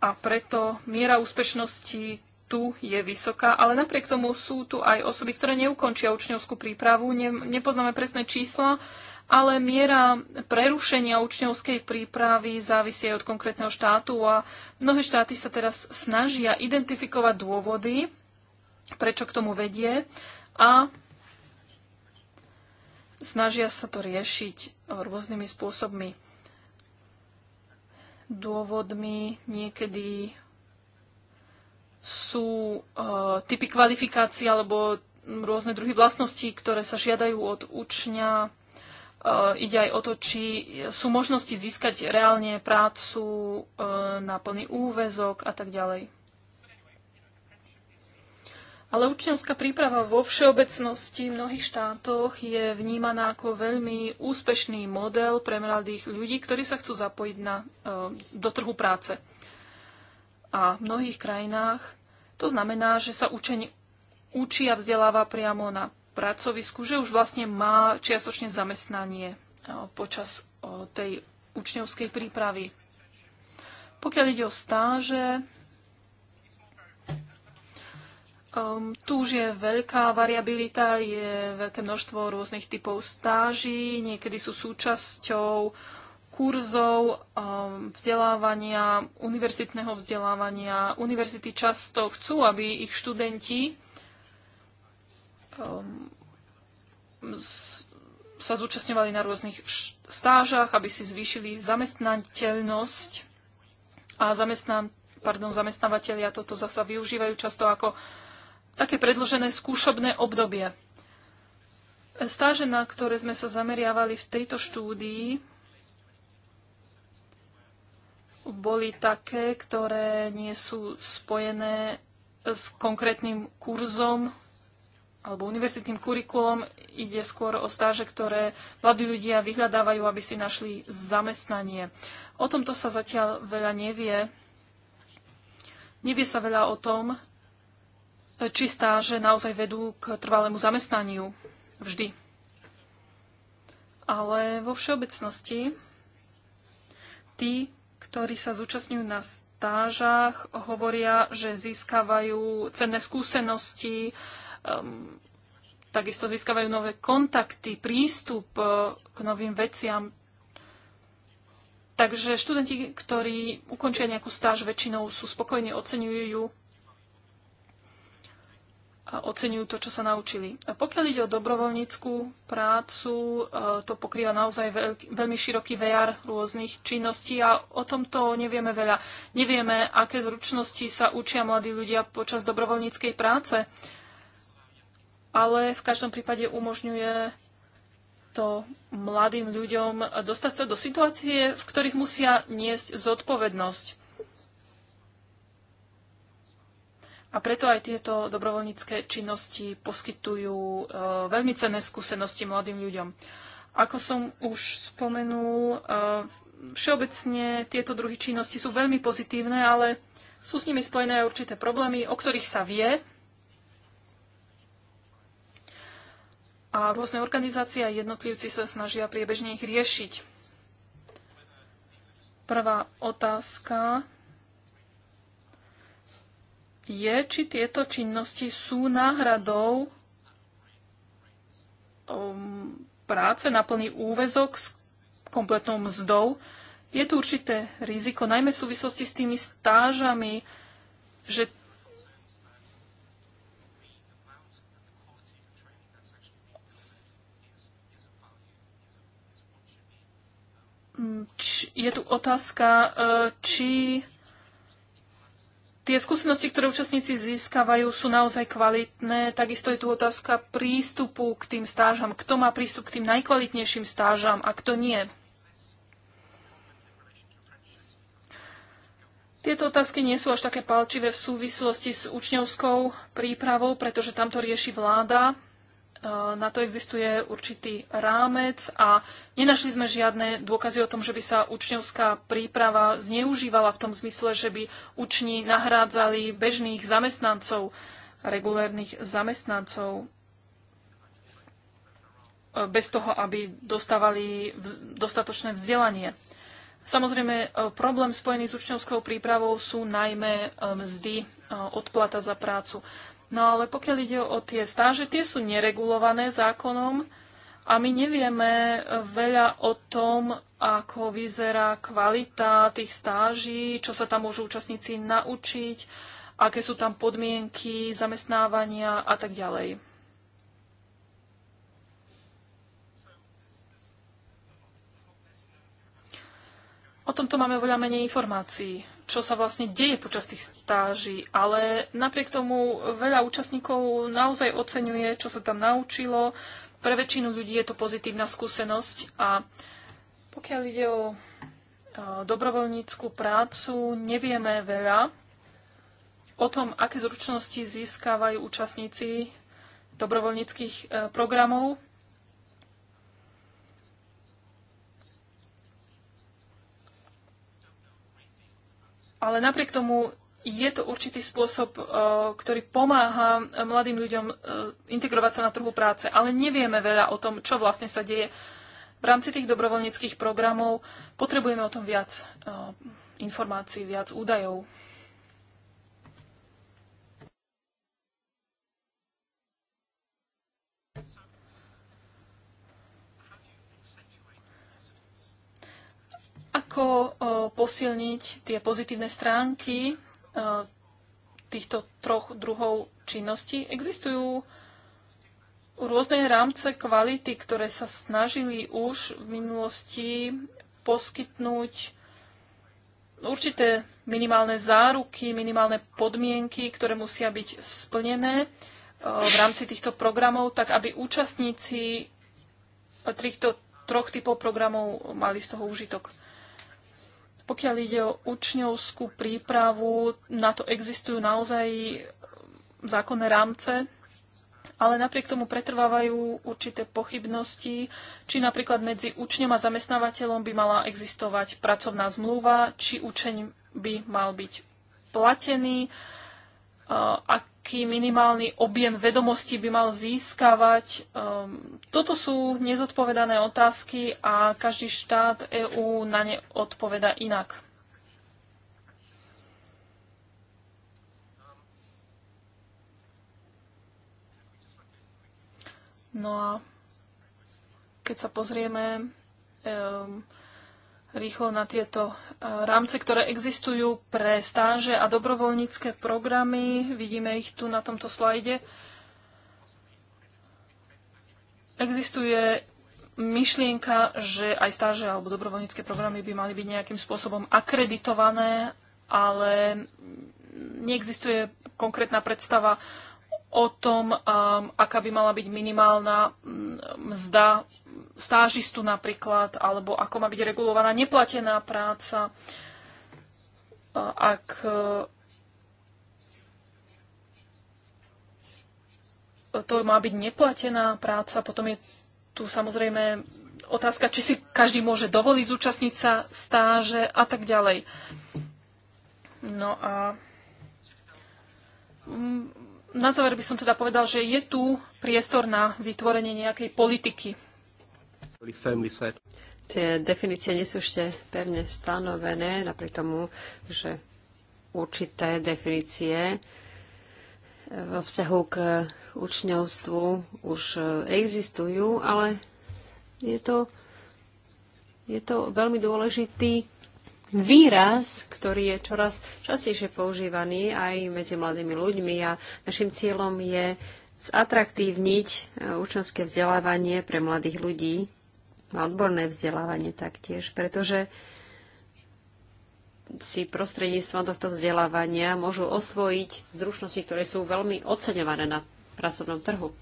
A preto miera úspešnosti tu je vysoká, ale napriek tomu sú tu aj osoby, ktoré neukončia učňovskú prípravu, ne, nepoznáme presné čísla, ale miera prerušenia učňovskej prípravy závisí aj od konkrétneho štátu a mnohé štáty sa teraz snažia identifikovať dôvody, prečo k tomu vedie a snažia sa to riešiť rôznymi spôsobmi. Dôvodmi niekedy sú e, typy kvalifikácií alebo rôzne druhy vlastností, ktoré sa žiadajú od učňa E, ide aj o to, či sú možnosti získať reálne prácu e, na plný úvezok a tak ďalej. Ale učňovská príprava vo všeobecnosti v mnohých štátoch je vnímaná ako veľmi úspešný model pre mladých ľudí, ktorí sa chcú zapojiť na, e, do trhu práce. A v mnohých krajinách to znamená, že sa učenie učí a vzdeláva priamo na pracovisku, že už vlastne má čiastočne zamestnanie e, počas e, tej učňovskej prípravy. Pokiaľ ide o stáže, Um, tu už je veľká variabilita, je veľké množstvo rôznych typov stáží, niekedy sú súčasťou kurzov um, vzdelávania, univerzitného vzdelávania. Univerzity často chcú, aby ich študenti Ehm, sa zúčastňovali na rôznych stážach, aby si zvýšili zamestnateľnosť a zamestnan- pardon, zamestnávateľia toto zasa využívajú často ako také predložené skúšobné obdobie. Stáže, na ktoré sme sa zameriavali v tejto štúdii, boli také, ktoré nie sú spojené s konkrétnym kurzom alebo univerzitným kurikulom ide skôr o stáže, ktoré mladí ľudia vyhľadávajú, aby si našli zamestnanie. O tomto sa zatiaľ veľa nevie. Nevie sa veľa o tom, či stáže naozaj vedú k trvalému zamestnaniu. Vždy. Ale vo všeobecnosti tí, ktorí sa zúčastňujú na stážach, hovoria, že získavajú cenné skúsenosti, Um, takisto získavajú nové kontakty, prístup e, k novým veciam. Takže študenti, ktorí ukončia nejakú stáž, väčšinou sú spokojní, oceňujú ju a oceňujú to, čo sa naučili. A pokiaľ ide o dobrovoľníckú prácu, e, to pokrýva naozaj veľký, veľmi široký VR rôznych činností a o tomto nevieme veľa. Nevieme, aké zručnosti sa učia mladí ľudia počas dobrovoľníckej práce ale v každom prípade umožňuje to mladým ľuďom dostať sa do situácie, v ktorých musia niesť zodpovednosť. A preto aj tieto dobrovoľnícke činnosti poskytujú e, veľmi cenné skúsenosti mladým ľuďom. Ako som už spomenul, e, všeobecne tieto druhy činnosti sú veľmi pozitívne, ale sú s nimi spojené aj určité problémy, o ktorých sa vie, a rôzne organizácie a jednotlivci sa snažia priebežne ich riešiť. Prvá otázka je, či tieto činnosti sú náhradou um, práce na plný úvezok s kompletnou mzdou. Je tu určité riziko, najmä v súvislosti s tými stážami, že Mm, je tu otázka, e, či tie skúsenosti, ktoré účastníci získavajú, sú naozaj kvalitné. Takisto je tu otázka prístupu k tým stážam. Kto má prístup k tým najkvalitnejším stážam a kto nie? Tieto otázky nie sú až také palčivé v súvislosti s učňovskou prípravou, pretože tam to rieši vláda na to existuje určitý rámec a nenašli sme žiadne dôkazy o tom, že by sa učňovská príprava zneužívala v tom zmysle, že by učni nahrádzali bežných zamestnancov, regulérnych zamestnancov e, bez toho, aby dostávali dostatočné vzdelanie. Samozrejme, e, problém spojený s učňovskou prípravou sú najmä e, mzdy, odplata za prácu. No ale pokiaľ ide o tie stáže, tie sú neregulované zákonom a my nevieme veľa o tom, ako vyzerá kvalita tých stáží, čo sa tam môžu účastníci naučiť, aké sú tam podmienky zamestnávania a tak ďalej. O tomto máme oveľa menej informácií čo sa vlastne deje počas tých stáží, ale napriek tomu veľa účastníkov naozaj oceňuje, čo sa tam naučilo. Pre väčšinu ľudí je to pozitívna skúsenosť a pokiaľ ide o e, dobrovoľníckú prácu, nevieme veľa o tom, aké zručnosti získavajú účastníci dobrovoľníckých e, programov. ale napriek tomu je to určitý spôsob, e, ktorý pomáha e, mladým ľuďom e, integrovať sa na trhu práce, ale nevieme veľa o tom, čo vlastne sa deje. V rámci tých dobrovoľníckých programov potrebujeme o tom viac informácií, viac údajov. ako e, posilniť tie pozitívne stránky e, týchto troch druhov činnosti. Existujú rôzne rámce kvality, ktoré sa snažili už v minulosti poskytnúť určité minimálne záruky, minimálne podmienky, ktoré musia byť splnené e, v rámci týchto programov, tak aby účastníci týchto troch typov programov mali z toho užitok. Pokiaľ ide o učňovskú prípravu, na to existujú naozaj zákonné rámce, ale napriek tomu pretrvávajú určité pochybnosti, či napríklad medzi učňom a zamestnávateľom by mala existovať pracovná zmluva, či učeň by mal byť platený, aký minimálny objem vedomostí by mal získavať. Ehm, toto sú nezodpovedané otázky a každý štát EÚ na ne odpoveda inak. No a keď sa pozrieme ehm, rýchlo na tieto e, rámce, ktoré existujú pre stáže a dobrovoľnícke programy. Vidíme ich tu na tomto slajde. Existuje myšlienka, že aj stáže alebo dobrovoľnícke programy by mali byť nejakým spôsobom akreditované, ale neexistuje konkrétna predstava o tom, um, aká by mala byť minimálna mm, mzda stážistu napríklad, alebo ako má byť regulovaná neplatená práca. Ak e, to má byť neplatená práca, potom je tu samozrejme otázka, či si každý môže dovoliť zúčastniť sa stáže a tak ďalej. No a mm, na záver by som teda povedal, že je tu priestor na vytvorenie nejakej politiky. Tie definície nie sú ešte pevne stanovené, napriek tomu, že určité definície e, vo vzťahu k učňovstvu už e, existujú, ale je to, je to veľmi dôležitý výraz, ktorý je čoraz častejšie používaný aj medzi mladými ľuďmi a našim cieľom je zatraktívniť e, učňovské vzdelávanie pre mladých ľudí a odborné vzdelávanie taktiež, pretože si prostredníctvom tohto vzdelávania môžu osvojiť zručnosti, ktoré sú veľmi oceňované na pracovnom trhu.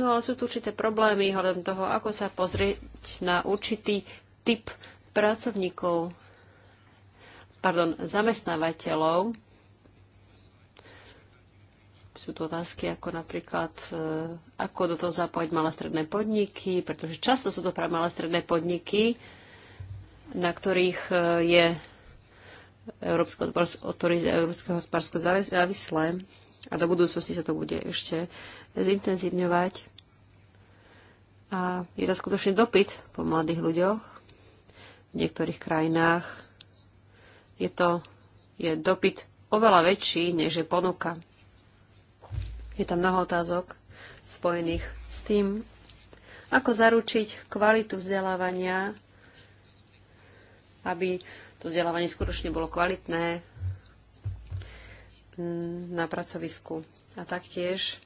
No ale sú tu určité problémy hľadom toho, ako sa pozrieť na určitý typ pracovníkov, pardon, zamestnávateľov. Sú tu otázky ako napríklad, e, ako do toho zapojiť malé stredné podniky, pretože často sú to práve malé stredné podniky, na ktorých e, je Európske hospodárske závislé a do budúcnosti sa to bude ešte zintenzívňovať. A je to skutočný dopyt po mladých ľuďoch. V niektorých krajinách je to je dopyt oveľa väčší, než je ponuka. Je tam mnoho otázok spojených s tým, ako zaručiť kvalitu vzdelávania, aby to vzdelávanie skutočne bolo kvalitné na pracovisku. A taktiež,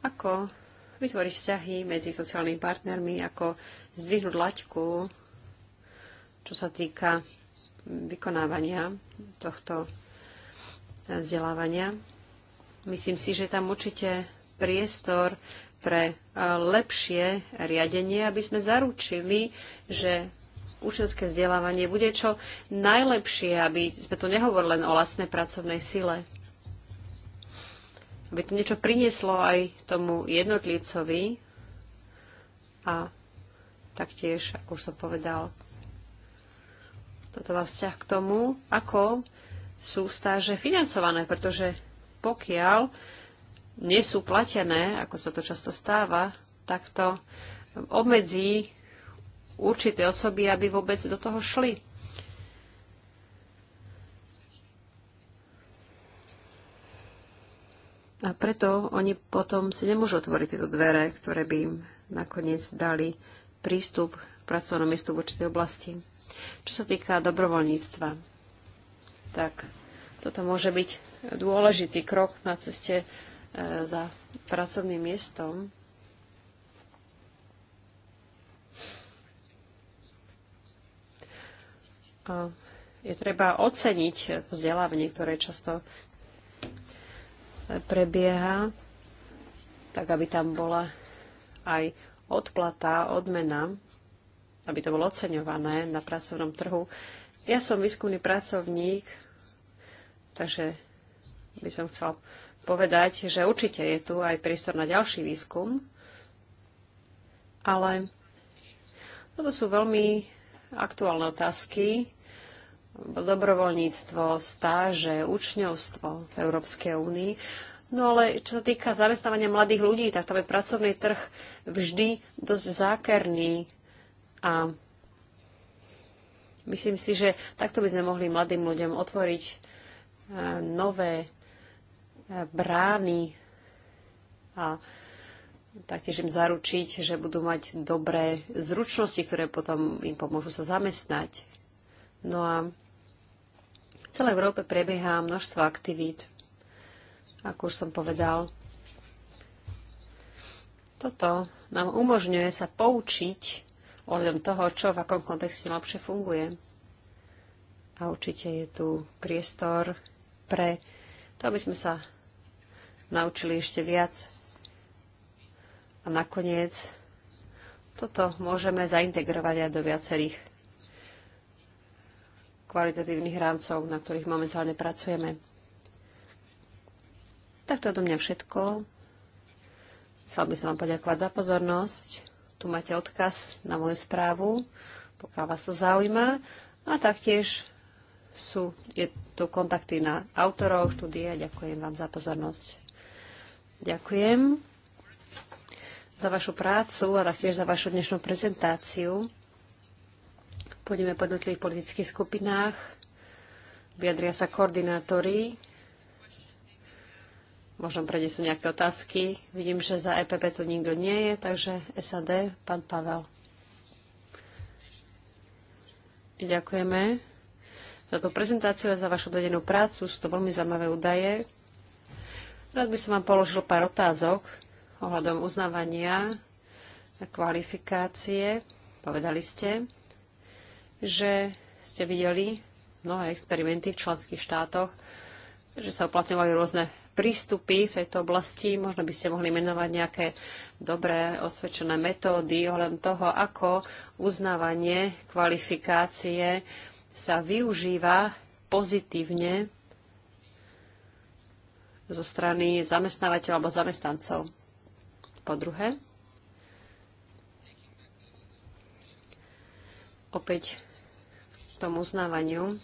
ako vytvoriť vzťahy medzi sociálnymi partnermi, ako zdvihnúť laťku, čo sa týka vykonávania tohto vzdelávania. Myslím si, že tam určite priestor pre e, lepšie riadenie, aby sme zaručili, že učenské vzdelávanie bude čo najlepšie, aby sme tu nehovorili len o lacnej pracovnej sile. Aby to niečo prinieslo aj tomu jednotlivcovi a taktiež, ako som povedal, toto má vzťah k tomu, ako sú stáže financované, pretože pokiaľ nie sú platené, ako sa to často stáva, tak to obmedzí určité osoby, aby vôbec do toho šli. A preto oni potom si nemôžu otvoriť tieto dvere, ktoré by im nakoniec dali prístup pracovnom miestu v určitej oblasti. Čo sa týka dobrovoľníctva, tak toto môže byť dôležitý krok na ceste e, za pracovným miestom. A je treba oceniť vzdelávanie, ktoré často prebieha, tak aby tam bola aj odplata, odmena aby to bolo oceňované na pracovnom trhu. Ja som výskumný pracovník, takže by som chcel povedať, že určite je tu aj priestor na ďalší výskum, ale toto sú veľmi aktuálne otázky. Dobrovoľníctvo, stáže, učňovstvo v Európskej únii. No ale čo sa týka zamestnávania mladých ľudí, tak tam je pracovný trh vždy dosť zákerný. A myslím si, že takto by sme mohli mladým ľuďom otvoriť e, nové e, brány a taktiež im zaručiť, že budú mať dobré zručnosti, ktoré potom im pomôžu sa zamestnať. No a v celej Európe prebieha množstvo aktivít, ako už som povedal. Toto nám umožňuje sa poučiť ohľadom toho, čo v akom kontexte lepšie funguje. A určite je tu priestor pre to, aby sme sa naučili ešte viac. A nakoniec toto môžeme zaintegrovať aj do viacerých kvalitatívnych rámcov, na ktorých momentálne pracujeme. Tak to je do mňa všetko. Chcel by som vám poďakovať za pozornosť tu máte odkaz na moju správu, pokiaľ vás to zaujíma. A taktiež sú, je tu kontakty na autorov štúdia. Ďakujem vám za pozornosť. Ďakujem za vašu prácu a taktiež za vašu dnešnú prezentáciu. Pôjdeme po jednotlivých politických skupinách. Vyjadria sa koordinátori Možno prejde sú nejaké otázky. Vidím, že za EPP tu nikto nie je, takže SAD, pán Pavel. Ďakujeme za tú prezentáciu a za vašu dodenú prácu. Sú to veľmi zaujímavé údaje. Rád by som vám položil pár otázok ohľadom uznávania a kvalifikácie. Povedali ste, že ste videli mnohé experimenty v členských štátoch, že sa uplatňovali rôzne prístupy v tejto oblasti. Možno by ste mohli menovať nejaké dobré osvedčené metódy ohľadom toho, ako uznávanie kvalifikácie sa využíva pozitívne zo strany zamestnávateľa alebo zamestnancov. Po druhé, opäť k tomu uznávaniu.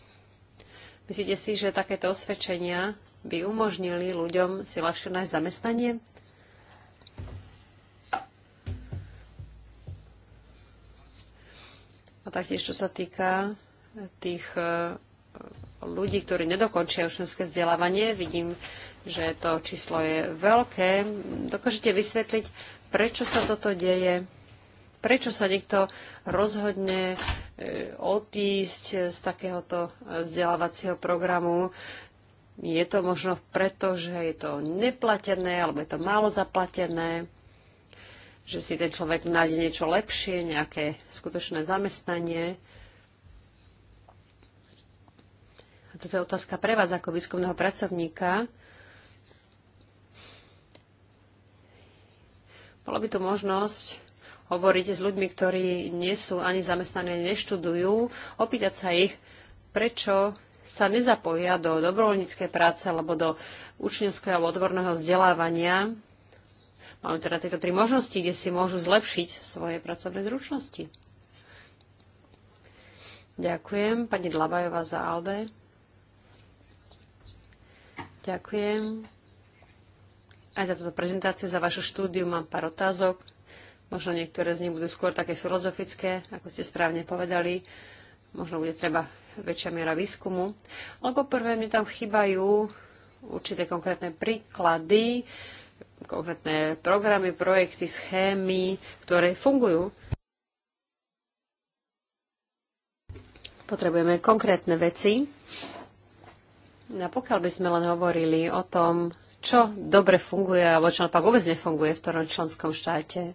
Myslíte si, že takéto osvedčenia by umožnili ľuďom si ľahšie nájsť zamestnanie? A taktiež, čo sa týka tých e, ľudí, ktorí nedokončia učňovské vzdelávanie, vidím, že to číslo je veľké. Dokážete vysvetliť, prečo sa toto deje? Prečo sa niekto rozhodne e, odísť z takéhoto e, vzdelávacieho programu? Je to možno preto, že je to neplatené, alebo je to málo zaplatené, že si ten človek nájde niečo lepšie, nejaké skutočné zamestnanie. A toto je otázka pre vás ako výskumného pracovníka. Bola by tu možnosť hovoriť s ľuďmi, ktorí nie sú ani zamestnaní, neštudujú, opýtať sa ich, prečo sa nezapoja do dobrovoľníckej práce alebo do učňovského alebo odborného vzdelávania. Majú teda tieto tri možnosti, kde si môžu zlepšiť svoje pracovné zručnosti. Ďakujem. Pani Dlabajová za ALDE. Ďakujem aj za túto prezentáciu, za vašu štúdiu. Mám pár otázok. Možno niektoré z nich budú skôr také filozofické, ako ste správne povedali. Možno bude treba väčšia miera výskumu. Ale poprvé mne tam chýbajú určité konkrétne príklady, konkrétne programy, projekty, schémy, ktoré fungujú. Potrebujeme konkrétne veci. A pokiaľ by sme len hovorili o tom, čo dobre funguje alebo čo naopak vôbec nefunguje v ktorom členskom štáte,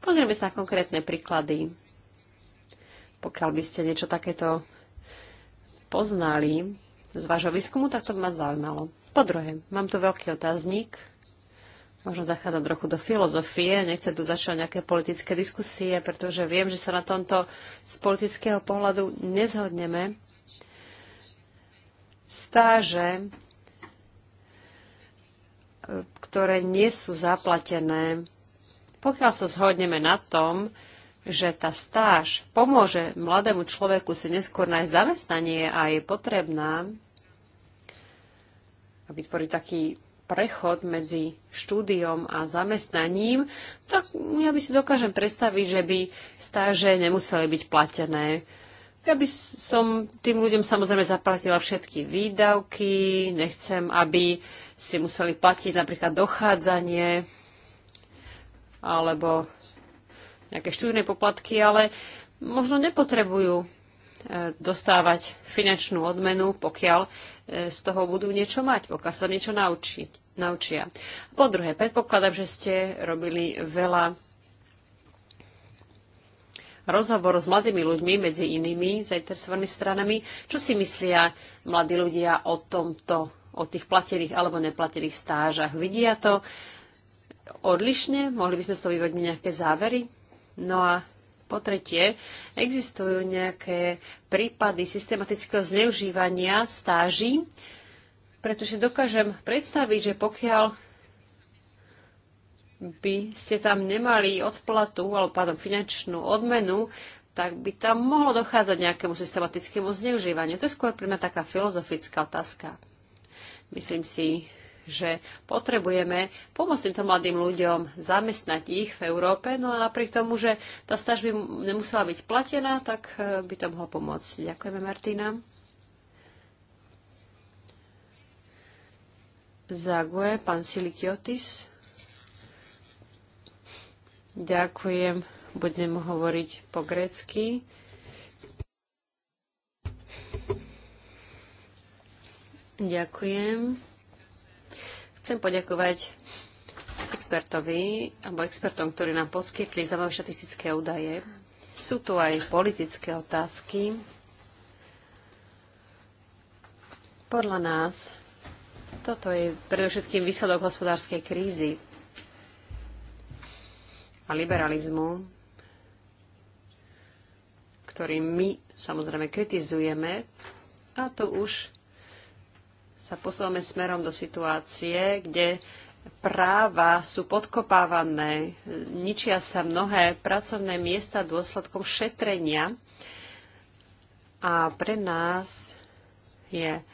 pozrieme sa na konkrétne príklady. Pokiaľ by ste niečo takéto poznali z vášho výskumu, tak to by ma zaujímalo. Po druhé, mám tu veľký otáznik, možno zachádzam trochu do filozofie, nechcem tu začať nejaké politické diskusie, pretože viem, že sa na tomto z politického pohľadu nezhodneme. Stáže, ktoré nie sú zaplatené, pokiaľ sa zhodneme na tom, že tá stáž pomôže mladému človeku si neskôr nájsť zamestnanie a je potrebná a vytvoriť taký prechod medzi štúdiom a zamestnaním, tak ja by si dokážem predstaviť, že by stáže nemuseli byť platené. Ja by som tým ľuďom samozrejme zaplatila všetky výdavky, nechcem, aby si museli platiť napríklad dochádzanie alebo nejaké štúdne poplatky, ale možno nepotrebujú e, dostávať finančnú odmenu, pokiaľ e, z toho budú niečo mať, pokiaľ sa niečo naučí, naučia. Po druhé, predpokladám, že ste robili veľa rozhovorov s mladými ľuďmi, medzi inými zainteresovanými stranami. Čo si myslia mladí ľudia o tomto, o tých platených alebo neplatených stážach? Vidia to odlišne? Mohli by sme z toho vyvodniť nejaké závery? No a po tretie, existujú nejaké prípady systematického zneužívania stáží, pretože dokážem predstaviť, že pokiaľ by ste tam nemali odplatu alebo pardon, finančnú odmenu, tak by tam mohlo dochádzať nejakému systematickému zneužívaniu. To je skôr pre mňa taká filozofická otázka. Myslím si, že potrebujeme pomôcť týmto mladým ľuďom, zamestnať ich v Európe, no a napriek tomu, že tá staž by nemusela byť platená, tak e, by to mohlo pomôcť. Ďakujeme, Martina. Zague, pán Silikiotis. Ďakujem, budem hovoriť po grécky. Ďakujem. Chcem poďakovať expertovi alebo expertom, ktorí nám poskytli zaujímavé štatistické údaje. Sú tu aj politické otázky. Podľa nás toto je predovšetkým výsledok hospodárskej krízy a liberalizmu, ktorý my samozrejme kritizujeme. A to už sa posúvame smerom do situácie, kde práva sú podkopávané, ničia sa mnohé pracovné miesta dôsledkom šetrenia. A pre nás je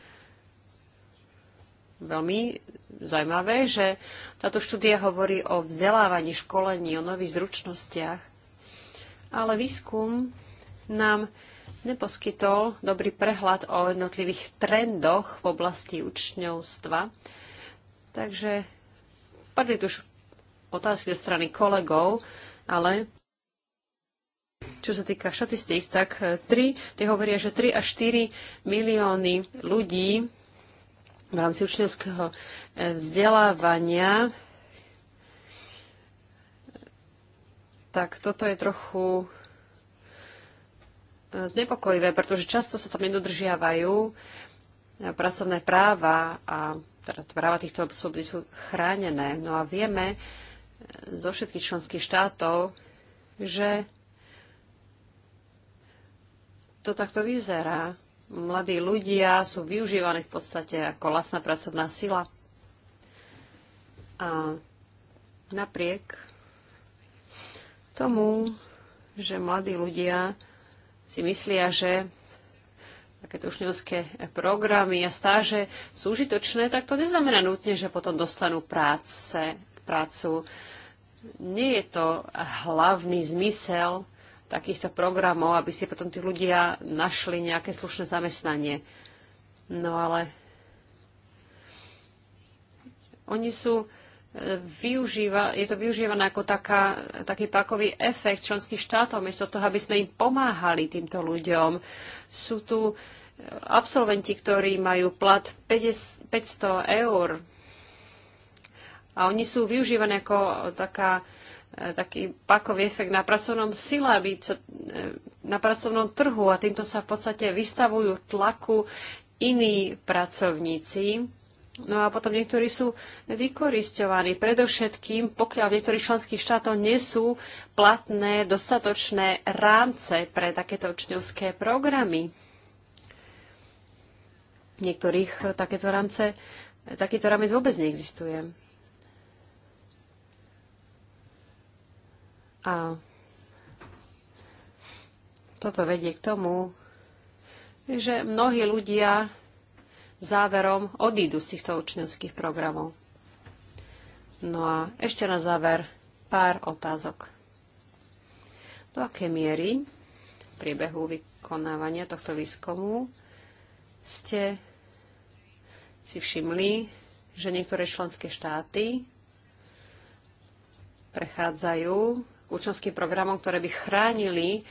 veľmi zaujímavé, že táto štúdia hovorí o vzdelávaní, školení, o nových zručnostiach, ale výskum nám neposkytol dobrý prehľad o jednotlivých trendoch v oblasti učňovstva. Takže padli tu už otázky zo strany kolegov, ale čo sa týka štatistík, tak 3, eh, tie hovoria, že 3 až 4 milióny ľudí v rámci učňovského eh, vzdelávania tak toto je trochu znepokojivé, pretože často sa tam nedodržiavajú eh, pracovné práva a teda práva týchto osôb sú chránené. No a vieme eh, zo všetkých členských štátov, že to takto vyzerá. Mladí ľudia sú využívaní v podstate ako lacná pracovná sila. A napriek tomu, že mladí ľudia si myslia, že takéto učňovské programy a stáže sú užitočné, tak to neznamená nutne, že potom dostanú práce, prácu. Nie je to hlavný zmysel takýchto programov, aby si potom tí ľudia našli nejaké slušné zamestnanie. No ale oni sú využíva, je to využívané ako taká, taký pakový efekt členských štátov, miesto toho, aby sme im pomáhali týmto ľuďom. Sú tu e, absolventi, ktorí majú plat 500 eur a oni sú využívané ako taká e, taký pakový efekt na pracovnom sile, aby e, na pracovnom trhu a týmto sa v podstate vystavujú tlaku iní pracovníci. No a potom niektorí sú vykoristovaní. Predovšetkým, pokiaľ v niektorých členských štátoch nie sú platné dostatočné rámce pre takéto učňovské programy. V niektorých takéto rámce, takýto rámec vôbec neexistuje. A toto vedie k tomu, že mnohí ľudia záverom odídu z týchto učňovských programov. No a ešte na záver pár otázok. Do akej miery v priebehu vykonávania tohto výskumu ste si všimli, že niektoré členské štáty prechádzajú k učňovským programom, ktoré by chránili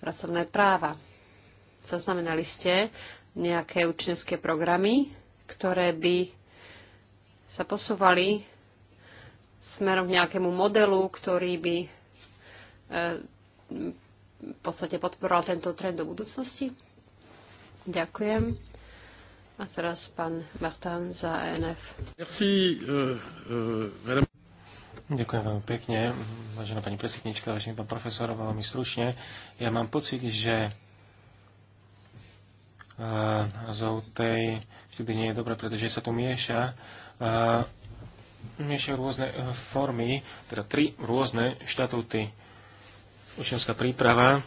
pracovné práva. Zaznamenali ste nejaké učňovské programy, ktoré by sa posúvali smerom k nejakému modelu, ktorý by e, v podstate podporoval tento trend do budúcnosti. Ďakujem. A teraz pán Martin za ENF. Merci, uh, uh, Ďakujem veľmi pekne, vážená pani predsednička, vážený pán profesor, veľmi stručne. Ja mám pocit, že názov tej vždy nie je dobré, pretože sa tu mieša miešajú rôzne e, formy, teda tri rôzne štatúty. Učenská príprava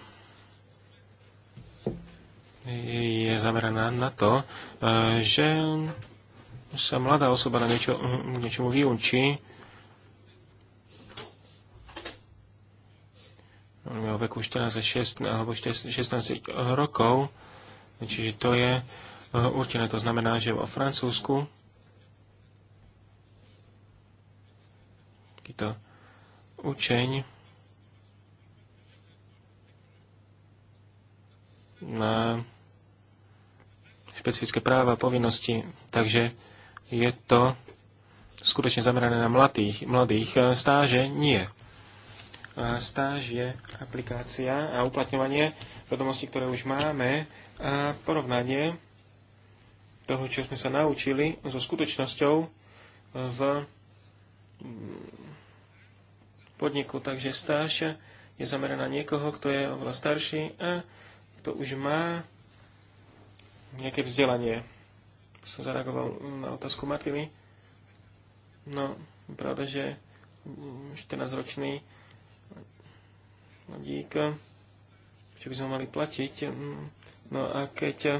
je zameraná na to, e, že sa mladá osoba na niečo, niečomu vyučí. Hovoríme o veku 14 16, alebo 16 rokov Čiže to je eh, určené. To znamená, že vo Francúzsku takýto učeň na špecifické práva a povinnosti. Takže je to skutočne zamerané na mladých. mladých. Eh, stáže nie. Eh, stáž je aplikácia a uplatňovanie vedomostí, ktoré už máme a porovnanie toho, čo sme sa naučili so skutočnosťou v mm, podniku. Takže stáž je zameraná niekoho, kto je oveľa starší a kto už má nejaké vzdelanie. Som zareagoval na otázku Matily. No, pravda, že 14-ročný mladík, čo by sme mali platiť, mm, No a keď eh,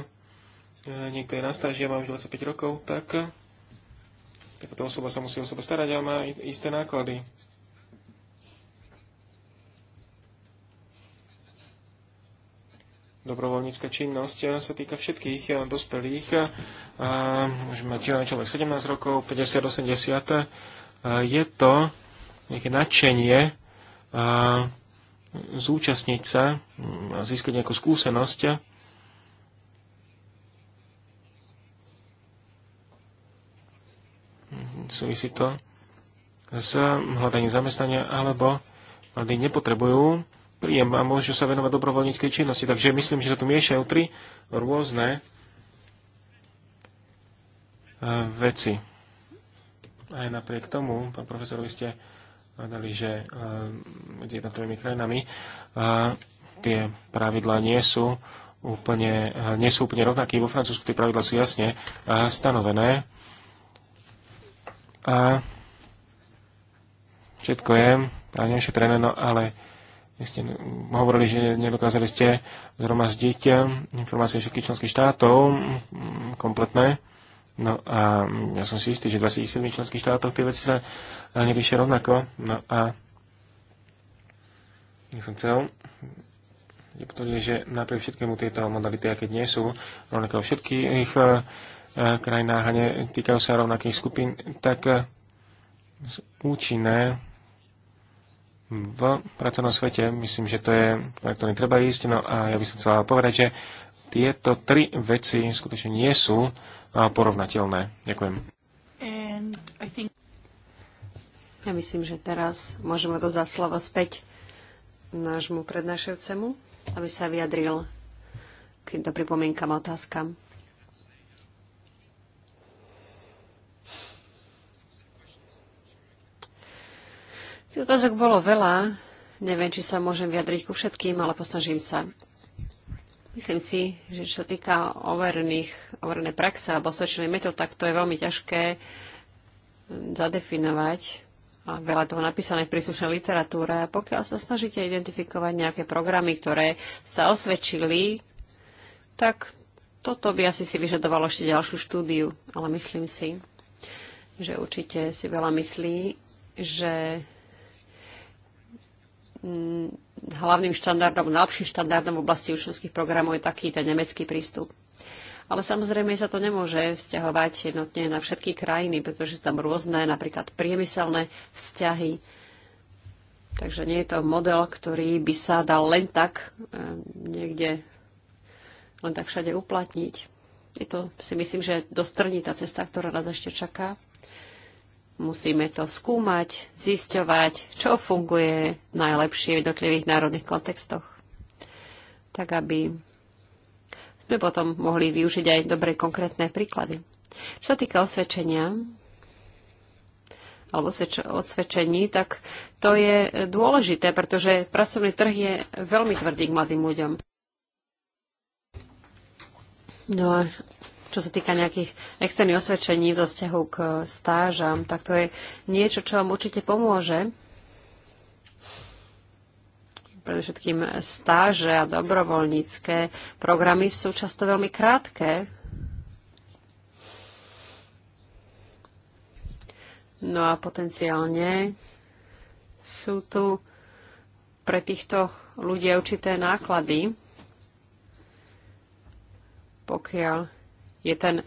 niekto je na stáži a má už 25 rokov, tak eh, takáto osoba sa musí o seba starať a má isté náklady. Dobrovoľnícka činnosť eh, sa týka všetkých dospelých. môžeme mať človek 17 rokov, 50, 80. Je to nejaké nadšenie zúčastniť sa hm, a získať nejakú skúsenosť súvisí to s hľadaním zamestnania, alebo mladí nepotrebujú príjem a môžu sa venovať dobrovoľníckej činnosti. Takže myslím, že sa tu miešajú tri rôzne e, veci. Aj napriek tomu, pán profesor, vy ste hľadali, že e, medzi jednotlivými krajinami e, tie pravidlá nie sú úplne, nie sú úplne rovnaké. Vo Francúzsku tie pravidlá sú jasne stanovené a všetko je právne ošetrené, no ale ste hovorili, že nedokázali ste zhromaždiť informácie všetkých členských štátov mm, kompletné. No a ja som si istý, že 27 členských štátov tie veci sa neriešia rovnako. No a ja som chcel je potvrdili, že napriek všetkému tieto modality, aké nie sú, rovnako všetkých eh, Eh, krajinách a netýkajú sa rovnakých skupín, tak eh, účinné v pracovnom svete, myslím, že to je, na ktorý treba ísť, no a ja by som chcela povedať, že tieto tri veci skutočne nie sú eh, porovnateľné. Ďakujem. Think... Ja myslím, že teraz môžeme dozať slovo späť nášmu prednášajúcemu, aby sa vyjadril k pripomienkam a otázkam. Tých otázok bolo veľa. Neviem, či sa môžem vyjadriť ku všetkým, ale posnažím sa. Myslím si, že čo sa týka overených, overené praxe alebo osvedčenej metód, tak to je veľmi ťažké zadefinovať. A veľa toho napísané v príslušnej literatúre. A pokiaľ sa snažíte identifikovať nejaké programy, ktoré sa osvedčili, tak toto by asi si vyžadovalo ešte ďalšiu štúdiu. Ale myslím si, že určite si veľa myslí, že Mm, hlavným štandardom, najlepším štandardom v oblasti učňovských programov je taký ten nemecký prístup. Ale samozrejme sa to nemôže vzťahovať jednotne na všetky krajiny, pretože sú tam rôzne, napríklad priemyselné vzťahy. Takže nie je to model, ktorý by sa dal len tak ehm, niekde, len tak všade uplatniť. Je to, si myslím, že dostrní tá cesta, ktorá nás ešte čaká. Musíme to skúmať, zisťovať, čo funguje najlepšie v jednotlivých národných kontextoch. Tak, aby sme potom mohli využiť aj dobré konkrétne príklady. Čo sa týka osvedčenia, alebo odsvedčení, tak to je dôležité, pretože pracovný trh je veľmi tvrdý k mladým ľuďom. No a čo sa týka nejakých externých osvedčení vo vzťahu k stážam, tak to je niečo, čo vám určite pomôže. Predovšetkým stáže a dobrovoľnícke programy sú často veľmi krátke. No a potenciálne sú tu pre týchto ľudia určité náklady, pokiaľ je ten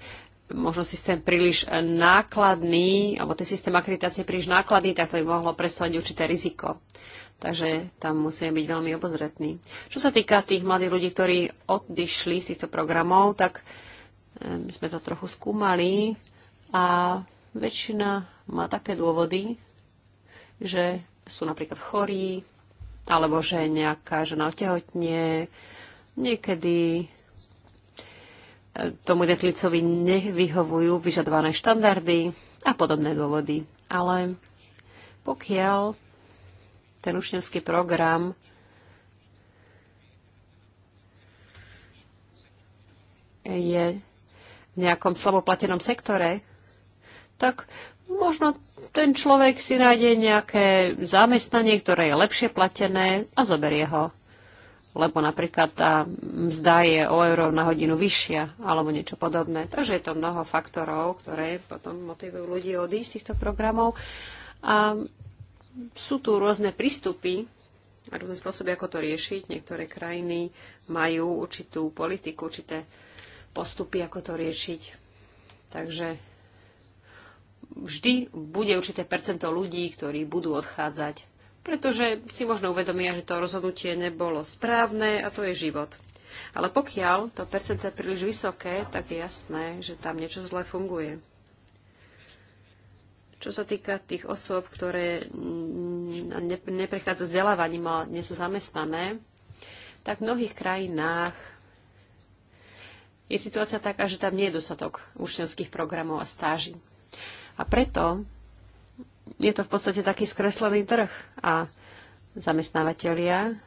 možno systém príliš nákladný, alebo ten systém akreditácie je príliš nákladný, tak to by mohlo predstavať určité riziko. Takže tam musíme byť veľmi obozretní. Čo sa týka tých mladých ľudí, ktorí odišli z týchto programov, tak eh, my sme to trochu skúmali a väčšina má také dôvody, že sú napríklad chorí, alebo že nejaká žena otehotnie, niekedy tomu jednotlivcovi nevyhovujú vyžadované štandardy a podobné dôvody. Ale pokiaľ ten učňovský program je v nejakom slaboplatenom sektore, tak možno ten človek si nájde nejaké zamestnanie, ktoré je lepšie platené a zoberie ho lebo napríklad tá mzda je o euro na hodinu vyššia alebo niečo podobné. Takže je to mnoho faktorov, ktoré potom motivujú ľudí odísť z týchto programov. A sú tu rôzne prístupy a rôzne spôsoby, ako to riešiť. Niektoré krajiny majú určitú politiku, určité postupy, ako to riešiť. Takže vždy bude určité percento ľudí, ktorí budú odchádzať pretože si možno uvedomia, že to rozhodnutie nebolo správne a to je život. Ale pokiaľ to percento je príliš vysoké, tak je jasné, že tam niečo zle funguje. Čo sa týka tých osôb, ktoré neprechádza vzdelávaním a nie sú zamestnané, tak v mnohých krajinách je situácia taká, že tam nie je dostatok učňovských programov a stáží. A preto je to v podstate taký skreslený trh a zamestnávateľia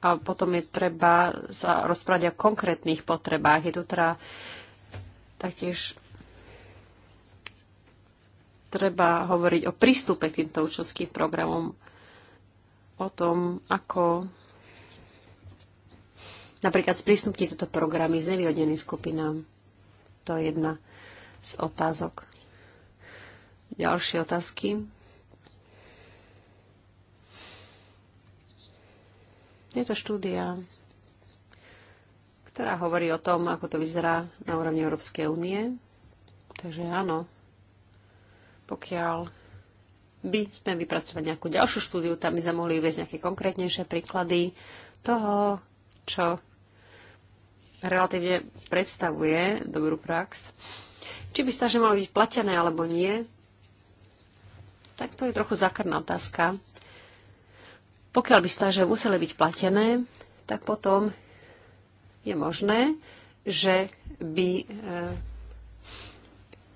a potom je treba sa rozprávať o konkrétnych potrebách. Je tu teda taktiež treba hovoriť o prístupe k týmto učňovským programom, o tom, ako napríklad sprístupniť tieto programy s nevyhodeným skupinám. To je jedna z otázok. Ďalšie otázky. Je to štúdia, ktorá hovorí o tom, ako to vyzerá na úrovni Európskej únie. Takže áno, pokiaľ by sme vypracovať nejakú ďalšiu štúdiu, tam by sme mohli uvieť nejaké konkrétnejšie príklady toho, čo relatívne predstavuje dobrú prax. Či by stáže malo byť platené alebo nie, tak to je trochu zakrná otázka. Pokiaľ by stáže museli byť platené, tak potom je možné, že by e,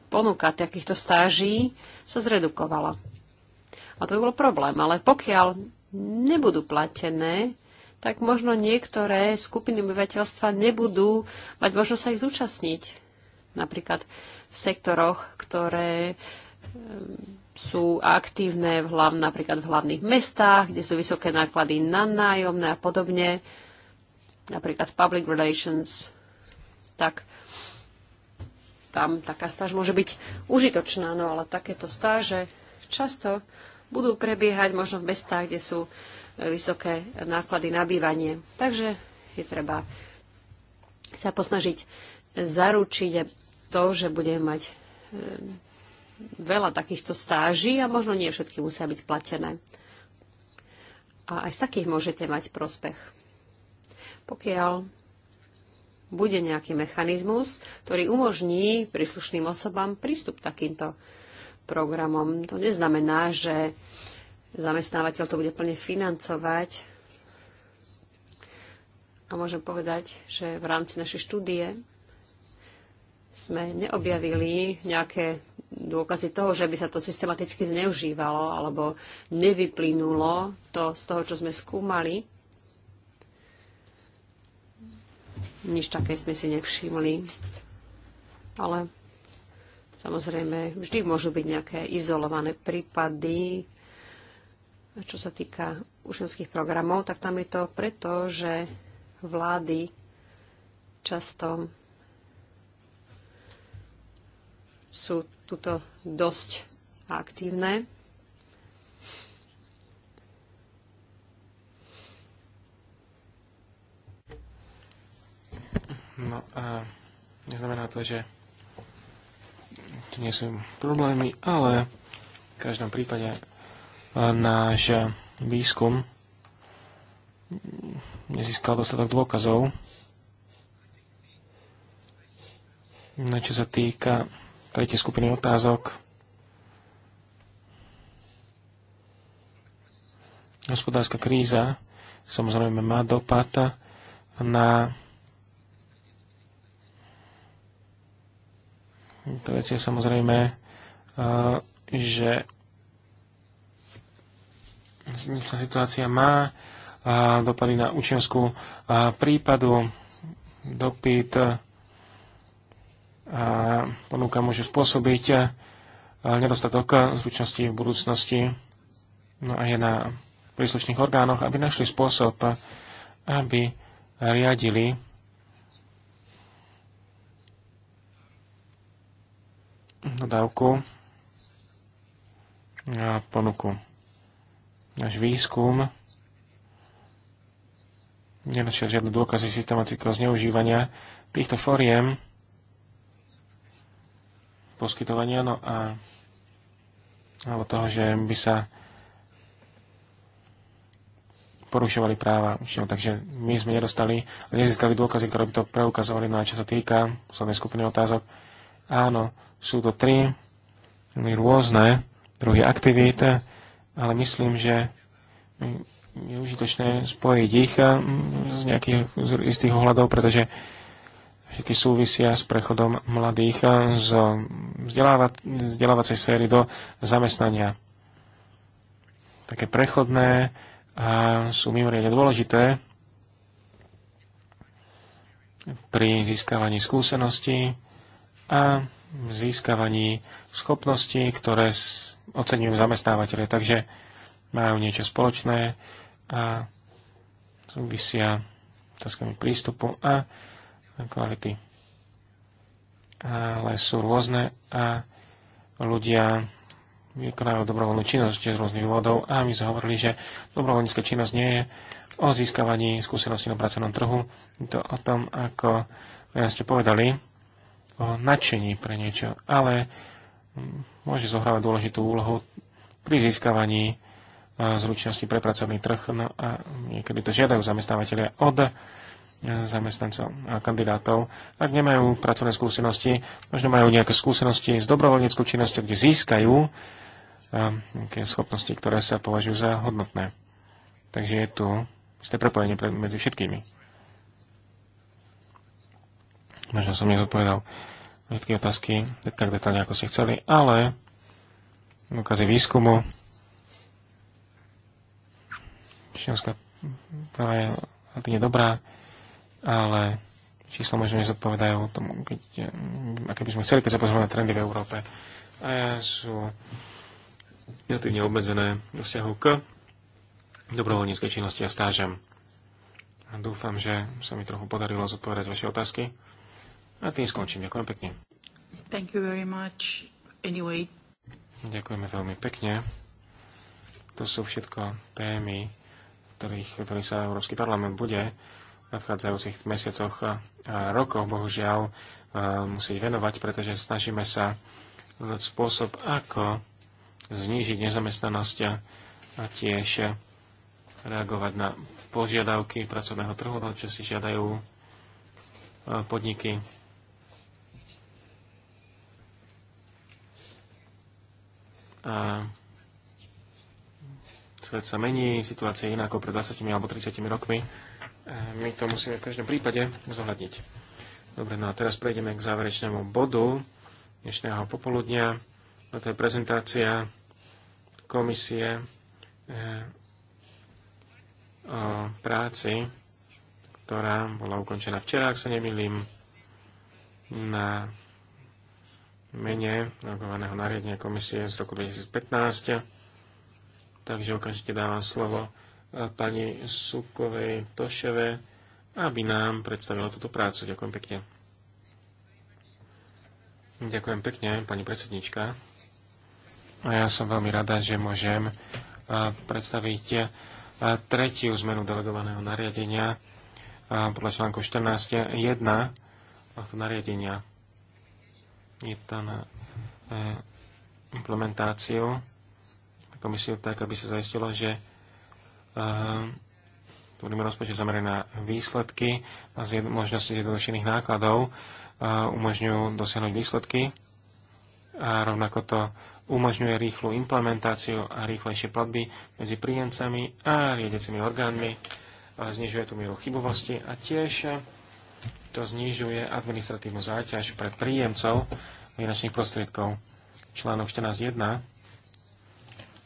ponuka takýchto stáží sa zredukovala. A to by bol problém, ale pokiaľ nebudú platené, tak možno niektoré skupiny obyvateľstva nebudú mať možnosť sa ich zúčastniť. Napríklad v sektoroch, ktoré sú aktívne v hlav, napríklad v hlavných mestách, kde sú vysoké náklady na nájomné a podobne, napríklad public relations, tak tam taká stáž môže byť užitočná, no ale takéto stáže často budú prebiehať možno v mestách, kde sú vysoké náklady na bývanie. Takže je treba sa posnažiť zaručiť to, že budeme mať e, veľa takýchto stáží a možno nie všetky musia byť platené. A aj z takých môžete mať prospech. Pokiaľ bude nejaký mechanizmus, ktorý umožní príslušným osobám prístup k takýmto programom. To neznamená, že zamestnávateľ to bude plne financovať. A môžem povedať, že v rámci našej štúdie sme neobjavili nejaké dôkazy toho, že by sa to systematicky zneužívalo alebo nevyplynulo to z toho, čo sme skúmali. Nič také sme si nevšimli. Ale samozrejme, vždy môžu byť nejaké izolované prípady, čo sa týka učňovských programov, tak tam je to preto, že vlády často sú tuto dosť aktívne. No a neznamená to, že to nie sú problémy, ale v každom prípade náš výskum nezískal dostatok dôkazov. No čo sa týka tretej skupiny otázok, hospodárska kríza samozrejme má dopad na to je samozrejme, eh, že dnešná situácia má a dopady na a prípadu, dopyt a ponuka môže spôsobiť nedostatok zručnosti v budúcnosti no a je na príslušných orgánoch, aby našli spôsob, aby riadili dodávku a ponuku náš výskum nenašiel žiadne dôkazy systematického zneužívania týchto fóriem poskytovania, no a alebo toho, že by sa porušovali práva. Takže my sme nedostali, nezískali dôkazy, ktoré by to preukazovali. No a čo sa týka poslednej skupiny otázok, áno, sú to tri rôzne druhy aktivít, ale myslím, že je užitočné spojiť ich e, z nejakých z istých ohľadov, pretože všetky súvisia s prechodom mladých e, z vzdelávacej sféry do zamestnania. Také prechodné a sú mimoriadne dôležité pri získavaní skúseností a získavaní schopnosti, ktoré oceňujú zamestnávateľe, takže majú niečo spoločné a súvisia otázkami prístupu a kvality. Ale sú rôzne a ľudia vykonajú dobrovoľnú činnosť z rôznych dôvodov a my sme hovorili, že dobrovoľnícka činnosť nie je o získavaní skúseností na pracovnom trhu, je to o tom, ako ja ste povedali, o nadšení pre niečo, ale môže zohrávať dôležitú úlohu pri získavaní e, zručnosti pre pracovný trh no a niekedy to žiadajú zamestnávateľia od e, zamestnancov a kandidátov. Ak nemajú pracovné skúsenosti, možno majú nejaké skúsenosti s dobrovoľníckou činnosťou, kde získajú e, nejaké schopnosti, ktoré sa považujú za hodnotné. Takže je tu isté prepojenie medzi všetkými. Možno som nezodpovedal všetky otázky tak detálne, ako ste chceli, ale v ukazy výskumu čínska práva je relatívne dobrá, ale čísla možno nezodpovedajú tomu, keď, mm, aké by sme chceli, keď sa pozrieme na trendy v Európe. A sú relatívne obmedzené do vzťahu k dobrovoľníckej činnosti a stážem. A dúfam, že sa mi trochu podarilo zodpovedať vaše otázky. A tým skončím. Ďakujem pekne. Thank you very much. Anyway. Ďakujeme veľmi pekne. To sú všetko témy, ktorých, ktorých sa Európsky parlament bude v nadchádzajúcich mesiacoch a rokoch, bohužiaľ, musieť venovať, pretože snažíme sa hľadať spôsob, ako znížiť nezamestnanosť a tiež reagovať na požiadavky pracovného trhu, čo si žiadajú podniky. A svet sa mení, situácia je iná ako pred 20 alebo 30 rokmi. My to musíme v každom prípade zohľadniť. Dobre, no a teraz prejdeme k záverečnému bodu dnešného popoludnia. A to je prezentácia komisie eh, o práci, ktorá bola ukončená včera, ak sa nemýlim, na mene navrhovaného nariadenia komisie z roku 2015. Takže okamžite dávam slovo e, pani Sukovej Toševe, aby nám predstavila túto prácu. Ďakujem pekne. Ďakujem pekne, pani predsednička. A ja som veľmi rada, že môžem e, predstaviť e, tretiu zmenu delegovaného nariadenia podľa článku 14.1 tohto nariadenia je to na e, implementáciu komisiu tak, aby sa zaistilo, že budeme rozpočet zameraný na výsledky a z možnosti zjednodušených nákladov e, umožňujú dosiahnuť výsledky a rovnako to umožňuje rýchlu implementáciu a rýchlejšie platby medzi príjemcami a riadecimi orgánmi, a znižuje tú mieru chybovosti a tiež to znižuje administratívnu záťaž pre príjemcov finančných prostriedkov. Článok 14.1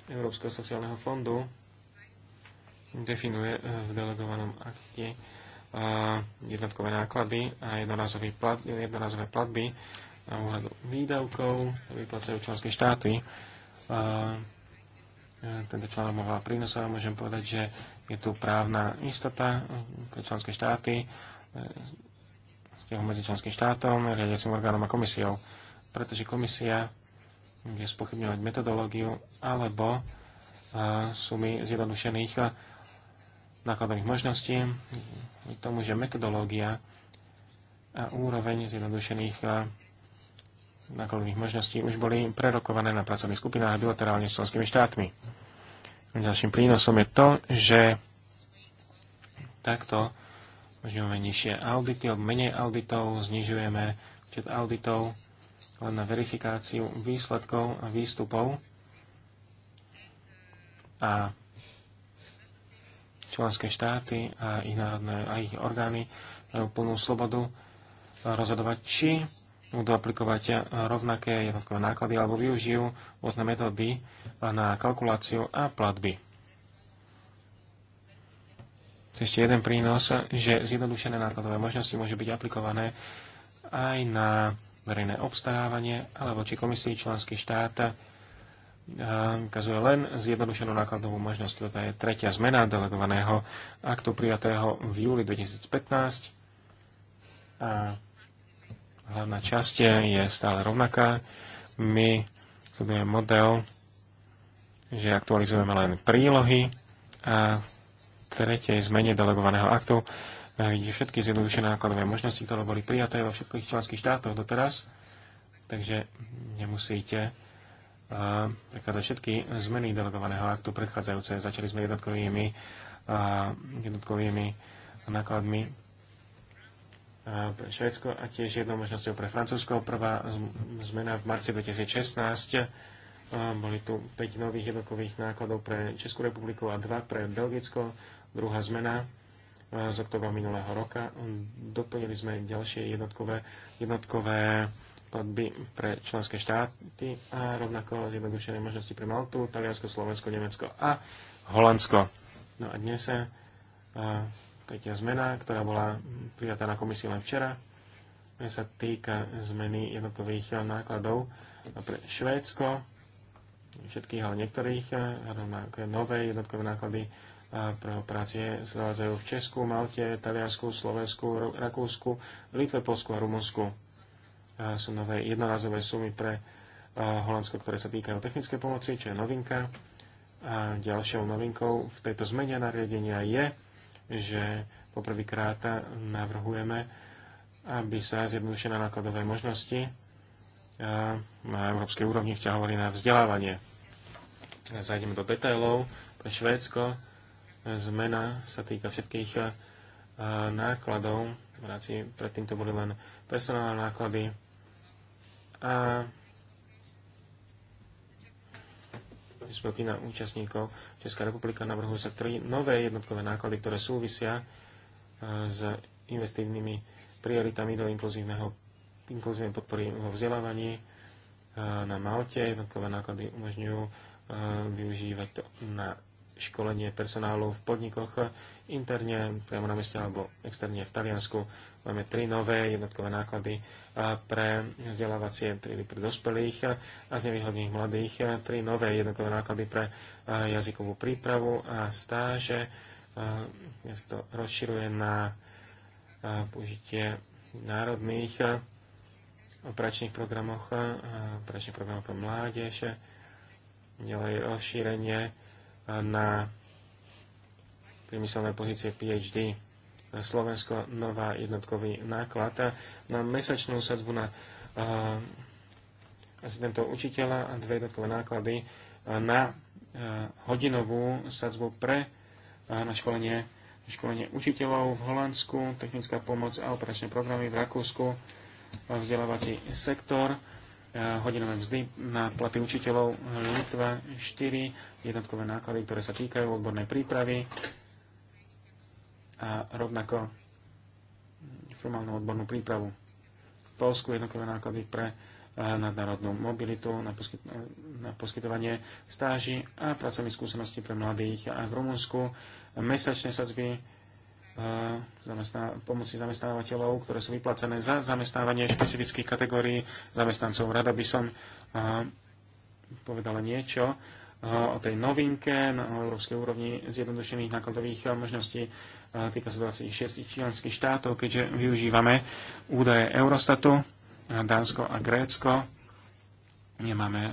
Európskeho sociálneho fondu definuje eh, v delegovanom akte eh, jednotkové náklady a jednorazové platby na úhradu výdavkov, vyplacajú členské štáty. Eh, tento článok má veľa prínosov a môžem povedať, že je tu právna istota pre členské štáty vzťahu medzi členským štátom, riadiacim orgánom a komisiou. Pretože komisia vie spochybňovať metodológiu alebo sumy zjednodušených nákladových možností k tomu, že metodológia a úroveň zjednodušených nákladových možností už boli prerokované na pracovných skupinách a bilaterálne s členskými štátmi. Ďalším prínosom je to, že takto umožňujeme nižšie audity, alebo menej auditov, znižujeme počet auditov len na verifikáciu výsledkov a výstupov. A členské štáty a ich, národné, a ich orgány majú plnú slobodu rozhodovať, či budú aplikovať rovnaké jednotkové náklady alebo využijú rôzne metódy na kalkuláciu a platby. To je ešte jeden prínos, že zjednodušené nákladové možnosti môžu byť aplikované aj na verejné obstarávanie, ale voči komisii členský štát eh, ukazuje len zjednodušenú nákladovú možnosť. Toto je tretia zmena delegovaného aktu prijatého v júli 2015. A hlavná časť je stále rovnaká. My sledujeme model, že aktualizujeme len prílohy a tretej zmene delegovaného aktu e, vidíte všetky zjednodušené nákladové možnosti, ktoré boli prijaté vo všetkých členských štátoch doteraz, takže nemusíte e, prekázať všetky zmeny delegovaného aktu predchádzajúce. Začali sme jednotkovými, e, jednotkovými nákladmi pre Švédsko a tiež jednou možnosťou pre Francúzsko. Prvá zmena v marci 2016 boli tu 5 nových jednotkových nákladov pre Českú republiku a 2 pre Belgicko Druhá zmena e, z oktobra minulého roka. Doplnili sme ďalšie jednotkové, jednotkové platby pre členské štáty a rovnako zjednodušené možnosti pre Maltu, Taliansko, Slovensko, Nemecko a Holandsko. No a dnes sa e, tretia zmena, ktorá bola prijatá na komisii len včera, sa týka zmeny jednotkových nákladov pre Švédsko, všetkých, ale niektorých, rovnako nové jednotkové náklady práce zavádzajú v Česku, Malte, Taliansku, Slovensku, Rakúsku, Litve, Polsku a Rumunsku. A sú nové jednorazové sumy pre Holandsko, ktoré sa týkajú technické pomoci, čo je novinka. A ďalšou novinkou v tejto zmene nariadenia je, že poprvýkrát navrhujeme, aby sa zjednodušené nákladové možnosti na európskej úrovni vťahovali na vzdelávanie. Zajdeme do detailov pre Švédsko zmena sa týka všetkých e, nákladov. Predtým to boli len personálne náklady. A príspevky účastníkov. Česká republika navrhuje sa tri nové jednotkové náklady, ktoré súvisia e, s investívnymi prioritami do inkluzívneho, inkluzívne podpory vo vzdelávaní. E, na Malte jednotkové náklady umožňujú využívať to na školenie personálu v podnikoch eh, interne, priamo na meste alebo externe v Taliansku. Máme tri nové jednotkové náklady eh, pre vzdelávacie triedy pre dospelých eh, a znevýhodných mladých, tri nové jednotkové náklady pre jazykovú prípravu a stáže. Ja to rozširuje na použitie národných operačných programoch, operačných programov pre mládež, ďalej rozšírenie na priemyselné pozície PhD. Na Slovensko nová jednotkový náklad na mesačnú sadzbu na uh, asistentov učiteľa a dve jednotkové náklady eh, na uh, hodinovú sadzbu pre uh, na školenie, školenie učiteľov v Holandsku, technická pomoc a operačné programy v Rakúsku, vzdelávací sektor Eh, hodinové mzdy na platy učiteľov Litva 4, jednotkové náklady, ktoré sa týkajú odbornej prípravy a rovnako formálnu odbornú prípravu. V Polsku jednotkové náklady pre eh, nadnárodnú mobilitu, na, poskyt- na poskytovanie stáži a pracovných skúseností pre mladých a v Rumunsku mesačné sadzby E, zamestná, pomoci zamestnávateľov, ktoré sú vyplacené za zamestnávanie špecifických kategórií zamestnancov. Rada by som e, povedala niečo e, o tej novinke na európskej úrovni zjednodušených nákladových možností. Týka sa 26 členských štátov, keďže využívame údaje Eurostatu, Dánsko a Grécko. Nemáme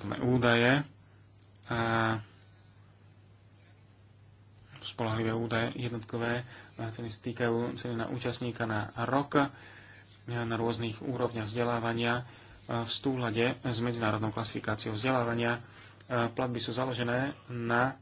plné údaje. A spolahlivé údaje jednotkové ceny sa týkajú ceny na účastníka na rok e, na rôznych úrovniach vzdelávania e, v stúlade s medzinárodnou klasifikáciou vzdelávania. E, platby sú založené na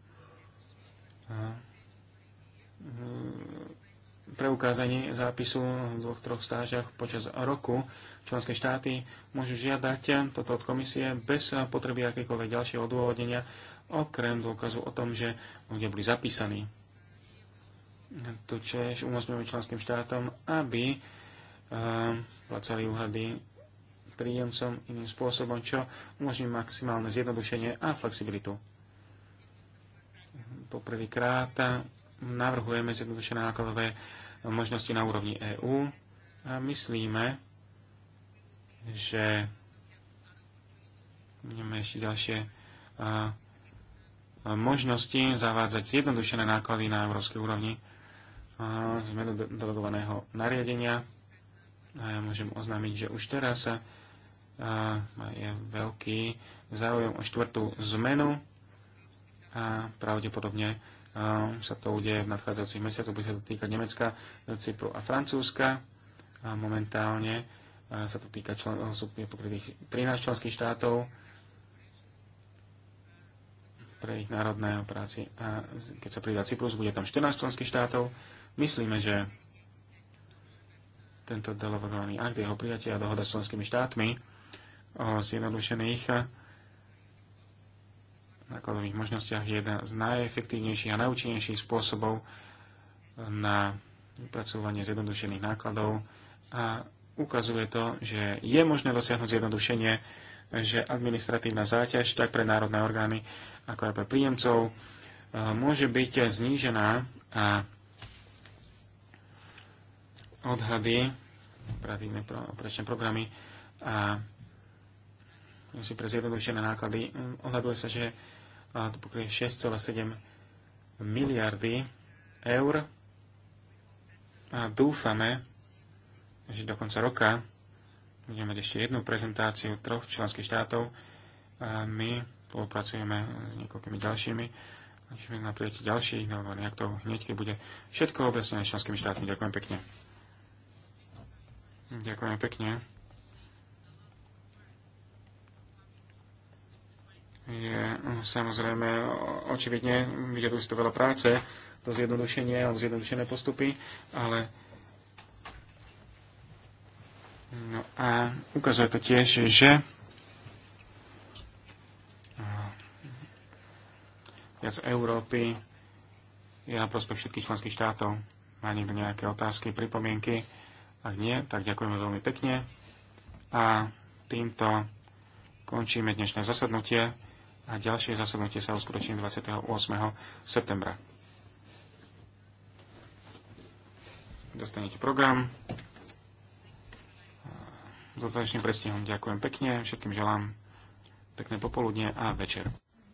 preukázaní zápisu v dvoch, troch stážach počas roku. Členské štáty môžu žiadať toto od komisie bez potreby akékoľvek ďalšieho odôvodnenia okrem dôkazu o tom, že ľudia boli zapísaní. To Češ umožňuje členským štátom, aby ehm, placali úhrady príjemcom iným spôsobom, čo umožní maximálne zjednodušenie a flexibilitu. Poprvýkrát navrhujeme zjednodušené nákladové možnosti na úrovni EÚ a myslíme, že máme ešte ďalšie možnosti zavádzať zjednodušené náklady na európskej úrovni zmenu delegovaného nariadenia. A ja môžem oznámiť, že už teraz sa je veľký záujem o štvrtú zmenu a pravdepodobne sa to udeje v nadchádzajúcich mesiacoch, bude sa to týkať Nemecka, Cypru a Francúzska. A momentálne sa to týka člen, pokrytých 13 členských štátov pre ich národné operácie. A keď sa pridá Cyprus, bude tam 14 členských štátov. Myslíme, že tento delegovaný akt, jeho prijatie a dohoda s členskými štátmi o zjednodušených nákladových možnostiach je jeden z najefektívnejších a najúčinnejších spôsobov na vypracovanie zjednodušených nákladov a ukazuje to, že je možné dosiahnuť zjednodušenie že administratívna záťaž tak pre národné orgány, ako aj pre príjemcov, e, môže byť znížená a odhady, operatívne operačné programy a si pre zjednodušené náklady mm, odhaduje sa, že to pokryje 6,7 miliardy eur a dúfame, že do konca roka budeme mať ešte jednu prezentáciu troch členských štátov. A my spolupracujeme s niekoľkými ďalšími. na prijatie ďalších, alebo no, no, nejak to hneď, keď bude všetko objasnené členskými štátmi. Ďakujem pekne. Ďakujem pekne. Je samozrejme očividne, vyžaduje si to veľa práce, to zjednodušenie alebo zjednodušené postupy, ale No a ukazuje to tiež, že viac Európy je na prospech všetkých členských štátov. Má niekto nejaké otázky, pripomienky? Ak nie, tak ďakujeme veľmi pekne. A týmto končíme dnešné zasadnutie a ďalšie zasadnutie sa uskutoční 28. septembra. Dostanete program so zvláštnym prestihom. Ďakujem pekne, všetkým želám pekné popoludne a večer.